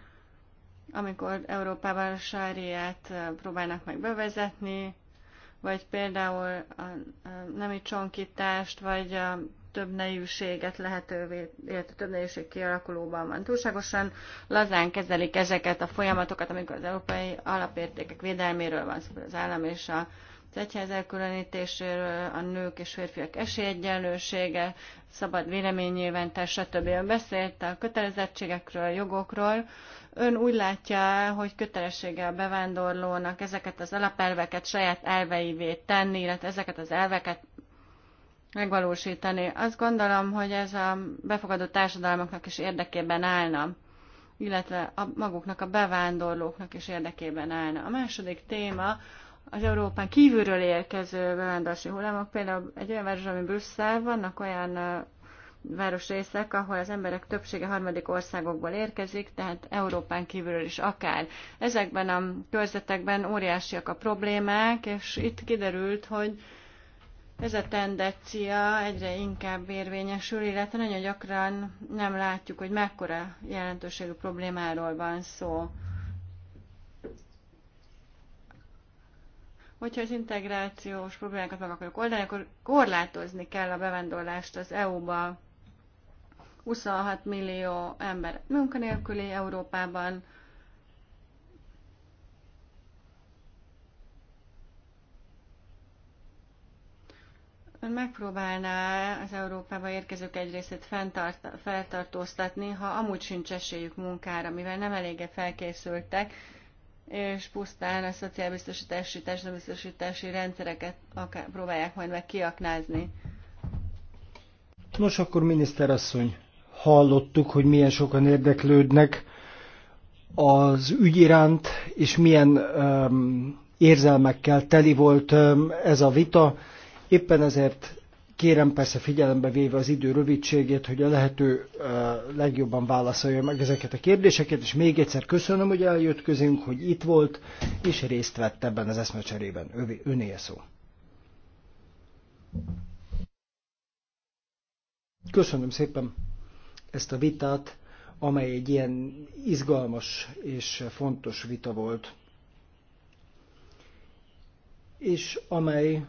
amikor Európában a sáriát eh, próbálnak meg bevezetni, vagy például a nemi csonkítást, vagy a több nejűséget lehetővé, illetve több nejűség kialakulóban van. Túlságosan lazán kezelik ezeket a folyamatokat, amikor az európai alapértékek védelméről van szó, az állam és a az egyház elkülönítéséről, a nők és férfiak esélyegyenlősége, szabad véleménynyilvántás, stb. Ön beszélt a kötelezettségekről, a jogokról. Ön úgy látja, hogy kötelessége a bevándorlónak ezeket az alapelveket saját elveivé tenni, illetve ezeket az elveket megvalósítani. Azt gondolom, hogy ez a befogadó társadalmaknak is érdekében állna, illetve a, maguknak a bevándorlóknak is érdekében állna. A második téma az Európán kívülről érkező bevándorlási hullámok. Például egy olyan város, ami Brüsszel, vannak olyan városrészek, ahol az emberek többsége harmadik országokból érkezik, tehát Európán kívülről is akár. Ezekben a körzetekben óriásiak a problémák, és itt kiderült, hogy ez a tendencia egyre inkább érvényesül, illetve nagyon gyakran nem látjuk, hogy mekkora jelentőségű problémáról van szó. Hogyha az integrációs problémákat meg akarjuk oldani, akkor korlátozni kell a bevándorlást az EU-ba. 26 millió ember munkanélküli Európában, Ön megpróbálná az Európába érkezők egy részét fenntart, feltartóztatni, ha amúgy sincs esélyük munkára, mivel nem eléggé felkészültek, és pusztán a szociálbiztosítási, társadalombiztosítási rendszereket akár, próbálják majd meg kiaknázni. Nos, akkor miniszterasszony, hallottuk, hogy milyen sokan érdeklődnek az ügy iránt, és milyen um, érzelmekkel teli volt um, ez a vita Éppen ezért kérem persze figyelembe véve az idő rövidségét, hogy a lehető legjobban válaszolja meg ezeket a kérdéseket, és még egyszer köszönöm, hogy eljött közünk, hogy itt volt, és részt vett ebben az eszmecserében. Övé, öné szó. Köszönöm szépen ezt a vitát, amely egy ilyen izgalmas és fontos vita volt, és amely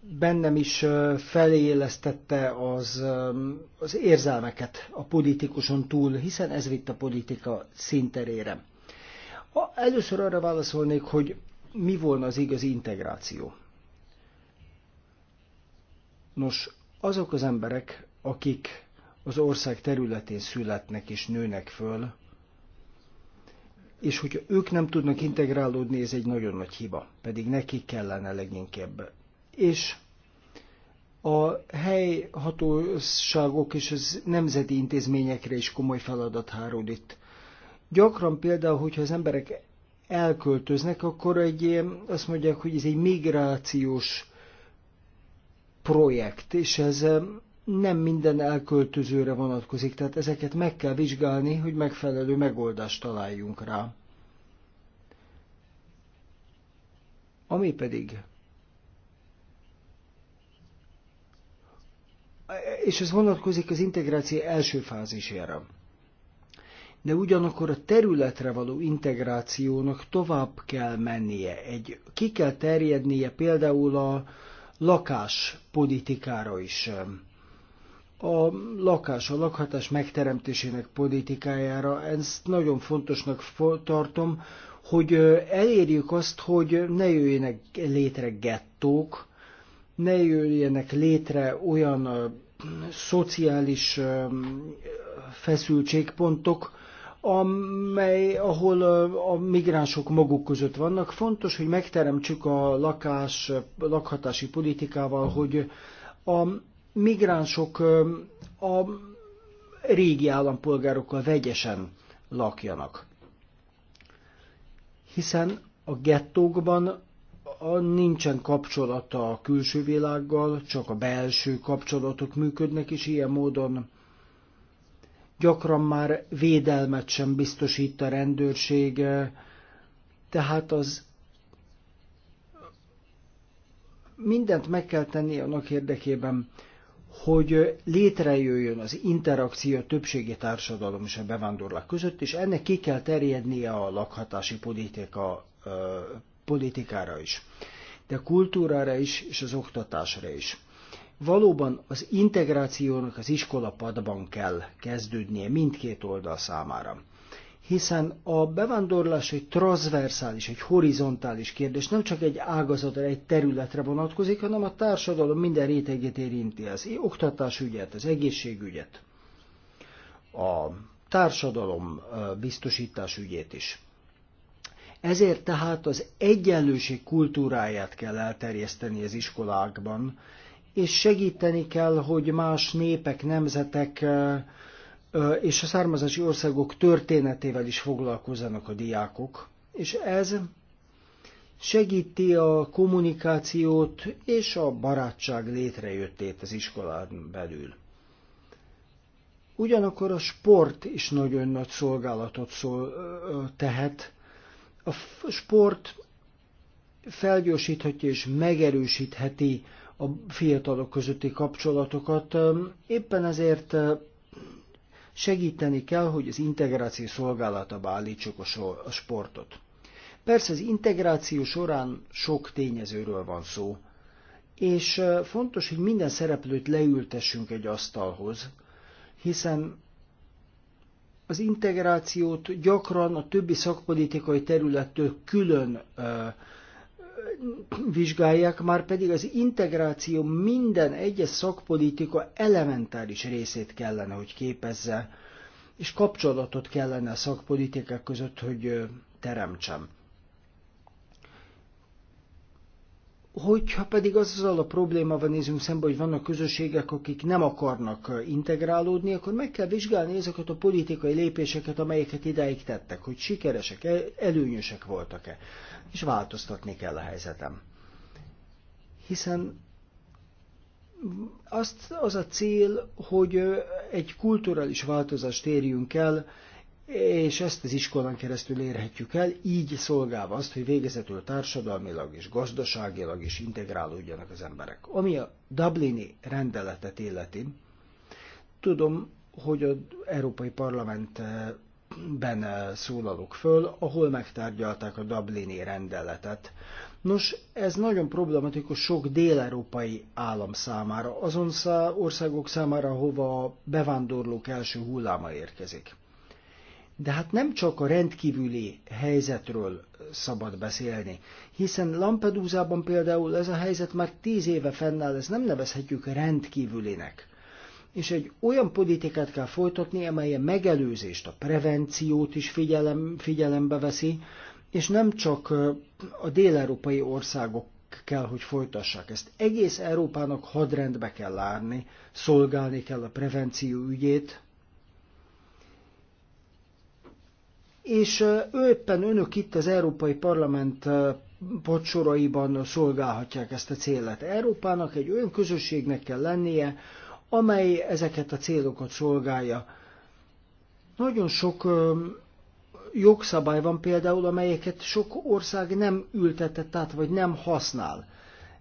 bennem is felélesztette az, az érzelmeket a politikuson túl, hiszen ez vitt a politika színterére. Először arra válaszolnék, hogy mi volna az igazi integráció. Nos, azok az emberek, akik az ország területén születnek és nőnek föl, és hogyha ők nem tudnak integrálódni, ez egy nagyon nagy hiba, pedig nekik kellene leginkább és a helyhatóságok és az nemzeti intézményekre is komoly feladat hárul itt. Gyakran például, hogyha az emberek elköltöznek, akkor egy ilyen, azt mondják, hogy ez egy migrációs projekt, és ez eh, nem minden elköltözőre vonatkozik, tehát ezeket meg kell vizsgálni, hogy megfelelő megoldást találjunk rá. Ami pedig és ez vonatkozik az integráció első fázisére. De ugyanakkor a területre való integrációnak tovább kell mennie, egy, ki kell terjednie például a lakáspolitikára is a lakás, a lakhatás megteremtésének politikájára. Ezt nagyon fontosnak tartom, hogy elérjük azt, hogy ne jöjjenek létre gettók, ne jöjjenek létre olyan szociális feszültségpontok, amely, ahol a migránsok maguk között vannak. Fontos, hogy megteremtsük a lakás, lakhatási politikával, hogy a migránsok a régi állampolgárokkal vegyesen lakjanak. Hiszen a gettókban a, nincsen kapcsolata a külső világgal, csak a belső kapcsolatok működnek, és ilyen módon gyakran már védelmet sem biztosít a rendőrség, tehát az mindent meg kell tenni annak érdekében, hogy létrejöjjön az interakció többségi társadalom és a bevándorlók között, és ennek ki kell terjednie a lakhatási politika politikára is, de kultúrára is, és az oktatásra is. Valóban az integrációnak az iskola padban kell kezdődnie mindkét oldal számára hiszen a bevándorlás egy transzverszális, egy horizontális kérdés, nem csak egy ágazatra, egy területre vonatkozik, hanem a társadalom minden rétegét érinti, az oktatásügyet, az egészségügyet, a társadalom biztosítás ügyét is. Ezért tehát az egyenlőség kultúráját kell elterjeszteni az iskolákban, és segíteni kell, hogy más népek, nemzetek és a származási országok történetével is foglalkozzanak a diákok. És ez segíti a kommunikációt és a barátság létrejöttét az iskolán belül. Ugyanakkor a sport is nagyon nagy szolgálatot szól, tehet, a sport felgyorsíthatja és megerősítheti a fiatalok közötti kapcsolatokat. Éppen ezért segíteni kell, hogy az integráció szolgálatába állítsuk a sportot. Persze az integráció során sok tényezőről van szó, és fontos, hogy minden szereplőt leültessünk egy asztalhoz, hiszen az integrációt gyakran a többi szakpolitikai területtől külön ö, vizsgálják, már pedig az integráció minden egyes szakpolitika elementáris részét kellene, hogy képezze, és kapcsolatot kellene a szakpolitikák között, hogy teremtsem. Hogyha pedig azzal a problémával nézünk szembe, hogy vannak közösségek, akik nem akarnak integrálódni, akkor meg kell vizsgálni ezeket a politikai lépéseket, amelyeket ideig tettek, hogy sikeresek, előnyösek voltak-e, és változtatni kell a helyzetem. Hiszen azt, az a cél, hogy egy kulturális változást érjünk el, és ezt az iskolán keresztül érhetjük el, így szolgálva azt, hogy végezetül társadalmilag és gazdaságilag is integrálódjanak az emberek. Ami a Dublini rendeletet illeti, tudom, hogy az Európai Parlamentben eh, szólalok föl, ahol megtárgyalták a Dublini rendeletet. Nos, ez nagyon problematikus sok dél-európai állam számára, azon szá országok számára, hova a bevándorlók első hulláma érkezik de hát nem csak a rendkívüli helyzetről szabad beszélni, hiszen Lampedusában például ez a helyzet már tíz éve fennáll, ezt nem nevezhetjük rendkívülinek. És egy olyan politikát kell folytatni, amely a megelőzést, a prevenciót is figyelem, figyelembe veszi, és nem csak a dél-európai országok kell, hogy folytassák ezt. Egész Európának hadrendbe kell állni, szolgálni kell a prevenció ügyét, és éppen önök itt az Európai Parlament pocsoraiban szolgálhatják ezt a célet. Európának egy olyan közösségnek kell lennie, amely ezeket a célokat szolgálja. Nagyon sok jogszabály van például, amelyeket sok ország nem ültetett át, vagy nem használ.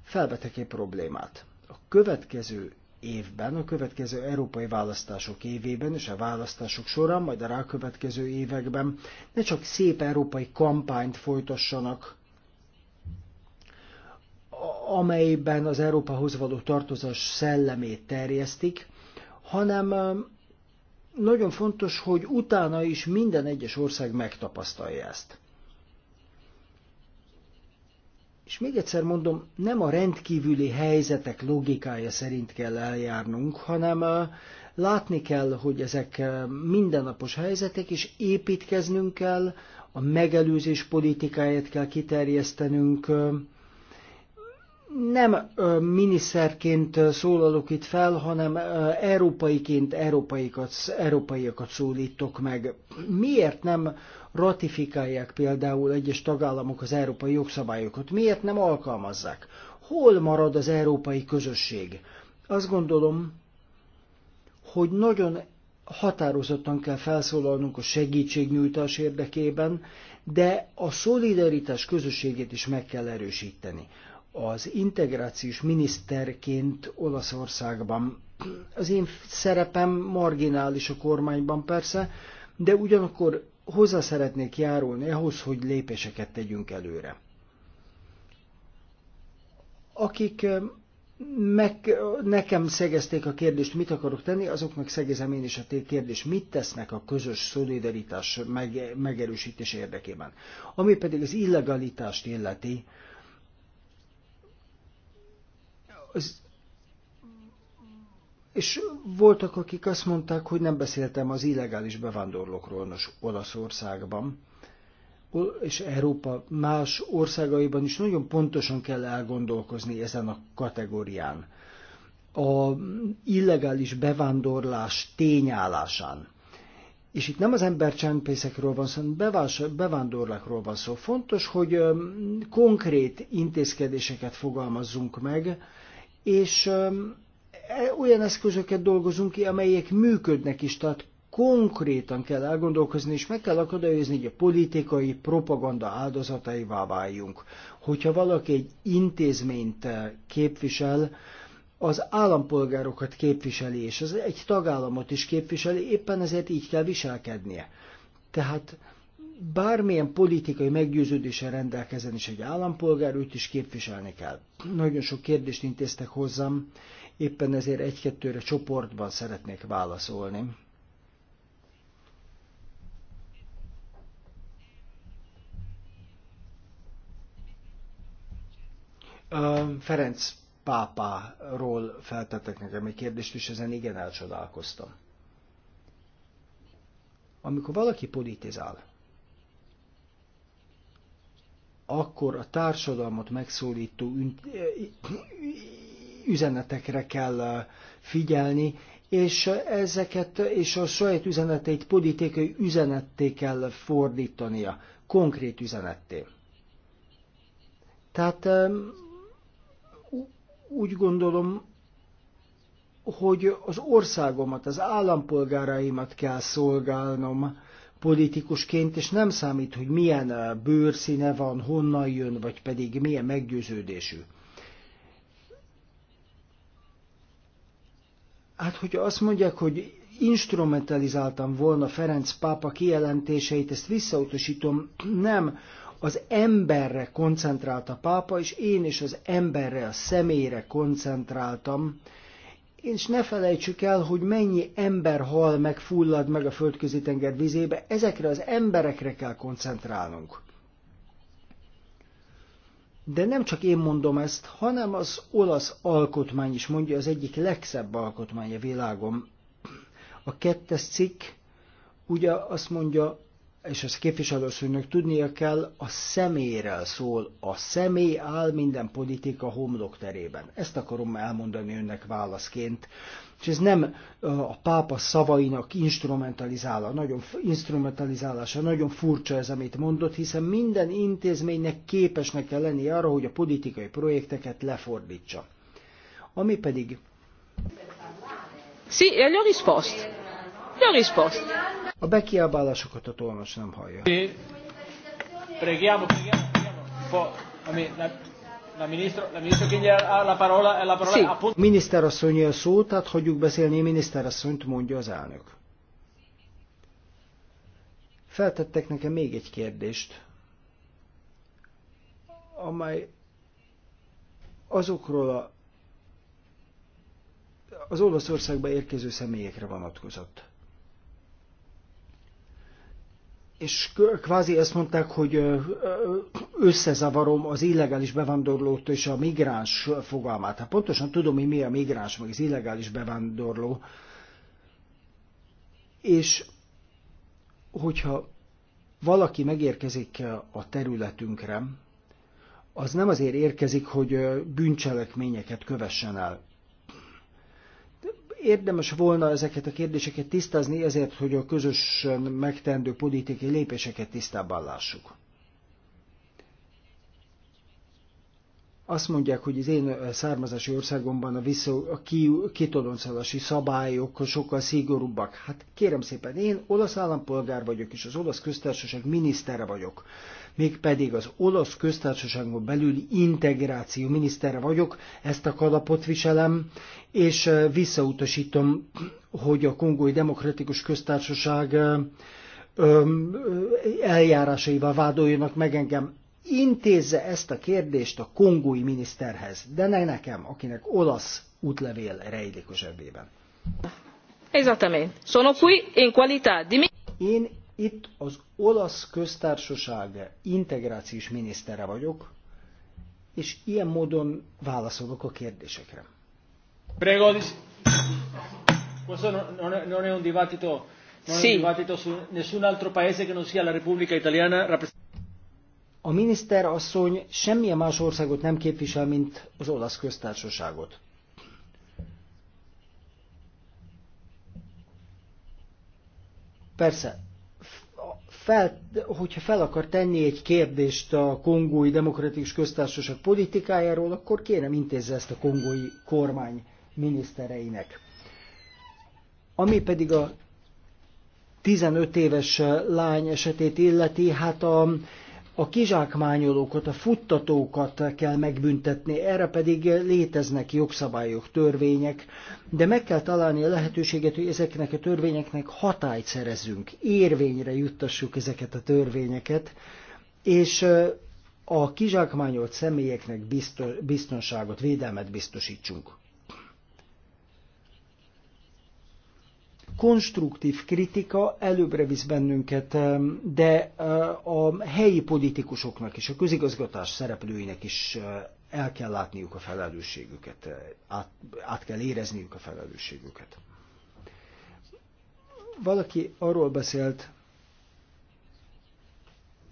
Felvetek egy problémát. A következő évben, a következő európai választások évében és a választások során, majd a rákövetkező években ne csak szép európai kampányt folytassanak, amelyben az Európahoz való tartozás szellemét terjesztik, hanem nagyon fontos, hogy utána is minden egyes ország megtapasztalja ezt. És még egyszer mondom, nem a rendkívüli helyzetek logikája szerint kell eljárnunk, hanem látni kell, hogy ezek mindennapos helyzetek, és építkeznünk kell, a megelőzés politikáját kell kiterjesztenünk, nem miniszterként szólalok itt fel, hanem európaiként európaiakat, európaiakat szólítok meg. Miért nem ratifikálják például egyes tagállamok az európai jogszabályokat? Miért nem alkalmazzák? Hol marad az európai közösség? Azt gondolom, hogy nagyon határozottan kell felszólalnunk a segítségnyújtás érdekében, de a szolidaritás közösségét is meg kell erősíteni az integrációs miniszterként Olaszországban. Az én szerepem marginális a kormányban persze, de ugyanakkor hozzá szeretnék járulni ahhoz, hogy lépéseket tegyünk előre. Akik meg, nekem szegezték a kérdést, mit akarok tenni, azoknak szegezem én is a kérdést, mit tesznek a közös szolidaritás meg, megerősítés érdekében. Ami pedig az illegalitást illeti, az és voltak, akik azt mondták, hogy nem beszéltem az illegális bevándorlókról nos, Olaszországban, és Európa más országaiban is nagyon pontosan kell elgondolkozni ezen a kategórián. A illegális bevándorlás tényállásán. És itt nem az ember csempészekről van szó, hanem bevándorlákról van szó. Fontos, hogy konkrét intézkedéseket fogalmazzunk meg, és e, olyan eszközöket dolgozunk ki, amelyek működnek is, tehát konkrétan kell elgondolkozni, és meg kell akadályozni, hogy a politikai propaganda áldozataivá váljunk. Hogyha valaki egy intézményt e, képvisel, az állampolgárokat képviseli, és az egy tagállamot is képviseli, éppen ezért így kell viselkednie. Tehát bármilyen politikai meggyőződéssel rendelkezzen is egy állampolgár, őt is képviselni kell. Nagyon sok kérdést intéztek hozzám, éppen ezért egy-kettőre csoportban szeretnék válaszolni. Ferenc pápáról feltettek nekem egy kérdést, és ezen igen elcsodálkoztam. Amikor valaki politizál, akkor a társadalmat megszólító üzenetekre kell figyelni, és ezeket és a saját üzeneteit politikai üzenetté kell fordítania, konkrét üzenetté. Tehát úgy gondolom, hogy az országomat, az állampolgáraimat kell szolgálnom, politikusként, és nem számít, hogy milyen eh, bőrszíne van, honnan jön, vagy pedig milyen meggyőződésű. Hát, hogyha azt mondják, hogy instrumentalizáltam volna Ferenc pápa kijelentéseit, ezt visszautasítom, nem az emberre koncentrált a pápa, és én is az emberre, a személyre koncentráltam, és ne felejtsük el, hogy mennyi ember hal meg, fullad meg a földközi tenger vizébe, ezekre az emberekre kell koncentrálnunk. De nem csak én mondom ezt, hanem az olasz alkotmány is mondja, az egyik legszebb alkotmány a világon. A kettes cikk ugye azt mondja, és ezt képviselőszőnök tudnia kell, a személyről szól, a személy áll minden politika homlokterében. Ezt akarom elmondani önnek válaszként. És ez nem a pápa szavainak instrumentalizála, nagyon, instrumentalizálása, nagyon furcsa ez, amit mondott, hiszen minden intézménynek képesnek kell lenni arra, hogy a politikai projekteket lefordítsa. Ami pedig... Sí, e gli ho No respost. A bekiabálásokat a tolmács nem hallja. Sí. miniszter preghiamo. E Miniszterasszony a szó, tehát hagyjuk beszélni miniszterasszonyt, mondja az elnök. Feltettek nekem még egy kérdést, amely azokról a, az Olaszországba érkező személyekre vonatkozott. és kvázi azt mondták, hogy összezavarom az illegális bevándorlót és a migráns fogalmát. Hát pontosan tudom, hogy mi a migráns, meg az illegális bevándorló. És hogyha valaki megérkezik a területünkre, az nem azért érkezik, hogy bűncselekményeket kövessen el érdemes volna ezeket a kérdéseket tisztázni, ezért, hogy a közösen megtendő politikai lépéseket tisztában lássuk. Azt mondják, hogy az én származási országomban a, vissza, a kitoloncolási szabályok sokkal szigorúbbak. Hát kérem szépen, én olasz állampolgár vagyok, és az olasz köztársaság minisztere vagyok mégpedig az olasz köztársaságon belüli integráció minisztere vagyok, ezt a kalapot viselem, és visszautasítom, hogy a Kongói Demokratikus Köztársaság eljárásaival vádoljanak meg engem. Intézze ezt a kérdést a kongói miniszterhez, de ne nekem, akinek olasz útlevél rejlik a zsebében. Esattamente. Sono qui in qualità di... Én itt az olasz köztársaság integrációs minisztere vagyok, és ilyen módon válaszolok a kérdésekre. Prego, questo non è un dibattito, non è un dibattito su nessun altro paese che non sia la Repubblica Italiana a miniszter asszony semmilyen más országot nem képvisel, mint az olasz köztársaságot. Persze, fel, hogyha fel akar tenni egy kérdést a kongói demokratikus köztársaság politikájáról, akkor kérem intézze ezt a kongói kormány minisztereinek. Ami pedig a 15 éves lány esetét illeti, hát a a kizsákmányolókat, a futtatókat kell megbüntetni, erre pedig léteznek jogszabályok, törvények, de meg kell találni a lehetőséget, hogy ezeknek a törvényeknek hatályt szerezzünk, érvényre juttassuk ezeket a törvényeket, és a kizsákmányolt személyeknek biztonságot, védelmet biztosítsunk. konstruktív kritika előbbre visz bennünket, de a helyi politikusoknak és a közigazgatás szereplőinek is el kell látniuk a felelősségüket, át, át kell érezniük a felelősségüket. Valaki arról beszélt,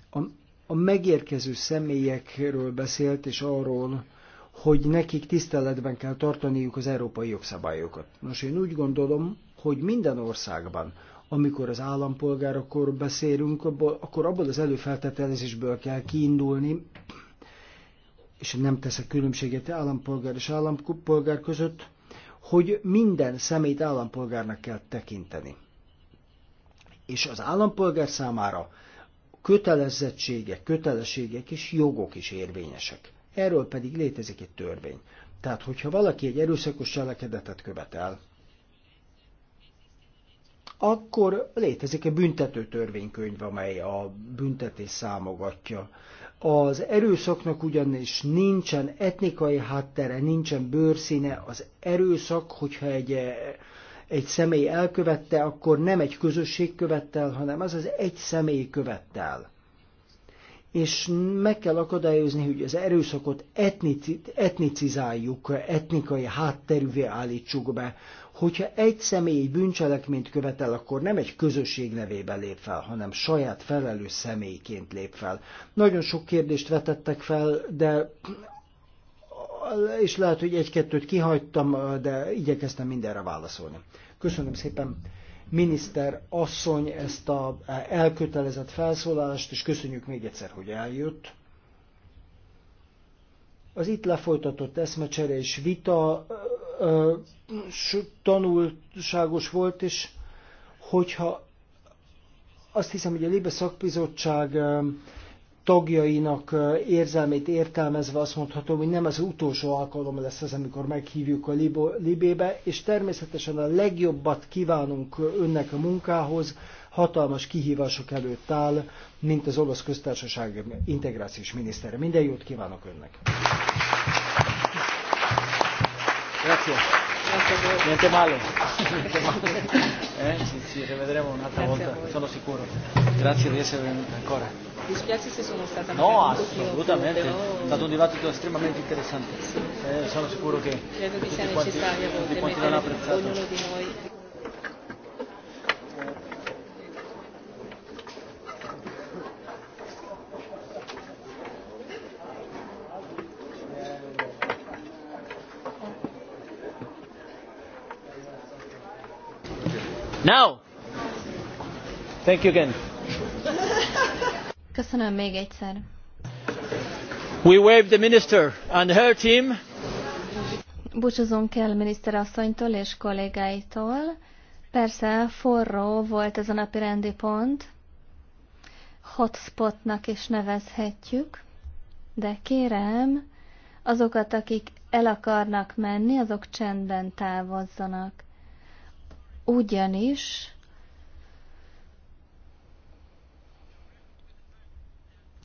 a, a megérkező személyekről beszélt, és arról, hogy nekik tiszteletben kell tartaniuk az európai jogszabályokat. Nos, én úgy gondolom, hogy minden országban, amikor az állampolgárokról beszélünk, abból, akkor abból az előfeltételezésből kell kiindulni, és nem teszek különbséget állampolgár és állampolgár között, hogy minden szemét állampolgárnak kell tekinteni. És az állampolgár számára kötelezettségek, kötelességek és jogok is érvényesek. Erről pedig létezik egy törvény. Tehát, hogyha valaki egy erőszakos cselekedetet követel, akkor létezik egy büntető törvénykönyv, amely a büntetés számogatja. Az erőszaknak ugyanis nincsen etnikai háttere, nincsen bőrszíne. Az erőszak, hogyha egy, eh, egy személy elkövette, akkor nem egy közösség követte el, hanem az az egy személy követte el. És meg kell akadályozni, hogy az erőszakot etnici, etnicizáljuk, etnikai hátterűvé állítsuk be, hogyha egy személy bűncselekményt követel, akkor nem egy közösség nevében lép fel, hanem saját felelő személyként lép fel. Nagyon sok kérdést vetettek fel, de és lehet, hogy egy-kettőt kihagytam, de igyekeztem mindenre válaszolni. Köszönöm szépen miniszter asszony ezt a elkötelezett felszólalást, és köszönjük még egyszer, hogy eljött. Az itt lefolytatott eszmecsere és vita tanulságos volt, és hogyha azt hiszem, hogy a Libe szakbizottság tagjainak érzelmét értelmezve azt mondhatom, hogy nem az utolsó alkalom lesz ez, amikor meghívjuk a Libébe, és természetesen a legjobbat kívánunk önnek a munkához, hatalmas kihívások előtt áll, mint az olasz köztársaság integrációs minisztere. Minden jót kívánok önnek! (laughs) Eh, Grazie. Grazie Niente male. Niente male. Eh, ci, ci rivedremo un'altra volta, sono sicuro. Grazie di essere venuta ancora. Mi spiace se sono stata No, assolutamente. Più, però... È stato un dibattito estremamente interessante. Sì. Eh, sono sicuro che Credo tutti, sia quanti, tutti quanti l'hanno apprezzato. Ognuno di noi. Now! Thank you again. Köszönöm még egyszer. We wave the minister and her team. Búcsúzunk el miniszterasszonytól és kollégáitól. Persze forró volt ez a napi rendi pont, hotspotnak is nevezhetjük, de kérem, azokat, akik el akarnak menni, azok csendben távozzanak ugyanis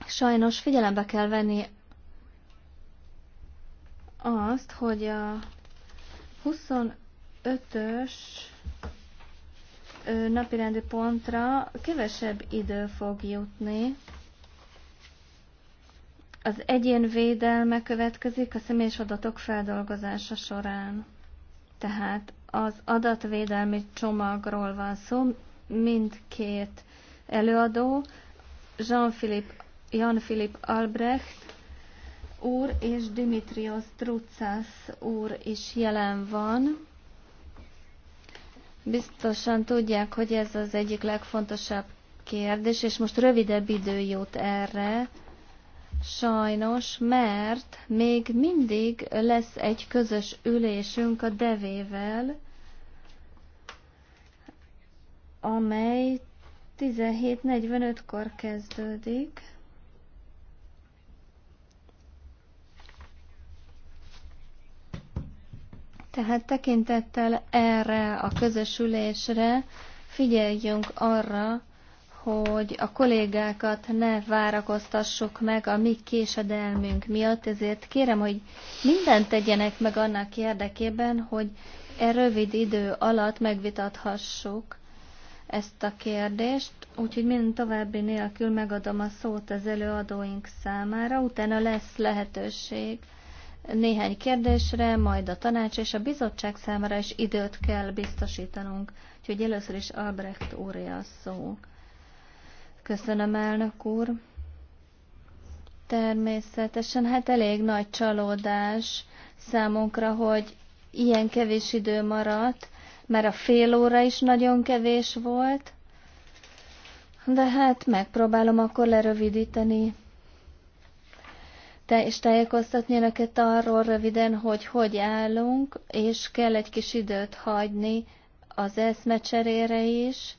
sajnos figyelembe kell venni azt, hogy a 25-ös napirendi pontra kevesebb idő fog jutni. Az egyén védelme következik a személyes adatok feldolgozása során. Tehát az adatvédelmi csomagról van szó, mindkét előadó, Jean-Philippe, jan Philip Albrecht úr és Dimitrios Trucas úr is jelen van. Biztosan tudják, hogy ez az egyik legfontosabb kérdés, és most rövidebb idő jut erre, Sajnos, mert még mindig lesz egy közös ülésünk a devével, amely 17.45-kor kezdődik. Tehát tekintettel erre a közös ülésre figyeljünk arra, hogy a kollégákat ne várakoztassuk meg a mi késedelmünk miatt, ezért kérem, hogy mindent tegyenek meg annak érdekében, hogy e rövid idő alatt megvitathassuk ezt a kérdést, úgyhogy minden további nélkül megadom a szót az előadóink számára, utána lesz lehetőség néhány kérdésre, majd a tanács és a bizottság számára is időt kell biztosítanunk. Úgyhogy először is Albrecht úrja a szó. Köszönöm, elnök úr. Természetesen, hát elég nagy csalódás számunkra, hogy ilyen kevés idő maradt, mert a fél óra is nagyon kevés volt, de hát megpróbálom akkor lerövidíteni. Te és tájékoztatni neked arról röviden, hogy hogy állunk, és kell egy kis időt hagyni az eszmecserére is,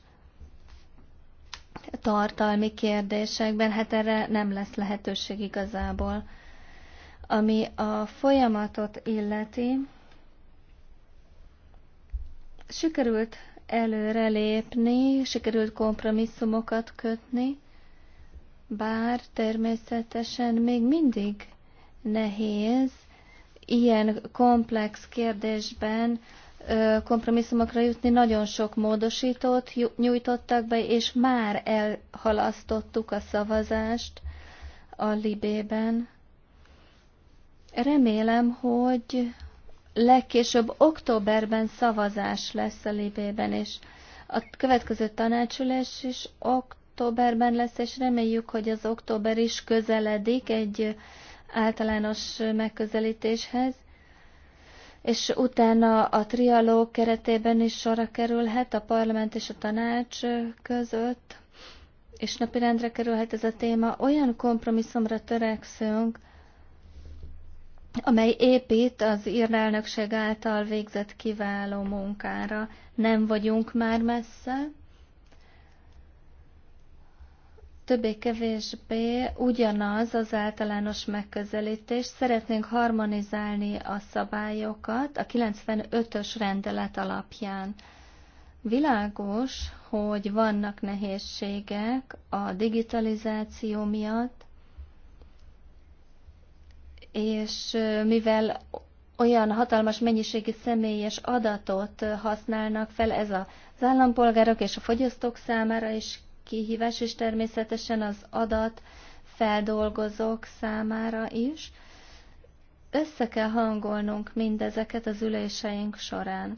tartalmi kérdésekben, hát erre nem lesz lehetőség igazából. Ami a folyamatot illeti, sikerült előrelépni, sikerült kompromisszumokat kötni, bár természetesen még mindig nehéz ilyen komplex kérdésben kompromisszumokra jutni. Nagyon sok módosítót nyújtottak be, és már elhalasztottuk a szavazást a Libében. Remélem, hogy legkésőbb októberben szavazás lesz a Libében, és a következő tanácsülés is októberben lesz, és reméljük, hogy az október is közeledik egy általános megközelítéshez és utána a trialóg keretében is sorra kerülhet a parlament és a tanács között, és napirendre kerülhet ez a téma. Olyan kompromisszumra törekszünk, amely épít az írnelnökség által végzett kiváló munkára. Nem vagyunk már messze, többé-kevésbé ugyanaz az általános megközelítés. Szeretnénk harmonizálni a szabályokat a 95-ös rendelet alapján. Világos, hogy vannak nehézségek a digitalizáció miatt, és mivel olyan hatalmas mennyiségi személyes adatot használnak fel, ez az állampolgárok és a fogyasztók számára is kihívás, és természetesen az adat feldolgozók számára is. Össze kell hangolnunk mindezeket az üléseink során.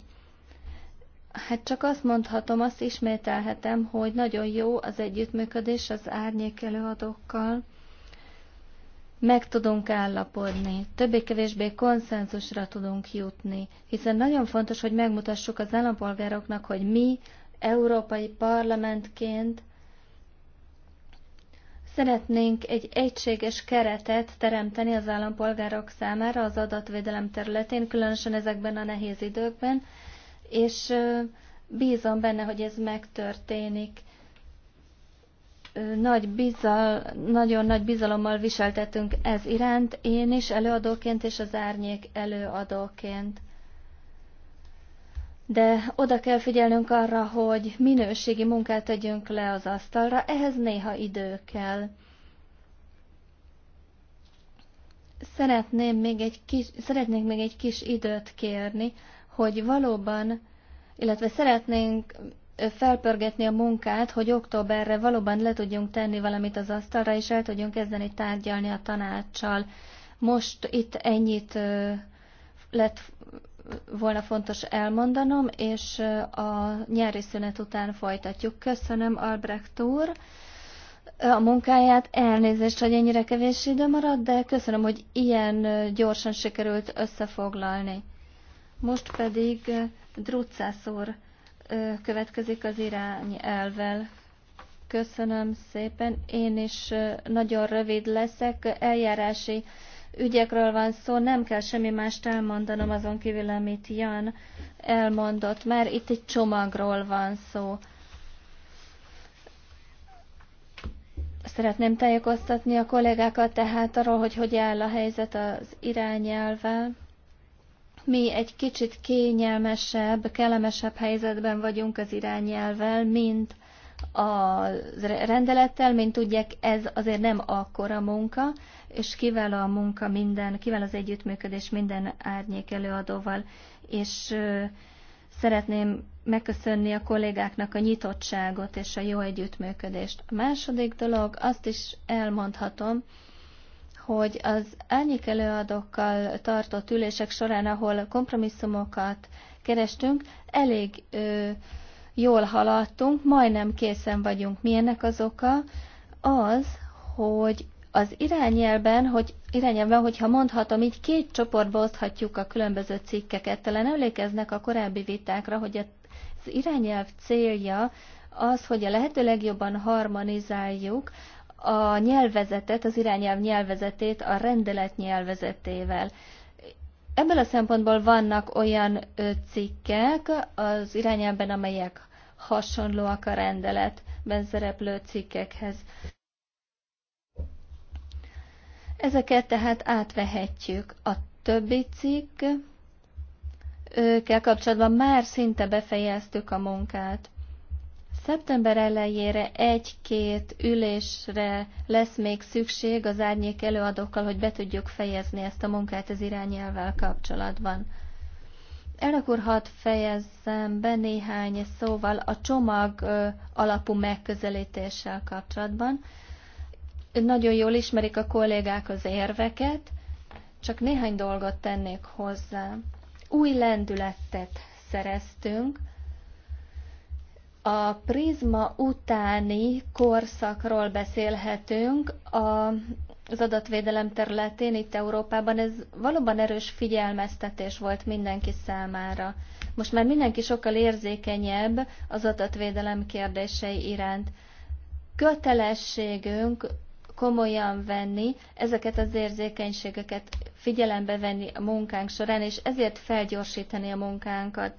Hát csak azt mondhatom, azt ismételhetem, hogy nagyon jó az együttműködés az árnyékelőadókkal. Meg tudunk állapodni, többé-kevésbé konszenzusra tudunk jutni, hiszen nagyon fontos, hogy megmutassuk az állampolgároknak, hogy mi európai parlamentként Szeretnénk egy egységes keretet teremteni az állampolgárok számára az adatvédelem területén, különösen ezekben a nehéz időkben, és bízom benne, hogy ez megtörténik. Nagy bizal, nagyon nagy bizalommal viseltetünk ez iránt, én is előadóként és az árnyék előadóként de oda kell figyelnünk arra, hogy minőségi munkát tegyünk le az asztalra, ehhez néha idő kell. Szeretném még egy kis, szeretnék még egy kis időt kérni, hogy valóban, illetve szeretnénk felpörgetni a munkát, hogy októberre valóban le tudjunk tenni valamit az asztalra, és el tudjunk kezdeni tárgyalni a tanácssal. Most itt ennyit lett volna fontos elmondanom, és a nyári szünet után folytatjuk. Köszönöm, Albrecht úr, a munkáját. Elnézést, hogy ennyire kevés idő maradt, de köszönöm, hogy ilyen gyorsan sikerült összefoglalni. Most pedig Drucász úr következik az irány elvel. Köszönöm szépen. Én is nagyon rövid leszek. Eljárási ügyekről van szó, nem kell semmi mást elmondanom azon kívül, amit Jan elmondott, mert itt egy csomagról van szó. Szeretném tájékoztatni a kollégákat tehát arról, hogy hogy áll a helyzet az irányelvel. Mi egy kicsit kényelmesebb, kellemesebb helyzetben vagyunk az irányelvel, mint a rendelettel, mint tudják, ez azért nem akkora munka, és kivel a munka minden, kivel az együttműködés minden árnyék előadóval, és szeretném megköszönni a kollégáknak a nyitottságot és a jó együttműködést. A második dolog, azt is elmondhatom, hogy az árnyék előadókkal tartott ülések során, ahol kompromisszumokat kerestünk, elég ö, jól haladtunk, majdnem készen vagyunk. Milyennek az oka? Az, hogy az irányelben, hogy, irányelben, hogyha mondhatom, így két csoportba oszthatjuk a különböző cikkeket. Talán emlékeznek a korábbi vitákra, hogy az irányelv célja az, hogy a lehető legjobban harmonizáljuk a nyelvezetet, az irányelv nyelvezetét a rendelet nyelvezetével. Ebből a szempontból vannak olyan cikkek az irányelben, amelyek hasonlóak a rendeletben szereplő cikkekhez. Ezeket tehát átvehetjük. A többi cikk őkkel kapcsolatban már szinte befejeztük a munkát. Szeptember elejére egy-két ülésre lesz még szükség az árnyék előadókkal, hogy be tudjuk fejezni ezt a munkát az irányelvvel kapcsolatban. El úr, hadd fejezzem be néhány szóval a csomag alapú megközelítéssel kapcsolatban. Nagyon jól ismerik a kollégák az érveket, csak néhány dolgot tennék hozzá. Új lendületet szereztünk, a prizma utáni korszakról beszélhetünk a, az adatvédelem területén itt Európában. Ez valóban erős figyelmeztetés volt mindenki számára. Most már mindenki sokkal érzékenyebb az adatvédelem kérdései iránt. Kötelességünk komolyan venni, ezeket az érzékenységeket figyelembe venni a munkánk során, és ezért felgyorsítani a munkánkat.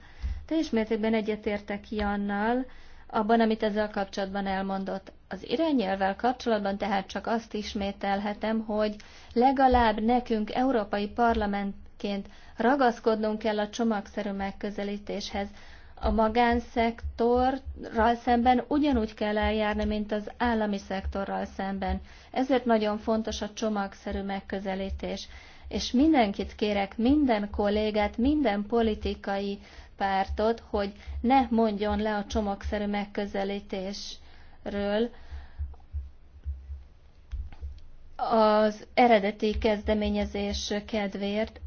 Teljes mértékben egyetértek Jannal abban, amit ezzel kapcsolatban elmondott. Az irányelvvel kapcsolatban tehát csak azt ismételhetem, hogy legalább nekünk, Európai Parlamentként ragaszkodnunk kell a csomagszerű megközelítéshez, a magánszektorral szemben ugyanúgy kell eljárni, mint az állami szektorral szemben. Ezért nagyon fontos a csomagszerű megközelítés. És mindenkit kérek, minden kollégát, minden politikai pártot, hogy ne mondjon le a csomagszerű megközelítésről, az eredeti kezdeményezés kedvéért,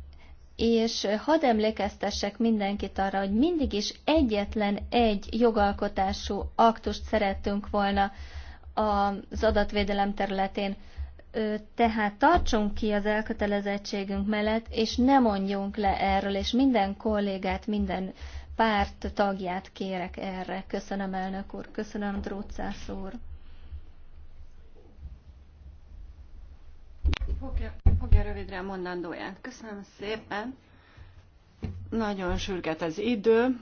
és hadd emlékeztessek mindenkit arra, hogy mindig is egyetlen egy jogalkotású aktust szerettünk volna az adatvédelem területén. Tehát tartsunk ki az elkötelezettségünk mellett, és ne mondjunk le erről, és minden kollégát, minden párt tagját kérek erre. Köszönöm, elnök úr. Köszönöm, Drócász úr. Fogja, fogja rövidre a mondandóját. Köszönöm szépen. Nagyon sürget az idő.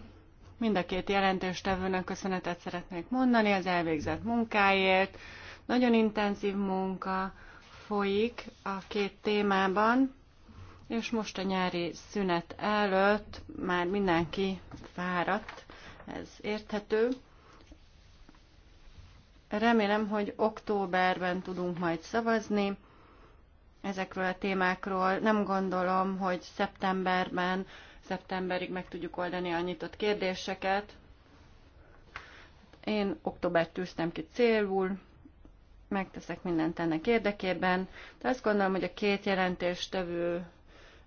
Mind a két jelentéstevőnek köszönetet szeretnék mondani az elvégzett munkáért. Nagyon intenzív munka folyik a két témában, és most a nyári szünet előtt már mindenki fáradt, ez érthető. Remélem, hogy októberben tudunk majd szavazni ezekről a témákról. Nem gondolom, hogy szeptemberben, szeptemberig meg tudjuk oldani a nyitott kérdéseket. Én októbert tűztem ki célul, megteszek mindent ennek érdekében, de azt gondolom, hogy a két jelentéstevő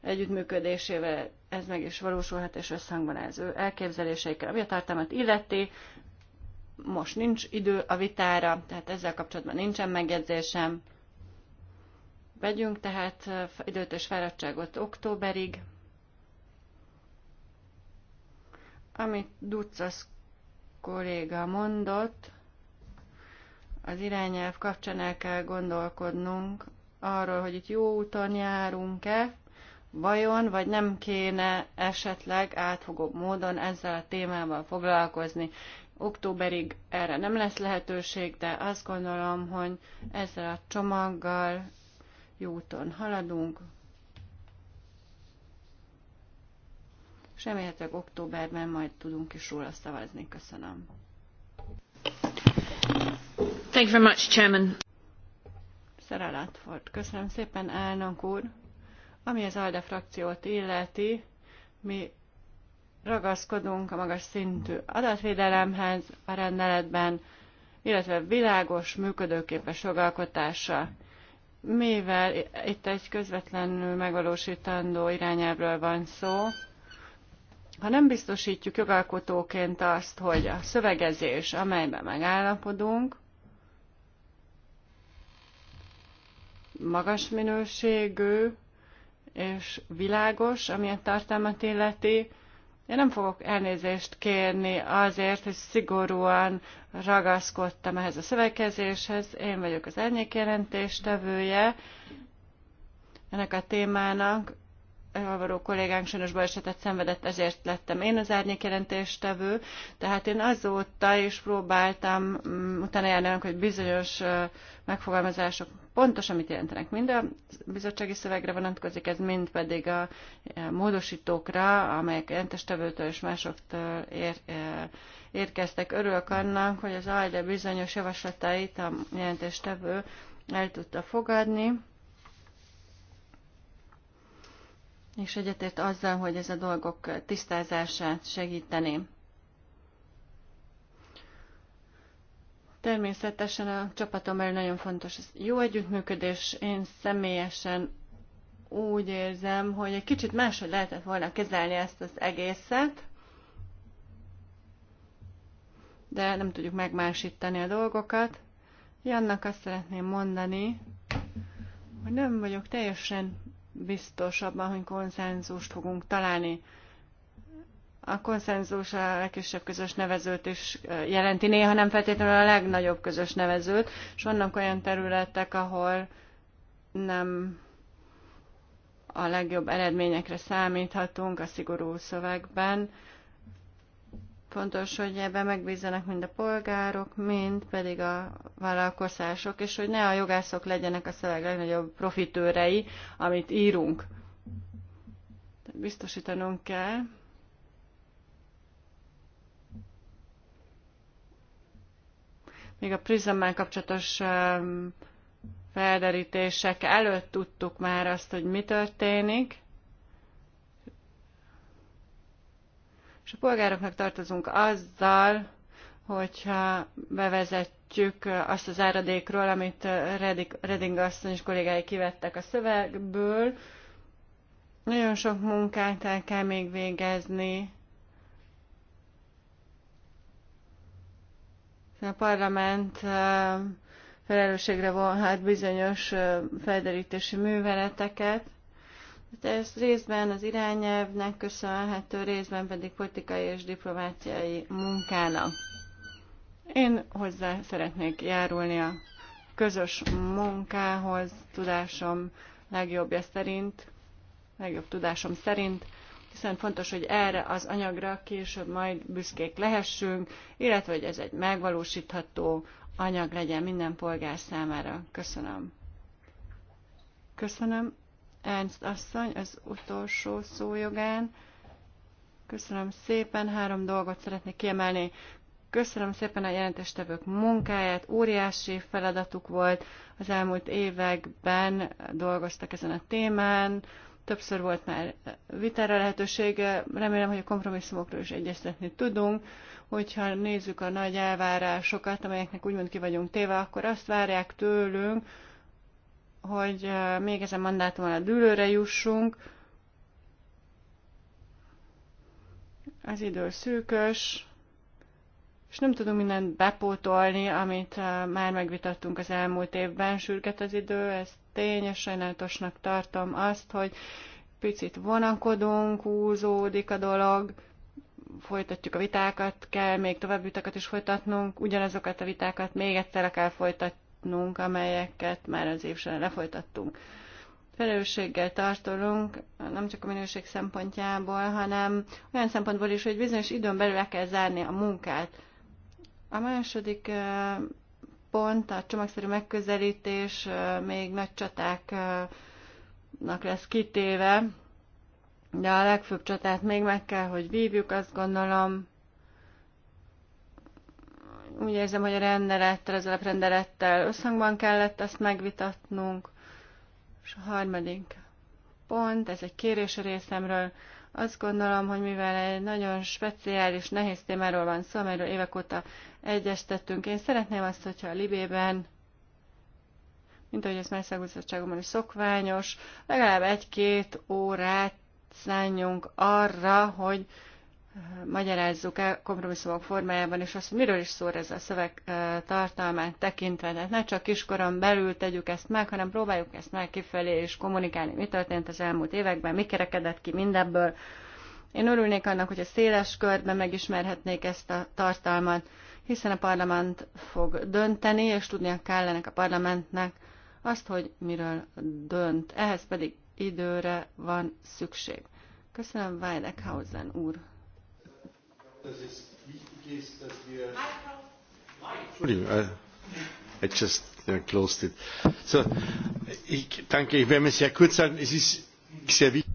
együttműködésével ez meg is valósulhat, és összhangban ez ő elképzeléseikkel, ami a tartalmat illeti. Most nincs idő a vitára, tehát ezzel kapcsolatban nincsen megjegyzésem. Vegyünk tehát időt és fáradtságot októberig. Amit Ducas kolléga mondott, az irányelv kapcsán el kell gondolkodnunk arról, hogy itt jó úton járunk-e, vajon, vagy nem kéne esetleg átfogóbb módon ezzel a témával foglalkozni. Októberig erre nem lesz lehetőség, de azt gondolom, hogy ezzel a csomaggal jó úton haladunk. És remélhetőleg októberben majd tudunk is róla szavazni. Köszönöm. Thank you very much, Chairman. Sarah Latford. Köszönöm szépen, elnök úr. Ami az ALDE frakciót illeti, mi ragaszkodunk a magas szintű adatvédelemhez a rendeletben, illetve világos, működőképes jogalkotással mivel itt egy közvetlenül megvalósítandó irányelvről van szó, ha nem biztosítjuk jogalkotóként azt, hogy a szövegezés, amelyben megállapodunk, magas minőségű és világos, amilyen tartalmat illeti, én nem fogok elnézést kérni azért, hogy szigorúan ragaszkodtam ehhez a szövegkezéshez. Én vagyok az árnyékjelentéstevője ennek a témának. Alvaró kollégánk sajnos balesetet szenvedett, ezért lettem én az árnyékjelentéstevő. Tehát én azóta is próbáltam mm, utána járni annak, hogy bizonyos megfogalmazások pontosan mit jelentenek. Mind a bizottsági szövegre vonatkozik, ez mind pedig a e, módosítókra, amelyek jelentéstevőtől és másoktól ér, e, érkeztek. Örülök annak, hogy az ALDE bizonyos javaslatait a jelentéstevő el tudta fogadni és egyetért azzal, hogy ez a dolgok tisztázását segíteni. Természetesen a csapatom belül nagyon fontos az jó együttműködés. Én személyesen úgy érzem, hogy egy kicsit máshogy lehetett volna kezelni ezt az egészet, de nem tudjuk megmásítani a dolgokat. Jannak azt szeretném mondani, hogy nem vagyok teljesen biztos abban, hogy konszenzust fogunk találni. A konszenzus a legkisebb közös nevezőt is jelenti, néha nem feltétlenül a legnagyobb közös nevezőt, és vannak olyan területek, ahol nem a legjobb eredményekre számíthatunk a szigorú szövegben, Fontos, hogy ebben megbízzanak mind a polgárok, mind pedig a vállalkozások, és hogy ne a jogászok legyenek a szöveg legnagyobb profitőrei, amit írunk. Biztosítanunk kell, még a prizmmel kapcsolatos um, felderítések előtt tudtuk már azt, hogy mi történik, És a polgároknak tartozunk azzal, hogyha bevezetjük azt az áradékról, amit Redding asszony és kollégái kivettek a szövegből. Nagyon sok munkát el kell még végezni. A parlament felelősségre vonhat bizonyos felderítési műveleteket, Hát ez részben az irányelvnek köszönhető, részben pedig politikai és diplomáciai munkának. Én hozzá szeretnék járulni a közös munkához, tudásom legjobbja szerint, legjobb tudásom szerint, hiszen fontos, hogy erre az anyagra később majd büszkék lehessünk, illetve hogy ez egy megvalósítható anyag legyen minden polgár számára. Köszönöm. Köszönöm. Ernst asszony az utolsó szójogán. Köszönöm szépen, három dolgot szeretnék kiemelni. Köszönöm szépen a jelentéstevők munkáját, óriási feladatuk volt. Az elmúlt években dolgoztak ezen a témán, többször volt már vitára lehetőség, remélem, hogy a kompromisszumokról is egyeztetni tudunk. Hogyha nézzük a nagy elvárásokat, amelyeknek úgymond ki vagyunk téve, akkor azt várják tőlünk, hogy még ezen mandátum alatt dűlőre jussunk. Az idő szűkös, és nem tudunk mindent bepótolni, amit már megvitattunk az elmúlt évben, sürget az idő, ez tény, és sajnálatosnak tartom azt, hogy picit vonakodunk, húzódik a dolog, folytatjuk a vitákat, kell még további vitákat is folytatnunk, ugyanazokat a vitákat még egyszer kell folytatni folytatnunk, amelyeket már az év során lefolytattunk. Felelősséggel tartolunk, nem csak a minőség szempontjából, hanem olyan szempontból is, hogy bizonyos időn belül le kell zárni a munkát. A második pont, a csomagszerű megközelítés még nagy csatáknak lesz kitéve, de a legfőbb csatát még meg kell, hogy vívjuk, azt gondolom, úgy érzem, hogy a rendelettel, az alaprendelettel összhangban kellett ezt megvitatnunk. És a harmadik pont, ez egy kérés a részemről. Azt gondolom, hogy mivel egy nagyon speciális, nehéz témáról van szó, amelyről évek óta egyeztettünk, én szeretném azt, hogyha a Libében mint ahogy ez más szakbizottságomban is szokványos, legalább egy-két órát szálljunk arra, hogy magyarázzuk el kompromisszumok formájában, és azt, hogy miről is szól ez a szöveg tartalmát tekintve. Tehát ne csak kiskoron belül tegyük ezt meg, hanem próbáljuk ezt meg kifelé és kommunikálni, mi történt az elmúlt években, mi kerekedett ki mindebből. Én örülnék annak, hogy a széles körben megismerhetnék ezt a tartalmat, hiszen a parlament fog dönteni, és tudnia kellene a parlamentnek azt, hogy miről dönt. Ehhez pedig időre van szükség. Köszönöm Weidekhausen úr dass es wichtig ist, dass wir. Entschuldigung, I just closed it. So, ich danke, ich werde mir sehr kurz sagen, es ist sehr wichtig.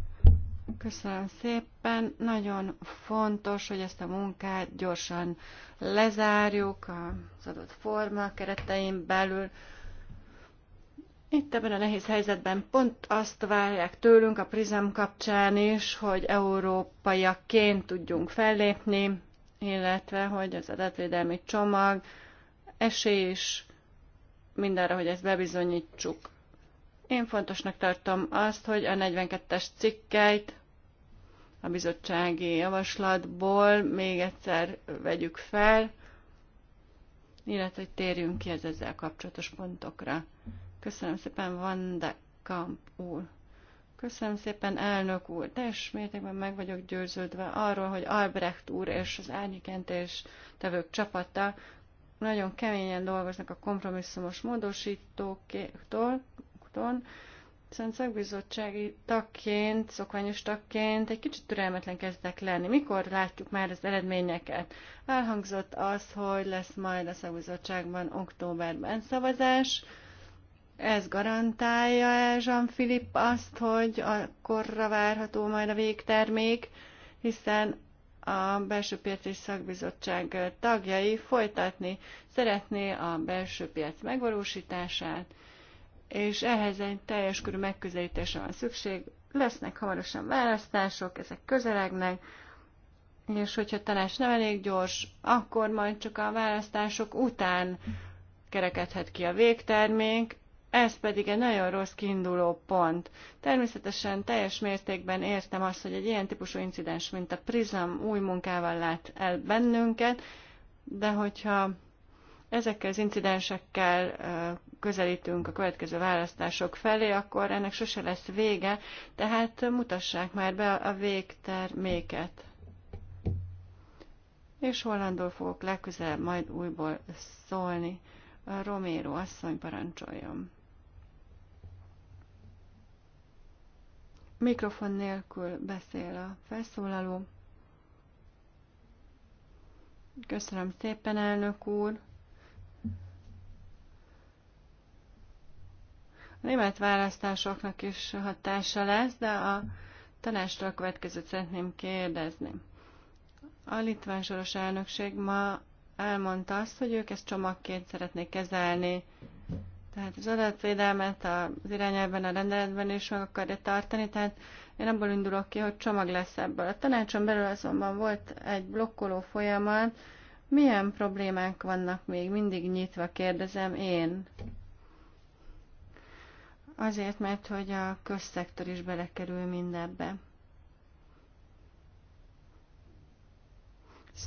Köszönöm szépen. Nagyon fontos, hogy ezt a munkát gyorsan lezárjuk az adott forma keretein belül. Itt ebben a nehéz helyzetben pont azt várják tőlünk a Prizem kapcsán is, hogy európaiakként tudjunk fellépni, illetve hogy az adatvédelmi csomag esély is mindenre, hogy ezt bebizonyítsuk. Én fontosnak tartom azt, hogy a 42-es cikkeit a bizottsági javaslatból még egyszer vegyük fel, illetve hogy térjünk ki az ezzel kapcsolatos pontokra. Köszönöm szépen, Van de Kamp úr. Köszönöm szépen, elnök úr. Teljes mértékben meg vagyok győződve arról, hogy Albrecht úr és az árnyékentés tevők csapata nagyon keményen dolgoznak a kompromisszumos módosítóktól, Viszont szakbizottsági tagként, szokványos tagként egy kicsit türelmetlen kezdek lenni. Mikor látjuk már az eredményeket? Elhangzott az, hogy lesz majd a szakbizottságban októberben szavazás. Ez garantálja el Jean-Philipp azt, hogy akkorra várható majd a végtermék, hiszen a belső és szakbizottság tagjai folytatni szeretné a belső piac megvalósítását, és ehhez egy teljes körű megközelítésre van szükség. Lesznek hamarosan választások, ezek közelegnek, és hogyha tanács nem elég gyors, akkor majd csak a választások után kerekedhet ki a végtermék, ez pedig egy nagyon rossz kiinduló pont. Természetesen teljes mértékben értem azt, hogy egy ilyen típusú incidens, mint a Prism új munkával lát el bennünket, de hogyha ezekkel az incidensekkel közelítünk a következő választások felé, akkor ennek sose lesz vége, tehát mutassák már be a végterméket. És hollandul fogok legközelebb majd újból szólni. Romero asszony parancsoljon. Mikrofon nélkül beszél a felszólaló. Köszönöm szépen, elnök úr. A német választásoknak is hatása lesz, de a tanástól a következőt szeretném kérdezni. A litván soros elnökség ma elmondta azt, hogy ők ezt csomagként szeretnék kezelni tehát az adatvédelmet az irányelben, a rendeletben is meg akarja tartani, tehát én abból indulok ki, hogy csomag lesz ebből. A tanácson belül azonban volt egy blokkoló folyamat, milyen problémák vannak még mindig nyitva, kérdezem én. Azért, mert hogy a közszektor is belekerül mindebbe.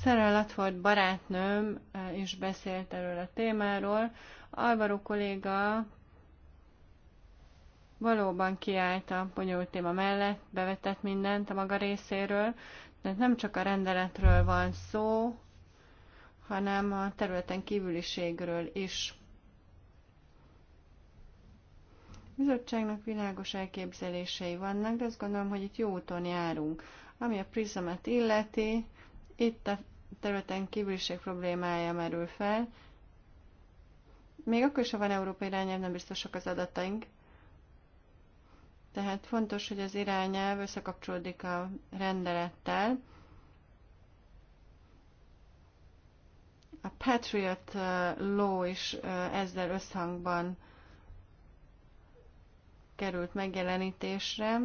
Sarah Latford barátnőm eh, is beszélt erről a témáról, Alvaro kolléga valóban kiállt a bonyolult téma mellett, bevetett mindent a maga részéről, de nem csak a rendeletről van szó, hanem a területen kívüliségről is. A bizottságnak világos elképzelései vannak, de azt gondolom, hogy itt jó úton járunk. Ami a prizmet illeti, itt a területen kívüliség problémája merül fel, még akkor is, ha van európai irányelv, nem biztosak az adataink. Tehát fontos, hogy az irányelv összekapcsolódik a rendelettel. A Patriot uh, Law is uh, ezzel összhangban került megjelenítésre,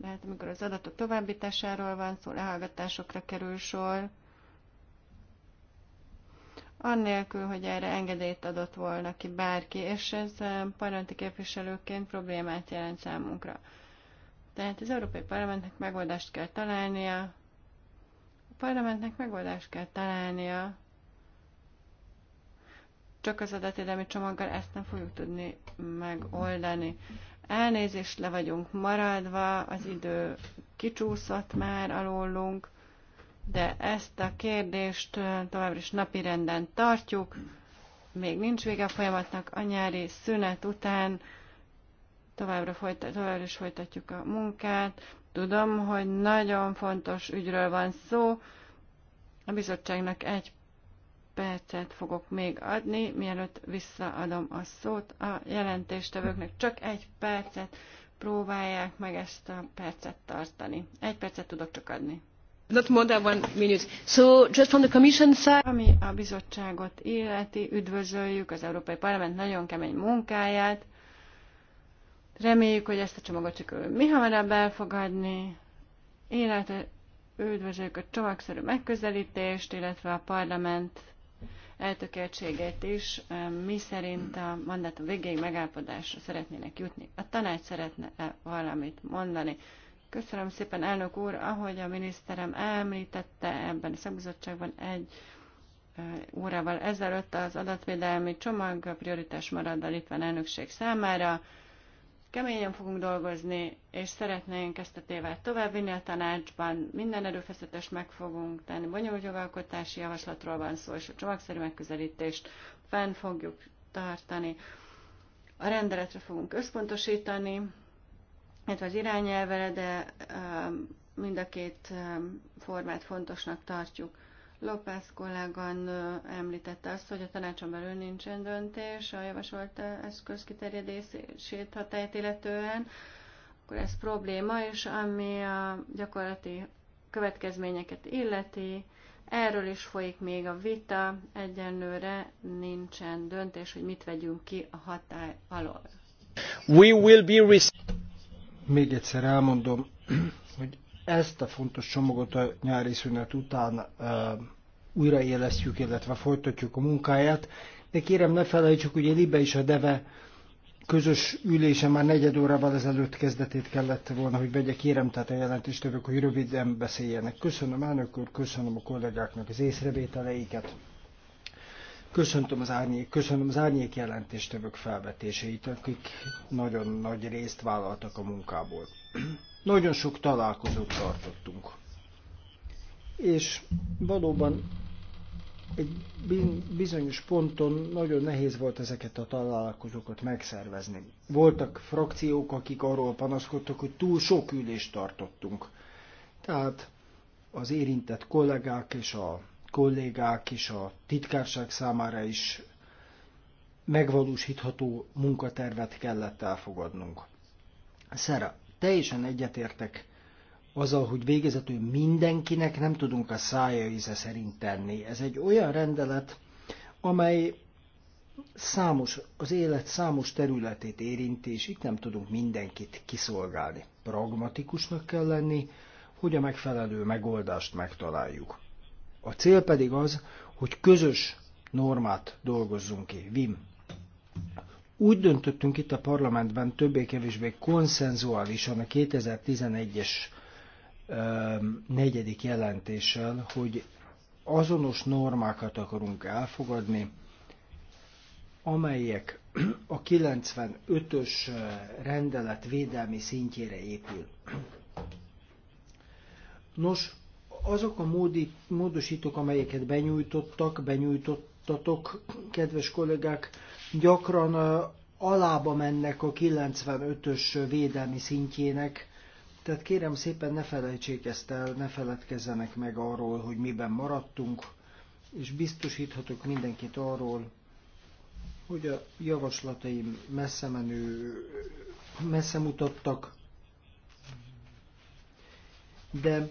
Lehet, amikor az adatok továbbításáról van szó, lehallgatásokra kerül sor, annélkül, hogy erre engedélyt adott volna ki bárki, és ez eh, parlamenti képviselőként problémát jelent számunkra. Tehát az Európai Parlamentnek megoldást kell találnia, a parlamentnek megoldást kell találnia, csak az adatvédelmi csomaggal ezt nem fogjuk tudni megoldani. Elnézést le vagyunk maradva, az idő kicsúszott már alólunk, de ezt a kérdést továbbra is napirenden tartjuk. Még nincs vége a folyamatnak, a nyári szünet után továbbra, folyta, továbbra is folytatjuk a munkát. Tudom, hogy nagyon fontos ügyről van szó. A bizottságnak egy percet fogok még adni, mielőtt visszaadom a szót a jelentéstevőknek. Csak egy percet próbálják meg ezt a percet tartani. Egy percet tudok csak adni. So just from the commission side... Ami a bizottságot illeti, üdvözöljük az Európai Parlament nagyon kemény munkáját. Reméljük, hogy ezt a csomagot sikerül mi hamarabb elfogadni, illetve üdvözöljük a csomagszerű megközelítést, illetve a parlament eltökéltségét is, mi szerint a mandátum végéig megállapodásra szeretnének jutni. A tanács szeretne -e valamit mondani. Köszönöm szépen, elnök úr, ahogy a miniszterem említette, ebben a szakbizottságban egy órával ezelőtt az adatvédelmi csomag prioritás marad a litván elnökség számára. Keményen fogunk dolgozni, és szeretnénk ezt a tévát továbbvinni a tanácsban. Minden erőfeszetes meg fogunk tenni. Bonyolult jogalkotási javaslatról van szó, és a csomagszerű megközelítést fenn fogjuk tartani. A rendeletre fogunk összpontosítani, illetve az irányelvele, de um, mind a két um, formát fontosnak tartjuk. López kollégan említette azt, hogy a tanácson belül nincsen döntés a javasolt uh, eszköz kiterjedését hatályt illetően, akkor ez probléma, és ami a gyakorlati következményeket illeti, erről is folyik még a vita, egyenlőre nincsen döntés, hogy mit vegyünk ki a hatály alól. We will be még egyszer elmondom, (clears throat) hogy ezt a fontos csomagot a nyári szünet után újraélesztjük, illetve folytatjuk a munkáját. De kérem, ne felejtsük, hogy Libe és a Deve közös ülése már negyed órával ezelőtt kezdetét kellett volna, hogy vegye kérem, tehát a jelentéstevők, hogy röviden beszéljenek. Köszönöm elnök úr, köszönöm a kollégáknak az észrevételeiket. Köszöntöm az árnyék, köszönöm az árnyék jelentéstevők felvetéseit, akik nagyon nagy részt vállaltak a munkából. Nagyon sok találkozót tartottunk. És valóban egy bizonyos ponton nagyon nehéz volt ezeket a találkozókat megszervezni. Voltak frakciók, akik arról panaszkodtak, hogy túl sok ülést tartottunk. Tehát az érintett kollégák és a kollégák és a titkárság számára is megvalósítható munkatervet kellett elfogadnunk. Szera, teljesen egyetértek azzal, hogy végezetül mindenkinek nem tudunk a szája íze szerint tenni. Ez egy olyan rendelet, amely számos, az élet számos területét érinti, és itt nem tudunk mindenkit kiszolgálni. Pragmatikusnak kell lenni, hogy a megfelelő megoldást megtaláljuk. A cél pedig az, hogy közös normát dolgozzunk ki, VIM. Úgy döntöttünk itt a parlamentben többé-kevésbé konszenzuálisan a 2011-es negyedik jelentéssel, hogy azonos normákat akarunk elfogadni, amelyek a 95-ös rendelet védelmi szintjére épül. Nos, azok a módi, módosítók, amelyeket benyújtottak, benyújtottatok, kedves kollégák, gyakran alába mennek a 95-ös védelmi szintjének, tehát kérem szépen ne felejtsék ezt el, ne feledkezzenek meg arról, hogy miben maradtunk, és biztosíthatok mindenkit arról, hogy a javaslataim messze menő, messze mutattak, de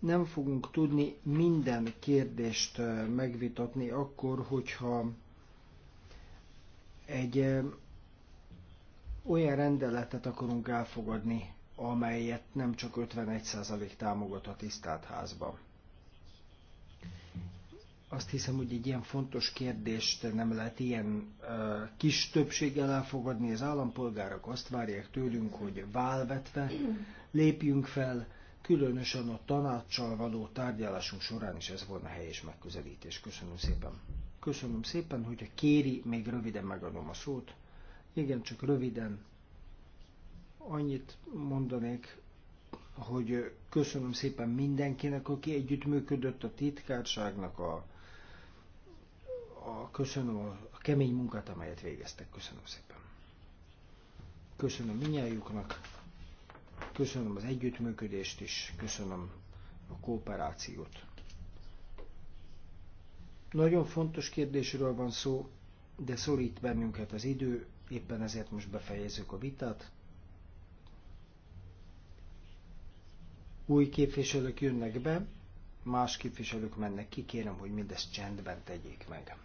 nem fogunk tudni minden kérdést megvitatni akkor, hogyha egy olyan rendeletet akarunk elfogadni, amelyet nem csak 51% támogat a tisztelt házban. Azt hiszem, hogy egy ilyen fontos kérdést nem lehet ilyen uh, kis többséggel elfogadni. Az állampolgárok azt várják tőlünk, hogy válvetve lépjünk fel, különösen a tanácssal való tárgyalásunk során is ez volna helyes megközelítés. Köszönöm szépen. Köszönöm szépen, hogyha kéri, még röviden megadom a szót. Igen, csak röviden annyit mondanék, hogy köszönöm szépen mindenkinek, aki együttműködött a titkárságnak, a, a köszönöm a, a kemény munkát, amelyet végeztek. Köszönöm szépen. Köszönöm minnyájuknak köszönöm az együttműködést is, köszönöm a kooperációt. Nagyon fontos kérdésről van szó, de szorít bennünket az idő, éppen ezért most befejezzük a vitát. Új képviselők jönnek be, más képviselők mennek ki, kérem, hogy mindezt csendben tegyék meg.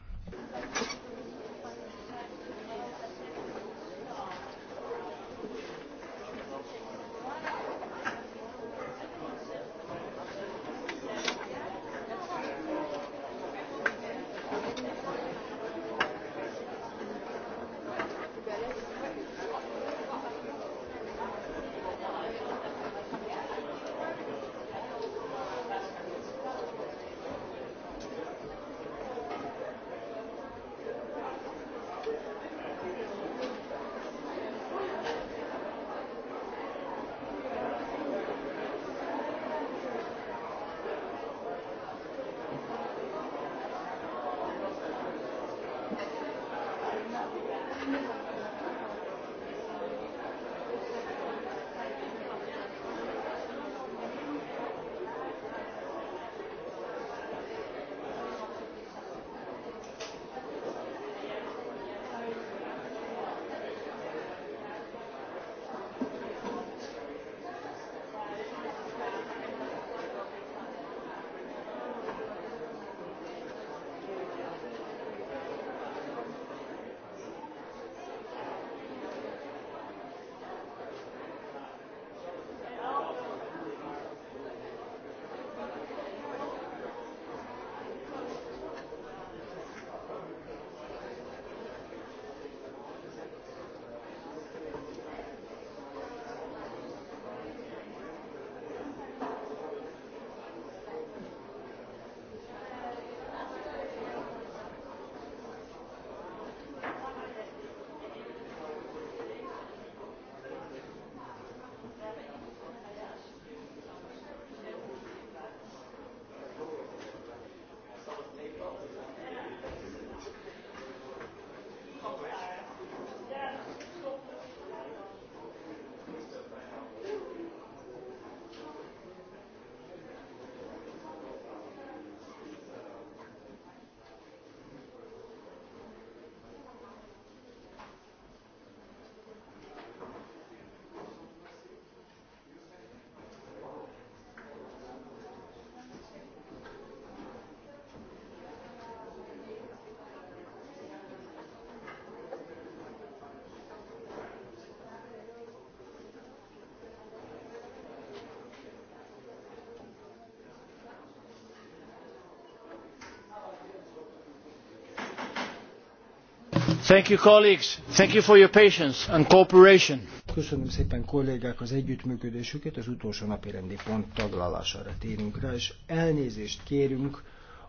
Köszönöm szépen kollégák az együttműködésüket, az utolsó napirendi pont taglalására térünk rá, és elnézést kérünk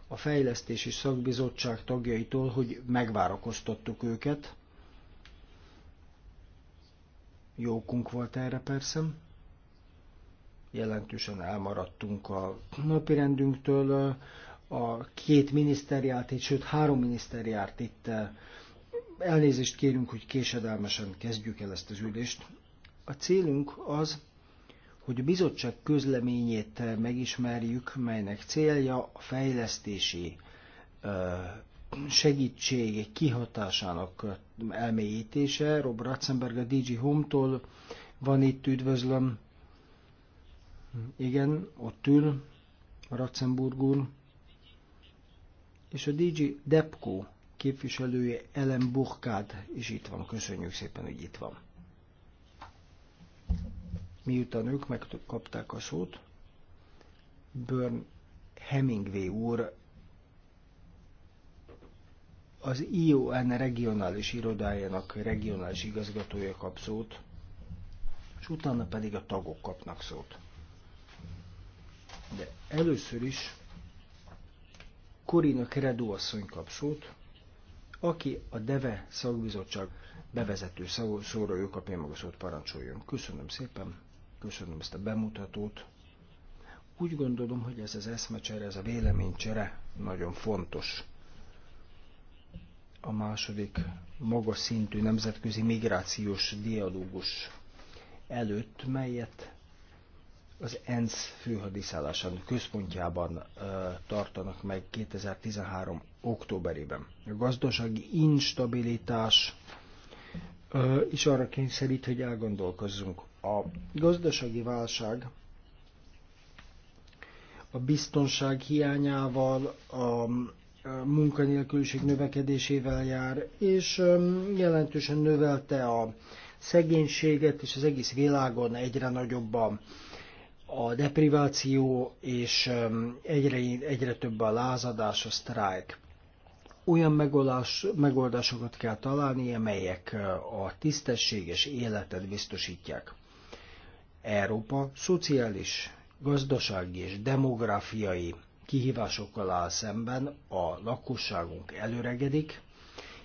a fejlesztési szakbizottság tagjaitól, hogy megvárakoztattuk őket. okunk volt erre persze. Jelentősen elmaradtunk a napirendünktől. A két miniszter járt itt, sőt három miniszter járt itt elnézést kérünk, hogy késedelmesen kezdjük el ezt az ülést. A célunk az, hogy a bizottság közleményét megismerjük, melynek célja a fejlesztési segítség kihatásának elmélyítése. Rob Ratzenberg a DG Home-tól van itt, üdvözlöm. Igen, ott ül, Ratzenburg úr. És a DG Depco képviselője Ellen Burkád is itt van. Köszönjük szépen, hogy itt van. Miután ők megkapták a szót, Bern Hemingway úr az ION regionális irodájának regionális igazgatója kap szót, és utána pedig a tagok kapnak szót. De először is Korina Kredo asszony kap szót, aki a DEVE szakbizottság bevezető szórója kapja a szót, parancsoljon. Köszönöm szépen, köszönöm ezt a bemutatót. Úgy gondolom, hogy ez az eszmecsere, ez a véleménycsere nagyon fontos. A második magas szintű nemzetközi migrációs dialógus előtt, melyet az ENSZ főhadiszállásán központjában tartanak meg 2013. októberében. A gazdasági instabilitás is arra kényszerít, hogy elgondolkozzunk. A gazdasági válság a biztonság hiányával, a munkanélküliség növekedésével jár, és jelentősen növelte a szegénységet, és az egész világon egyre nagyobb a a depriváció és egyre, egyre több a lázadás, a sztrájk. Olyan megoldás, megoldásokat kell találni, amelyek a tisztességes életet biztosítják. Európa szociális, gazdasági és demográfiai kihívásokkal áll szemben, a lakosságunk előregedik,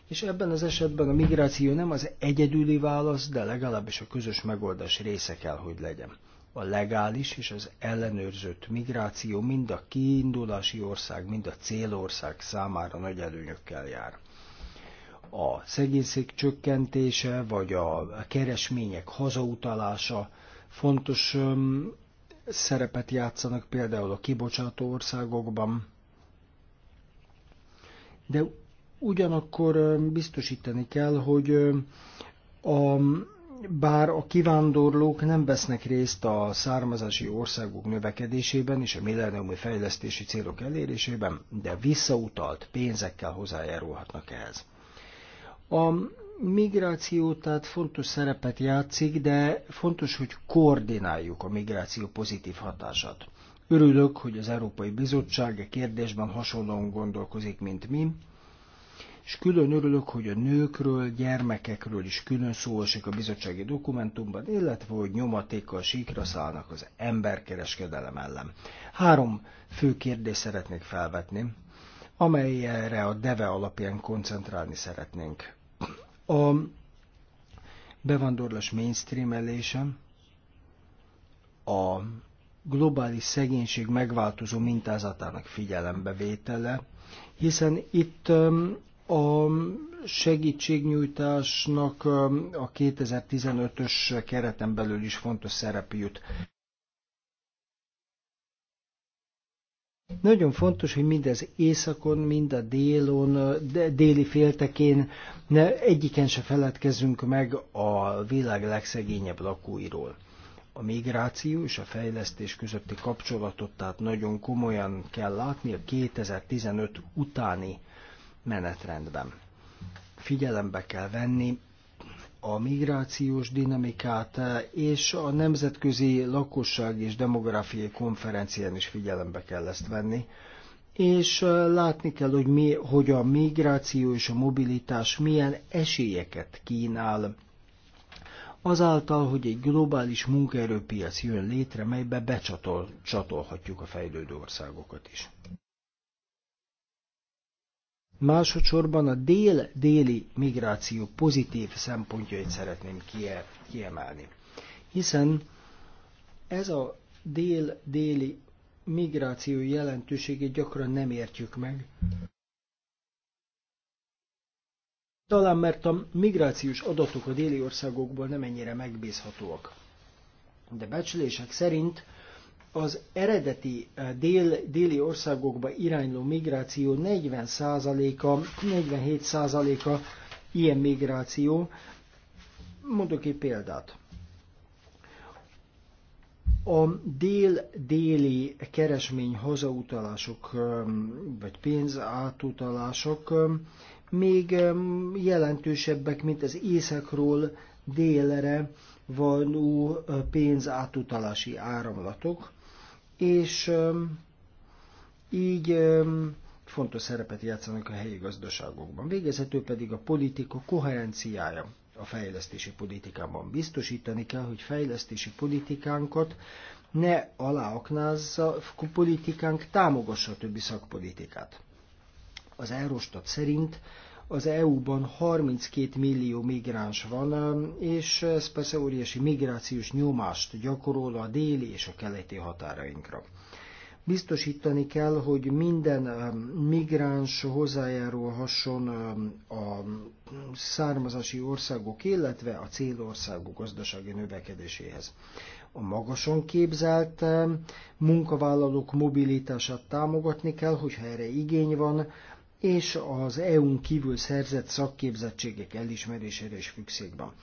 és ebben az esetben a migráció nem az egyedüli válasz, de legalábbis a közös megoldás része kell, hogy legyen a legális és az ellenőrzött migráció mind a kiindulási ország, mind a célország számára nagy előnyökkel jár. A szegénység csökkentése, vagy a keresmények hazautalása fontos öm, szerepet játszanak például a kibocsátó országokban, de ugyanakkor biztosítani kell, hogy a bár a kivándorlók nem vesznek részt a származási országok növekedésében és a milleniumi fejlesztési célok elérésében, de visszautalt pénzekkel hozzájárulhatnak ehhez. A migráció tehát fontos szerepet játszik, de fontos, hogy koordináljuk a migráció pozitív hatását. Örülök, hogy az Európai Bizottság a kérdésben hasonlóan gondolkozik, mint mi, és külön örülök, hogy a nőkről, gyermekekről is külön szó esik a bizottsági dokumentumban, illetve hogy nyomatékkal síkra szállnak az emberkereskedelem ellen. Három fő kérdést szeretnék felvetni, amelyre a DEVE alapján koncentrálni szeretnénk. A bevándorlás mainstreamelése, a globális szegénység megváltozó mintázatának figyelembevétele, hiszen itt a segítségnyújtásnak um, a 2015-ös kereten belül is fontos szerep jut. Nagyon fontos, hogy mind az északon, mind a délon, déli féltekén ne egyiken se feledkezzünk meg a világ legszegényebb lakóiról. A migráció és a fejlesztés közötti kapcsolatot tehát nagyon komolyan kell látni a 2015 utáni menetrendben. Figyelembe kell venni a migrációs dinamikát, és a nemzetközi lakosság és demográfiai konferencián is figyelembe kell ezt venni, és látni kell, hogy, mi, hogy a migráció és a mobilitás milyen esélyeket kínál azáltal, hogy egy globális munkaerőpiac jön létre, melybe becsatolhatjuk becsatol, a fejlődő országokat is. Másodszorban a dél-déli migráció pozitív szempontjait szeretném kiemelni. Hiszen ez a dél-déli migráció jelentőségét gyakran nem értjük meg. Talán mert a migrációs adatok a déli országokból nem ennyire megbízhatóak. De becslések szerint az eredeti eh, dél, déli országokba irányló migráció 40%-a, 47%-a ilyen migráció. Mondok egy példát. A dél-déli keresmény hazautalások, eh, vagy pénzátutalások eh, még jelentősebbek, mint az északról délre való pénzátutalási áramlatok és így fontos szerepet játszanak a helyi gazdaságokban. Végezetül pedig a politika koherenciája a fejlesztési politikában. Biztosítani kell, hogy fejlesztési politikánkat ne aláaknázza, politikánk támogassa a többi szakpolitikát. Az Eurostat szerint az EU-ban 32 millió migráns van, és ez persze óriási migrációs nyomást gyakorol a déli és a keleti határainkra. Biztosítani kell, hogy minden um, migráns hozzájárulhasson um, a származási országok, illetve a célországok gazdasági növekedéséhez a magasan képzelt um, munkavállalók mobilitását támogatni kell, hogyha erre igény van, és az EU-n kívül szerzett szakképzettségek elismerésére is szükség van.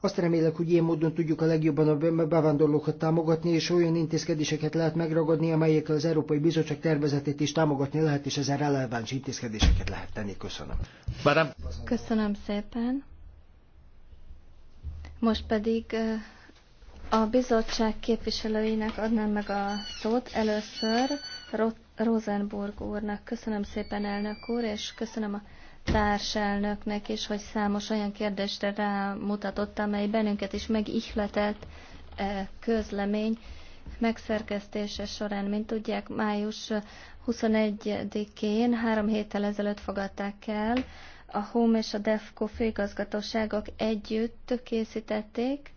Azt remélek, hogy ilyen módon tudjuk a legjobban a bevándorlókat támogatni, és olyan intézkedéseket lehet megragadni, amelyekkel az Európai Bizottság tervezetét is támogatni lehet, és ezen releváns intézkedéseket lehet tenni. Köszönöm. Bárám. Köszönöm szépen. Most pedig a bizottság képviselőinek adnám meg a szót először Rott Rosenborg úrnak köszönöm szépen, elnök úr, és köszönöm a társelnöknek is, hogy számos olyan kérdésre rámutatott, amely bennünket is megihletett e, közlemény megszerkesztése során, mint tudják, május 21-én, három héttel ezelőtt fogadták el, a HOME és a DEFCO főigazgatóságok együtt készítették,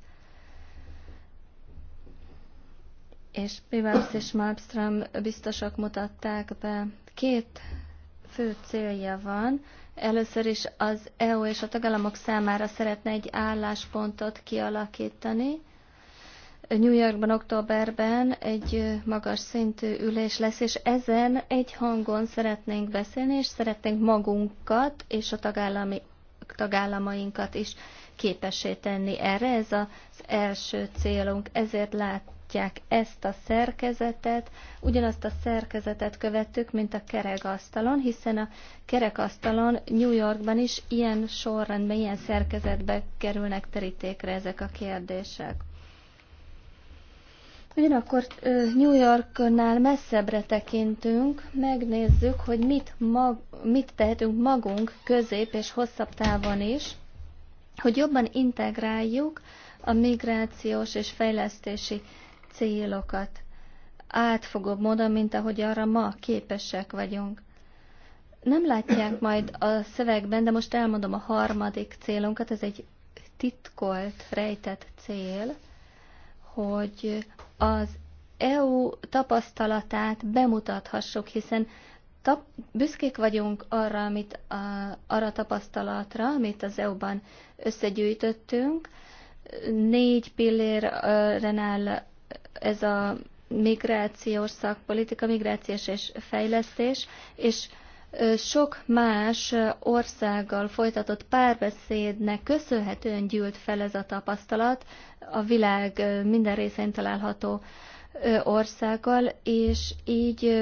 és Pivaps és Malmström biztosak mutatták be. Két fő célja van. Először is az EU és a tagállamok számára szeretne egy álláspontot kialakítani. New Yorkban októberben egy magas szintű ülés lesz, és ezen egy hangon szeretnénk beszélni, és szeretnénk magunkat és a tagállami, tagállamainkat is képessé tenni erre. Ez az első célunk, ezért lát, látják ezt a szerkezetet, ugyanazt a szerkezetet követtük, mint a kerekasztalon, hiszen a kerekasztalon New Yorkban is ilyen sorrendben, ilyen szerkezetbe kerülnek terítékre ezek a kérdések. Ugyanakkor New Yorknál messzebbre tekintünk, megnézzük, hogy mit, mag, mit tehetünk magunk közép és hosszabb távon is, hogy jobban integráljuk a migrációs és fejlesztési célokat átfogóbb módon, mint ahogy arra ma képesek vagyunk. Nem látják majd a szövegben, de most elmondom a harmadik célunkat, ez egy titkolt, rejtett cél, hogy az EU tapasztalatát bemutathassuk, hiszen tap, büszkék vagyunk arra, amit a, arra tapasztalatra, amit az EU-ban összegyűjtöttünk. Négy pillérren áll ez a migrációs szakpolitika, migrációs és fejlesztés, és sok más országgal folytatott párbeszédnek köszönhetően gyűlt fel ez a tapasztalat a világ minden részén található országgal, és így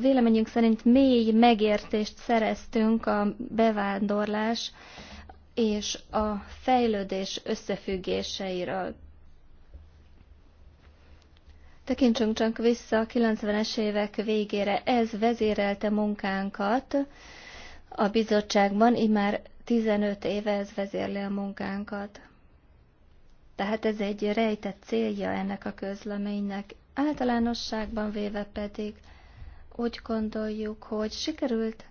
véleményünk szerint mély megértést szereztünk a bevándorlás és a fejlődés összefüggéseiről. Tekintsünk csak vissza a 90-es évek végére. Ez vezérelte munkánkat a bizottságban, így már 15 éve ez vezérli a munkánkat. Tehát ez egy rejtett célja ennek a közleménynek. Általánosságban véve pedig úgy gondoljuk, hogy sikerült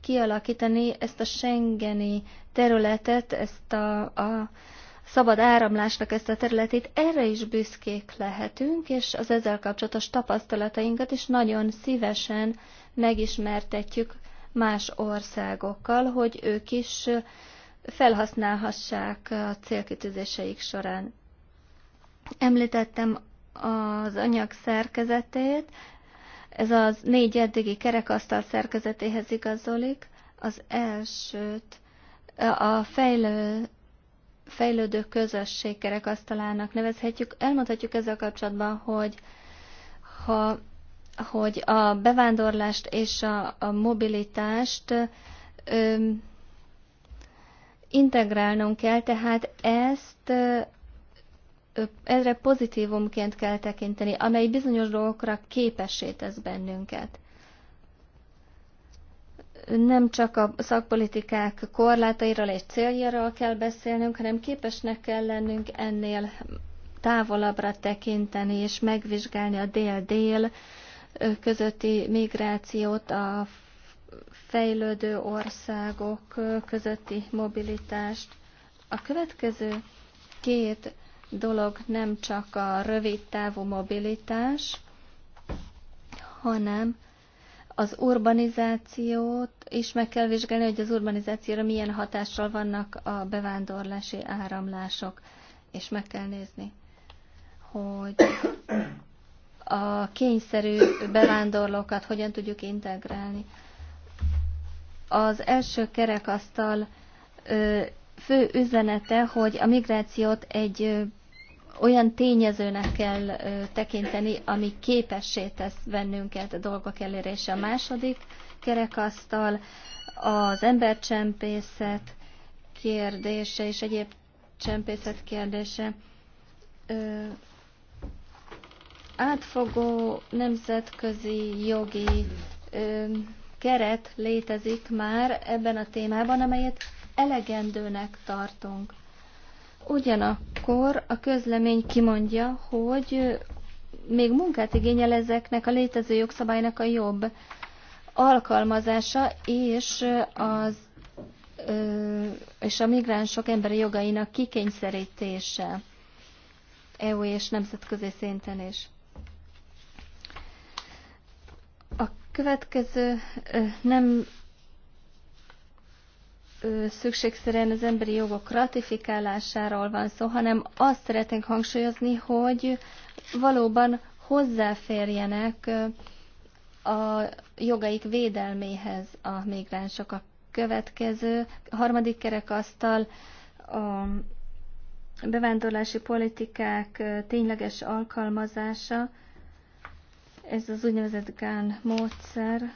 kialakítani ezt a Schengeni területet, ezt a, a szabad áramlásnak ezt a területét, erre is büszkék lehetünk, és az ezzel kapcsolatos tapasztalatainkat is nagyon szívesen megismertetjük más országokkal, hogy ők is felhasználhassák a célkitűzéseik során. Említettem az anyag szerkezetét, ez az négy eddigi kerekasztal szerkezetéhez igazolik. Az elsőt a fejlő fejlődő közösség kerekasztalának nevezhetjük. Elmondhatjuk ezzel kapcsolatban, hogy ha hogy a bevándorlást és a, a mobilitást ö, integrálnunk kell, tehát ezt erre pozitívumként kell tekinteni, amely bizonyos dolgokra képessé tesz bennünket nem csak a szakpolitikák korlátairól és céljáról kell beszélnünk, hanem képesnek kell lennünk ennél távolabbra tekinteni és megvizsgálni a dél-dél közötti migrációt, a fejlődő országok közötti mobilitást. A következő két dolog nem csak a rövid távú mobilitás, hanem az urbanizációt is meg kell vizsgálni, hogy az urbanizációra milyen hatással vannak a bevándorlási áramlások, és meg kell nézni, hogy a kényszerű bevándorlókat hogyan tudjuk integrálni. Az első kerekasztal fő üzenete, hogy a migrációt egy olyan tényezőnek kell tekinteni, ami képessé tesz bennünket a dolgok elérése. A második kerekasztal, az embercsempészet kérdése és egyéb csempészet kérdése ö, átfogó nemzetközi jogi ö, keret létezik már ebben a témában, amelyet elegendőnek tartunk. Ugyanakkor a közlemény kimondja, hogy még munkát igényel ezeknek a létező jogszabálynak a jobb alkalmazása és az és a migránsok emberi jogainak kikényszerítése EU és nemzetközi szinten is. A következő nem szükségszerűen az emberi jogok ratifikálásáról van szó, hanem azt szeretnénk hangsúlyozni, hogy valóban hozzáférjenek a jogaik védelméhez a migránsok. A következő a harmadik kerekasztal a bevándorlási politikák tényleges alkalmazása, ez az úgynevezett GAN módszer,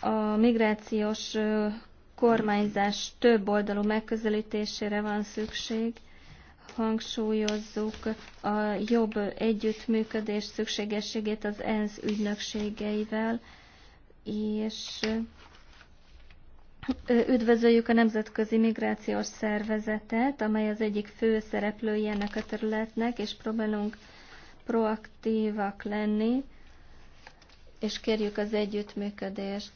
a migrációs kormányzás több oldalú megközelítésére van szükség, hangsúlyozzuk a jobb együttműködés szükségességét az ENSZ ügynökségeivel, és üdvözöljük a Nemzetközi Migrációs Szervezetet, amely az egyik fő szereplője ennek a területnek, és próbálunk proaktívak lenni és kérjük az együttműködést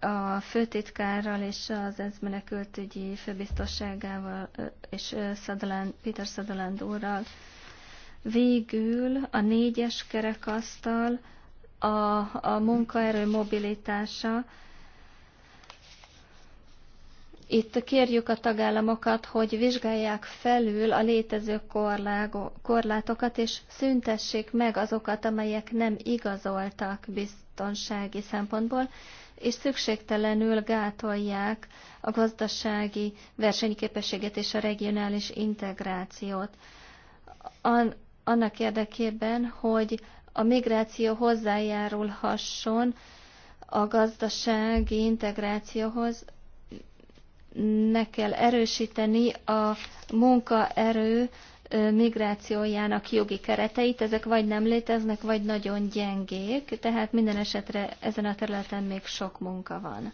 a főtitkárral és az ENSZ menekültügyi főbiztosságával és Sutherland, Peter Sutherland úrral. Végül a négyes kerekasztal a, a munkaerő mobilitása itt kérjük a tagállamokat, hogy vizsgálják felül a létező korlátokat, és szüntessék meg azokat, amelyek nem igazoltak biztonsági szempontból, és szükségtelenül gátolják a gazdasági versenyképességet és a regionális integrációt. annak érdekében, hogy a migráció hozzájárulhasson a gazdasági integrációhoz, meg kell erősíteni a munkaerő migrációjának jogi kereteit, ezek vagy nem léteznek, vagy nagyon gyengék, tehát minden esetre ezen a területen még sok munka van.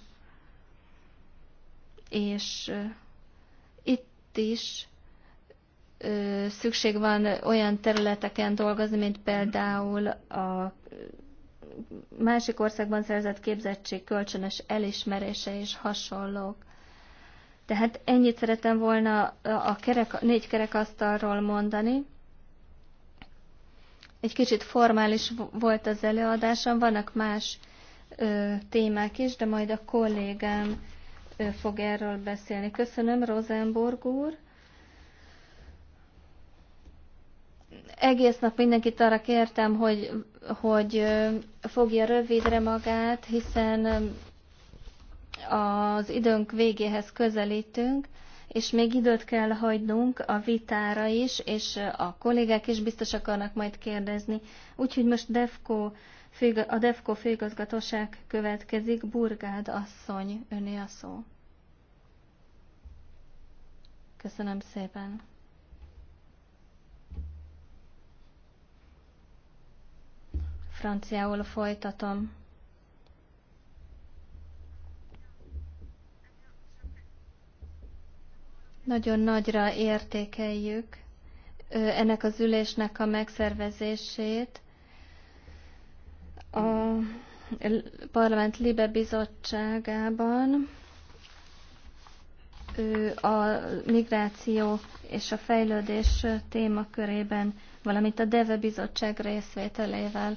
És itt is szükség van olyan területeken dolgozni, mint például a másik országban szerzett képzettség kölcsönös elismerése és hasonlók tehát ennyit szeretem volna a kerek, négy kerekasztalról mondani. Egy kicsit formális volt az előadásom, vannak más ö, témák is, de majd a kollégám ö, fog erről beszélni. Köszönöm, Rosenborg úr. Egész nap mindenkit arra kértem, hogy, hogy fogja rövidre magát, hiszen az időnk végéhez közelítünk, és még időt kell hagynunk a vitára is, és a kollégák is biztos akarnak majd kérdezni. Úgyhogy most DEFCO, a DEFCO főigazgatóság következik. Burgád asszony, öné a szó. Köszönöm szépen. Franciául folytatom. Nagyon nagyra értékeljük ennek az ülésnek a megszervezését. A Parlament Libe Bizottságában a migráció és a fejlődés témakörében, valamint a DEVE Bizottság részvételével.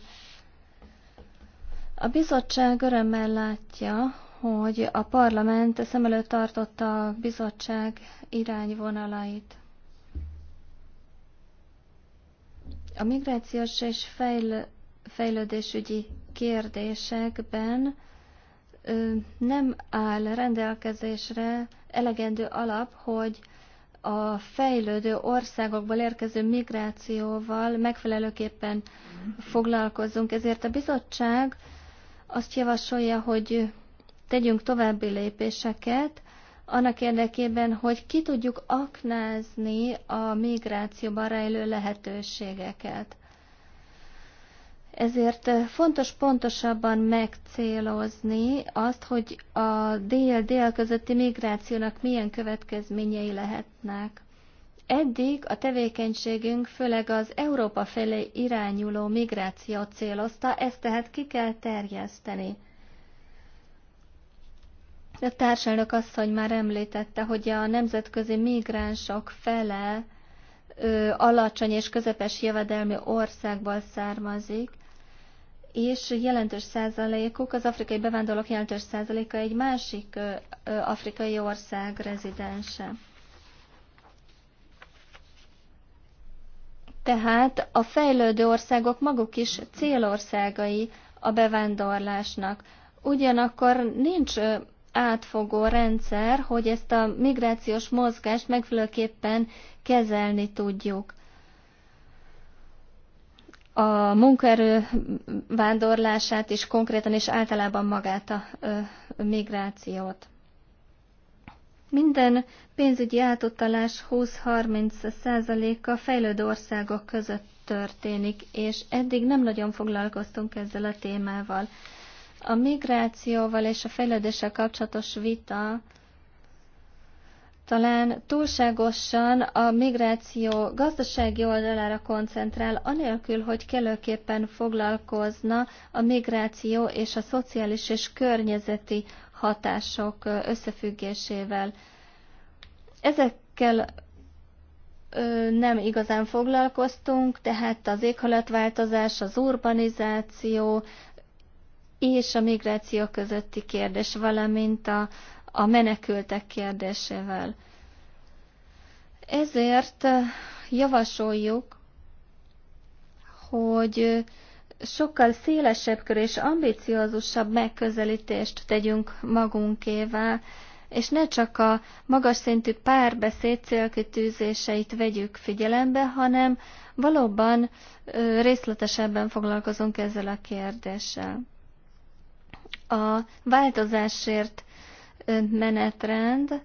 A bizottság örömmel látja, hogy a parlament szem előtt tartotta a bizottság irányvonalait. A migrációs és fejl fejlődésügyi kérdésekben ö, nem áll rendelkezésre elegendő alap, hogy a fejlődő országokból érkező migrációval megfelelőképpen foglalkozzunk. Ezért a bizottság azt javasolja, hogy tegyünk további lépéseket, annak érdekében, hogy ki tudjuk aknázni a migrációban rejlő lehetőségeket. Ezért fontos pontosabban megcélozni azt, hogy a dél-dél közötti migrációnak milyen következményei lehetnek. Eddig a tevékenységünk főleg az Európa felé irányuló migráció célozta, ezt tehát ki kell terjeszteni. A társelnök asszony már említette, hogy a nemzetközi migránsok fele ö, alacsony és közepes jövedelmi országból származik, és jelentős százalékuk, az afrikai bevándorlók jelentős százaléka egy másik ö, ö, afrikai ország rezidense. Tehát a fejlődő országok maguk is célországai a bevándorlásnak. Ugyanakkor nincs átfogó rendszer, hogy ezt a migrációs mozgást megfelelőképpen kezelni tudjuk. A munkaerő vándorlását is konkrétan és általában magát a migrációt. Minden pénzügyi átutalás 20-30%-a fejlődő országok között történik, és eddig nem nagyon foglalkoztunk ezzel a témával. A migrációval és a fejlődéssel kapcsolatos vita talán túlságosan a migráció gazdasági oldalára koncentrál, anélkül, hogy kellőképpen foglalkozna a migráció és a szociális és környezeti hatások összefüggésével. Ezekkel nem igazán foglalkoztunk, tehát az éghajlatváltozás, az urbanizáció, és a migráció közötti kérdés, valamint a, a menekültek kérdésével. Ezért eh, javasoljuk, hogy eh, sokkal szélesebb kör és ambiciózusabb megközelítést tegyünk magunkévá, és ne csak a magas szintű párbeszéd célkitűzéseit vegyük figyelembe, hanem valóban részletesebben foglalkozunk ezzel a kérdéssel a változásért menetrend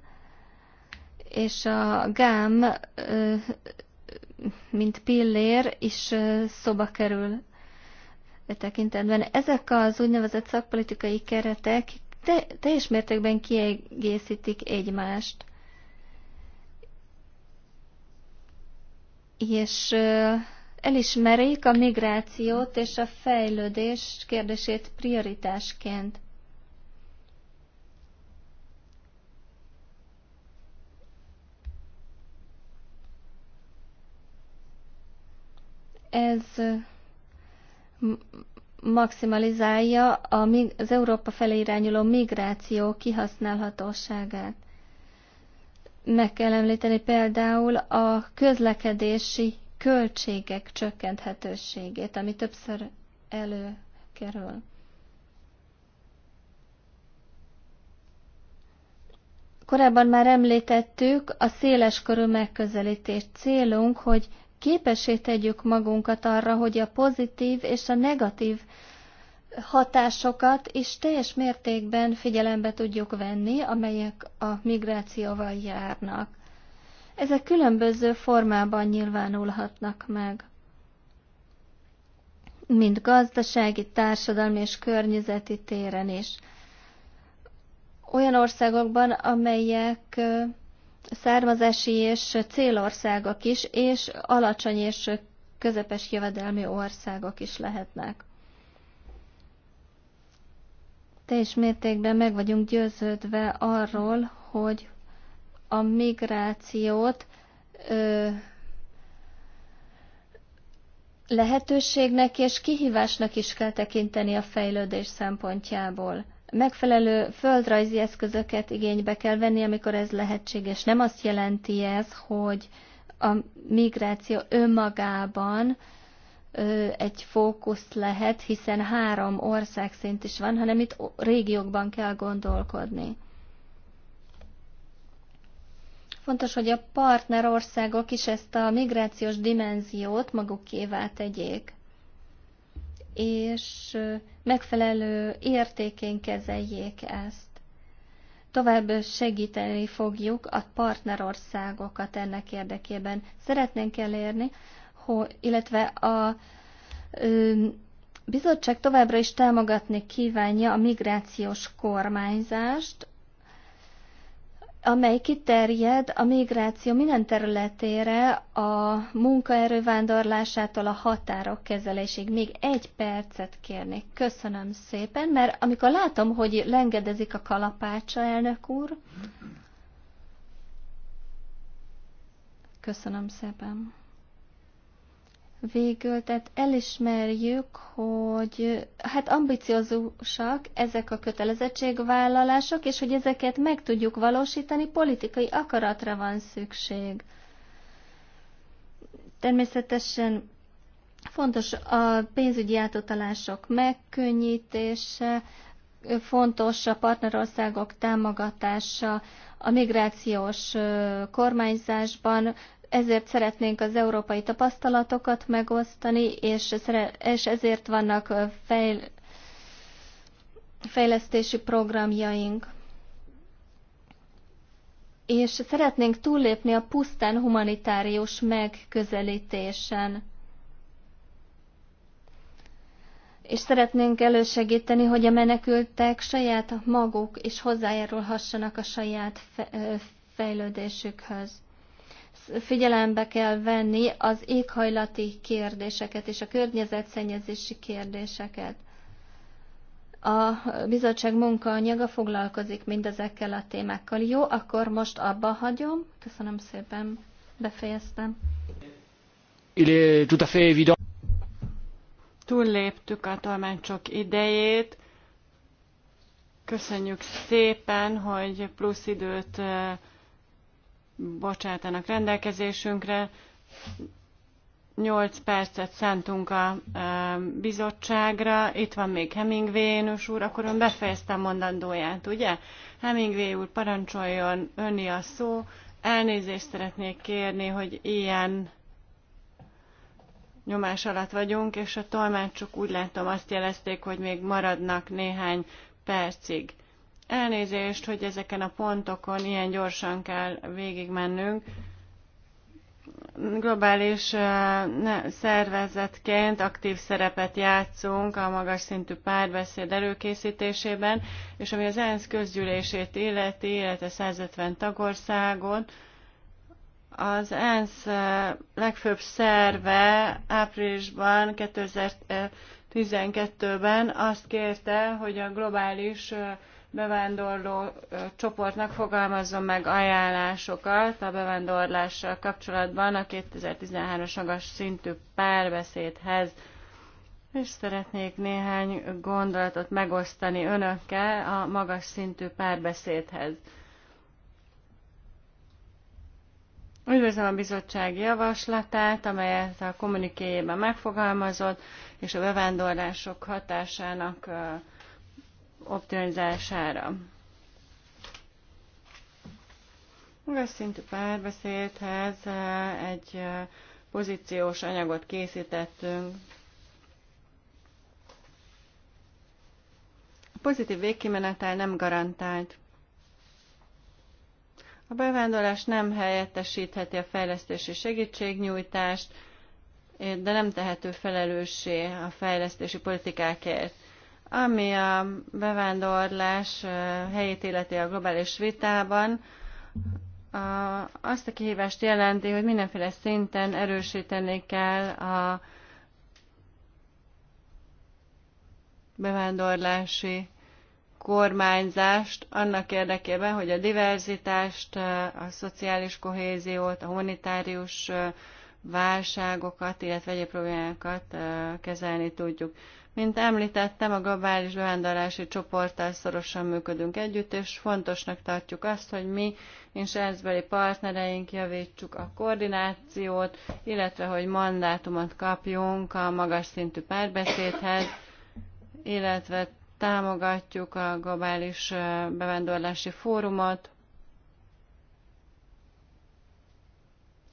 és a gám, mint pillér is szoba kerül e tekintetben. Ezek az úgynevezett szakpolitikai keretek te, teljes mértékben kiegészítik egymást. És elismerik a migrációt és a fejlődés kérdését prioritásként. Ez maximalizálja az Európa felé irányuló migráció kihasználhatóságát. Meg kell említeni például a közlekedési költségek csökkenthetőségét, ami többször előkerül. Korábban már említettük, a széles körű megközelítés célunk, hogy képesé tegyük magunkat arra, hogy a pozitív és a negatív hatásokat is teljes mértékben figyelembe tudjuk venni, amelyek a migrációval járnak. Ezek különböző formában nyilvánulhatnak meg, mint gazdasági, társadalmi és környezeti téren is. Olyan országokban, amelyek származási és célországok is, és alacsony és közepes jövedelmi országok is lehetnek. Teljes mértékben meg vagyunk győződve arról, hogy a migrációt ö, lehetőségnek és kihívásnak is kell tekinteni a fejlődés szempontjából. Megfelelő földrajzi eszközöket igénybe kell venni, amikor ez lehetséges. Nem azt jelenti ez, hogy a migráció önmagában ö, egy fókusz lehet, hiszen három ország szint is van, hanem itt régiókban kell gondolkodni. Fontos, hogy a partnerországok is ezt a migrációs dimenziót magukévá tegyék, és megfelelő értékén kezeljék ezt. Tovább segíteni fogjuk a partnerországokat ennek érdekében. Szeretnénk elérni, hogy, illetve a bizottság továbbra is támogatni kívánja a migrációs kormányzást, amely kiterjed a migráció minden területére, a munkaerő vándorlásától a határok kezelésig. Még egy percet kérnék. Köszönöm szépen, mert amikor látom, hogy lengedezik a kalapácsa, elnök úr, köszönöm szépen végül, tehát elismerjük, hogy hát ambiciózusak ezek a kötelezettségvállalások, és hogy ezeket meg tudjuk valósítani, politikai akaratra van szükség. Természetesen fontos a pénzügyi átutalások megkönnyítése, fontos a partnerországok támogatása a migrációs kormányzásban, ezért szeretnénk az európai tapasztalatokat megosztani, és, és ezért vannak fejl fejlesztési programjaink. És szeretnénk túllépni a pusztán humanitárius megközelítésen. és szeretnénk elősegíteni, hogy a menekültek saját maguk is hozzájárulhassanak a saját fejlődésükhöz figyelembe kell venni az éghajlati kérdéseket és a környezetszennyezési kérdéseket. A bizottság munkaanyaga foglalkozik mindezekkel a témákkal. Jó, akkor most abba hagyom. Köszönöm szépen, befejeztem. Túlléptük a tolmácsok idejét. Köszönjük szépen, hogy plusz időt eh, bocsátanak rendelkezésünkre. 8 percet szántunk a bizottságra, itt van még Hemingway úr, akkor ön befejezte a mondandóját, ugye? Hemingway úr, parancsoljon önni a szó. Elnézést szeretnék kérni, hogy ilyen nyomás alatt vagyunk, és a tolmácsok úgy látom azt jelezték, hogy még maradnak néhány percig. Elnézést, hogy ezeken a pontokon ilyen gyorsan kell végigmennünk. Globális eh, szervezetként aktív szerepet játszunk a magas szintű párbeszéd előkészítésében, és ami az ENSZ közgyűlését illeti, illetve 150 tagországon, az ENSZ eh, legfőbb szerve áprilisban 2012-ben eh, azt kérte, hogy a globális bevándorló csoportnak fogalmazzon meg ajánlásokat a bevándorlással kapcsolatban a 2013-as magas szintű párbeszédhez. És szeretnék néhány gondolatot megosztani önökkel a magas szintű párbeszédhez. Üdvözlöm a bizottság javaslatát, amelyet a kommunikéjében megfogalmazott, és a bevándorlások hatásának optimalizására. Magas szintű párbeszédhez eh, egy eh, pozíciós anyagot készítettünk. A pozitív végkimenetel nem garantált. A bevándorlás nem helyettesítheti a fejlesztési segítségnyújtást, eh, de nem tehető felelőssé a fejlesztési politikákért. Ami a bevándorlás helyét illeti a globális vitában, azt a kihívást jelenti, hogy mindenféle szinten erősíteni kell a bevándorlási kormányzást annak érdekében, hogy a diverzitást, a szociális kohéziót, a humanitárius válságokat, illetve egyéb problémákat kezelni tudjuk. Mint említettem, a globális bevándorlási csoporttal szorosan működünk együtt, és fontosnak tartjuk azt, hogy mi és ezbeli partnereink javítsuk a koordinációt, illetve hogy mandátumot kapjunk a magas szintű párbeszédhez, illetve támogatjuk a globális bevándorlási fórumot,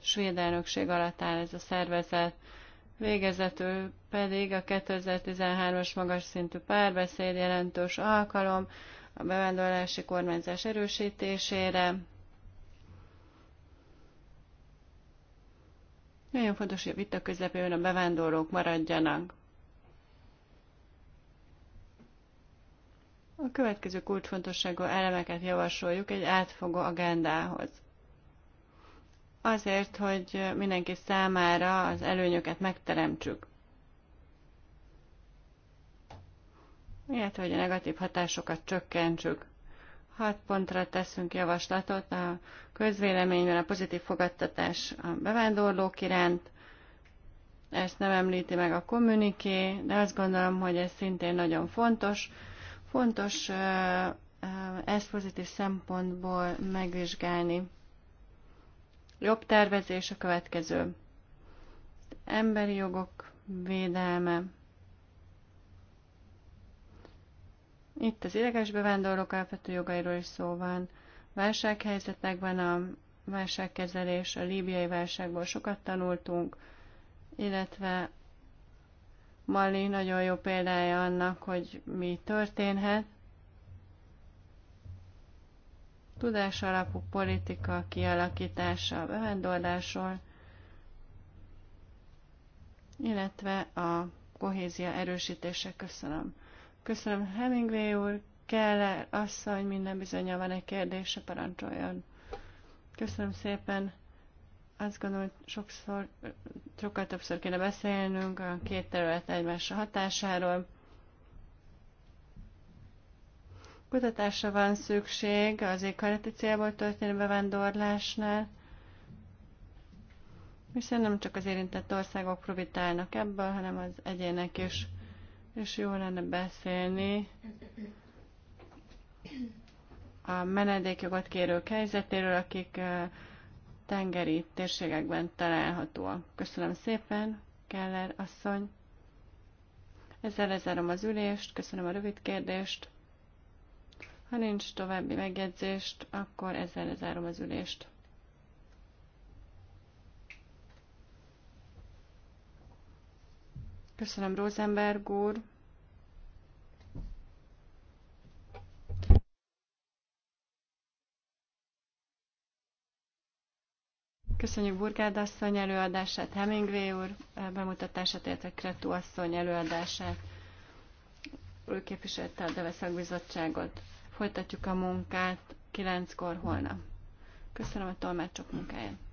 svéd elnökség alatt áll ez a szervezet. Végezetül pedig a 2013-as magas szintű párbeszéd jelentős alkalom a bevándorlási kormányzás erősítésére. Nagyon fontos, hogy a vita közepén a bevándorlók maradjanak. A következő kulcsfontosságú elemeket javasoljuk egy átfogó agendához azért, hogy mindenki számára az előnyöket megteremtsük. Illetve, hogy a negatív hatásokat csökkentsük. Hat pontra teszünk javaslatot a közvéleményben a pozitív fogadtatás a bevándorlók iránt. Ezt nem említi meg a kommuniké, de azt gondolom, hogy ez szintén nagyon fontos. Fontos ezt pozitív szempontból megvizsgálni jobb tervezés a következő. emberi jogok védelme. Itt az ideges bevándorlók alapvető jogairól is szó van. Válsághelyzetekben a válságkezelés, a líbiai válságból sokat tanultunk, illetve Mali nagyon jó példája annak, hogy mi történhet tudás alapú politika kialakítása a bevándorlásról, illetve a kohézia erősítése. Köszönöm. Köszönöm Hemingway úr, Keller asszony, minden bizonyal van egy kérdése, parancsoljon. Köszönöm szépen. Azt gondolom, hogy sokszor, sokkal többször kéne beszélnünk a két terület egymásra hatásáról. Kutatásra van szükség az égkarati célból történő bevándorlásnál, hiszen nem csak az érintett országok profitálnak ebből, hanem az egyének is. És jó lenne beszélni a menedékjogot kérők helyzetéről, akik tengeri térségekben találhatóak. Köszönöm szépen, Keller asszony. Ezzel lezárom az ülést, köszönöm a rövid kérdést. Ha nincs további megjegyzést, akkor ezzel lezárom az ülést. Köszönöm, Rosenberg úr. Köszönjük Burgád asszony előadását, Hemingway úr bemutatását, illetve Kretú asszony előadását. Ő képviselte a Deveszak Bizottságot. Folytatjuk a munkát kilenckor holnap. Köszönöm a tolmácsok munkáját.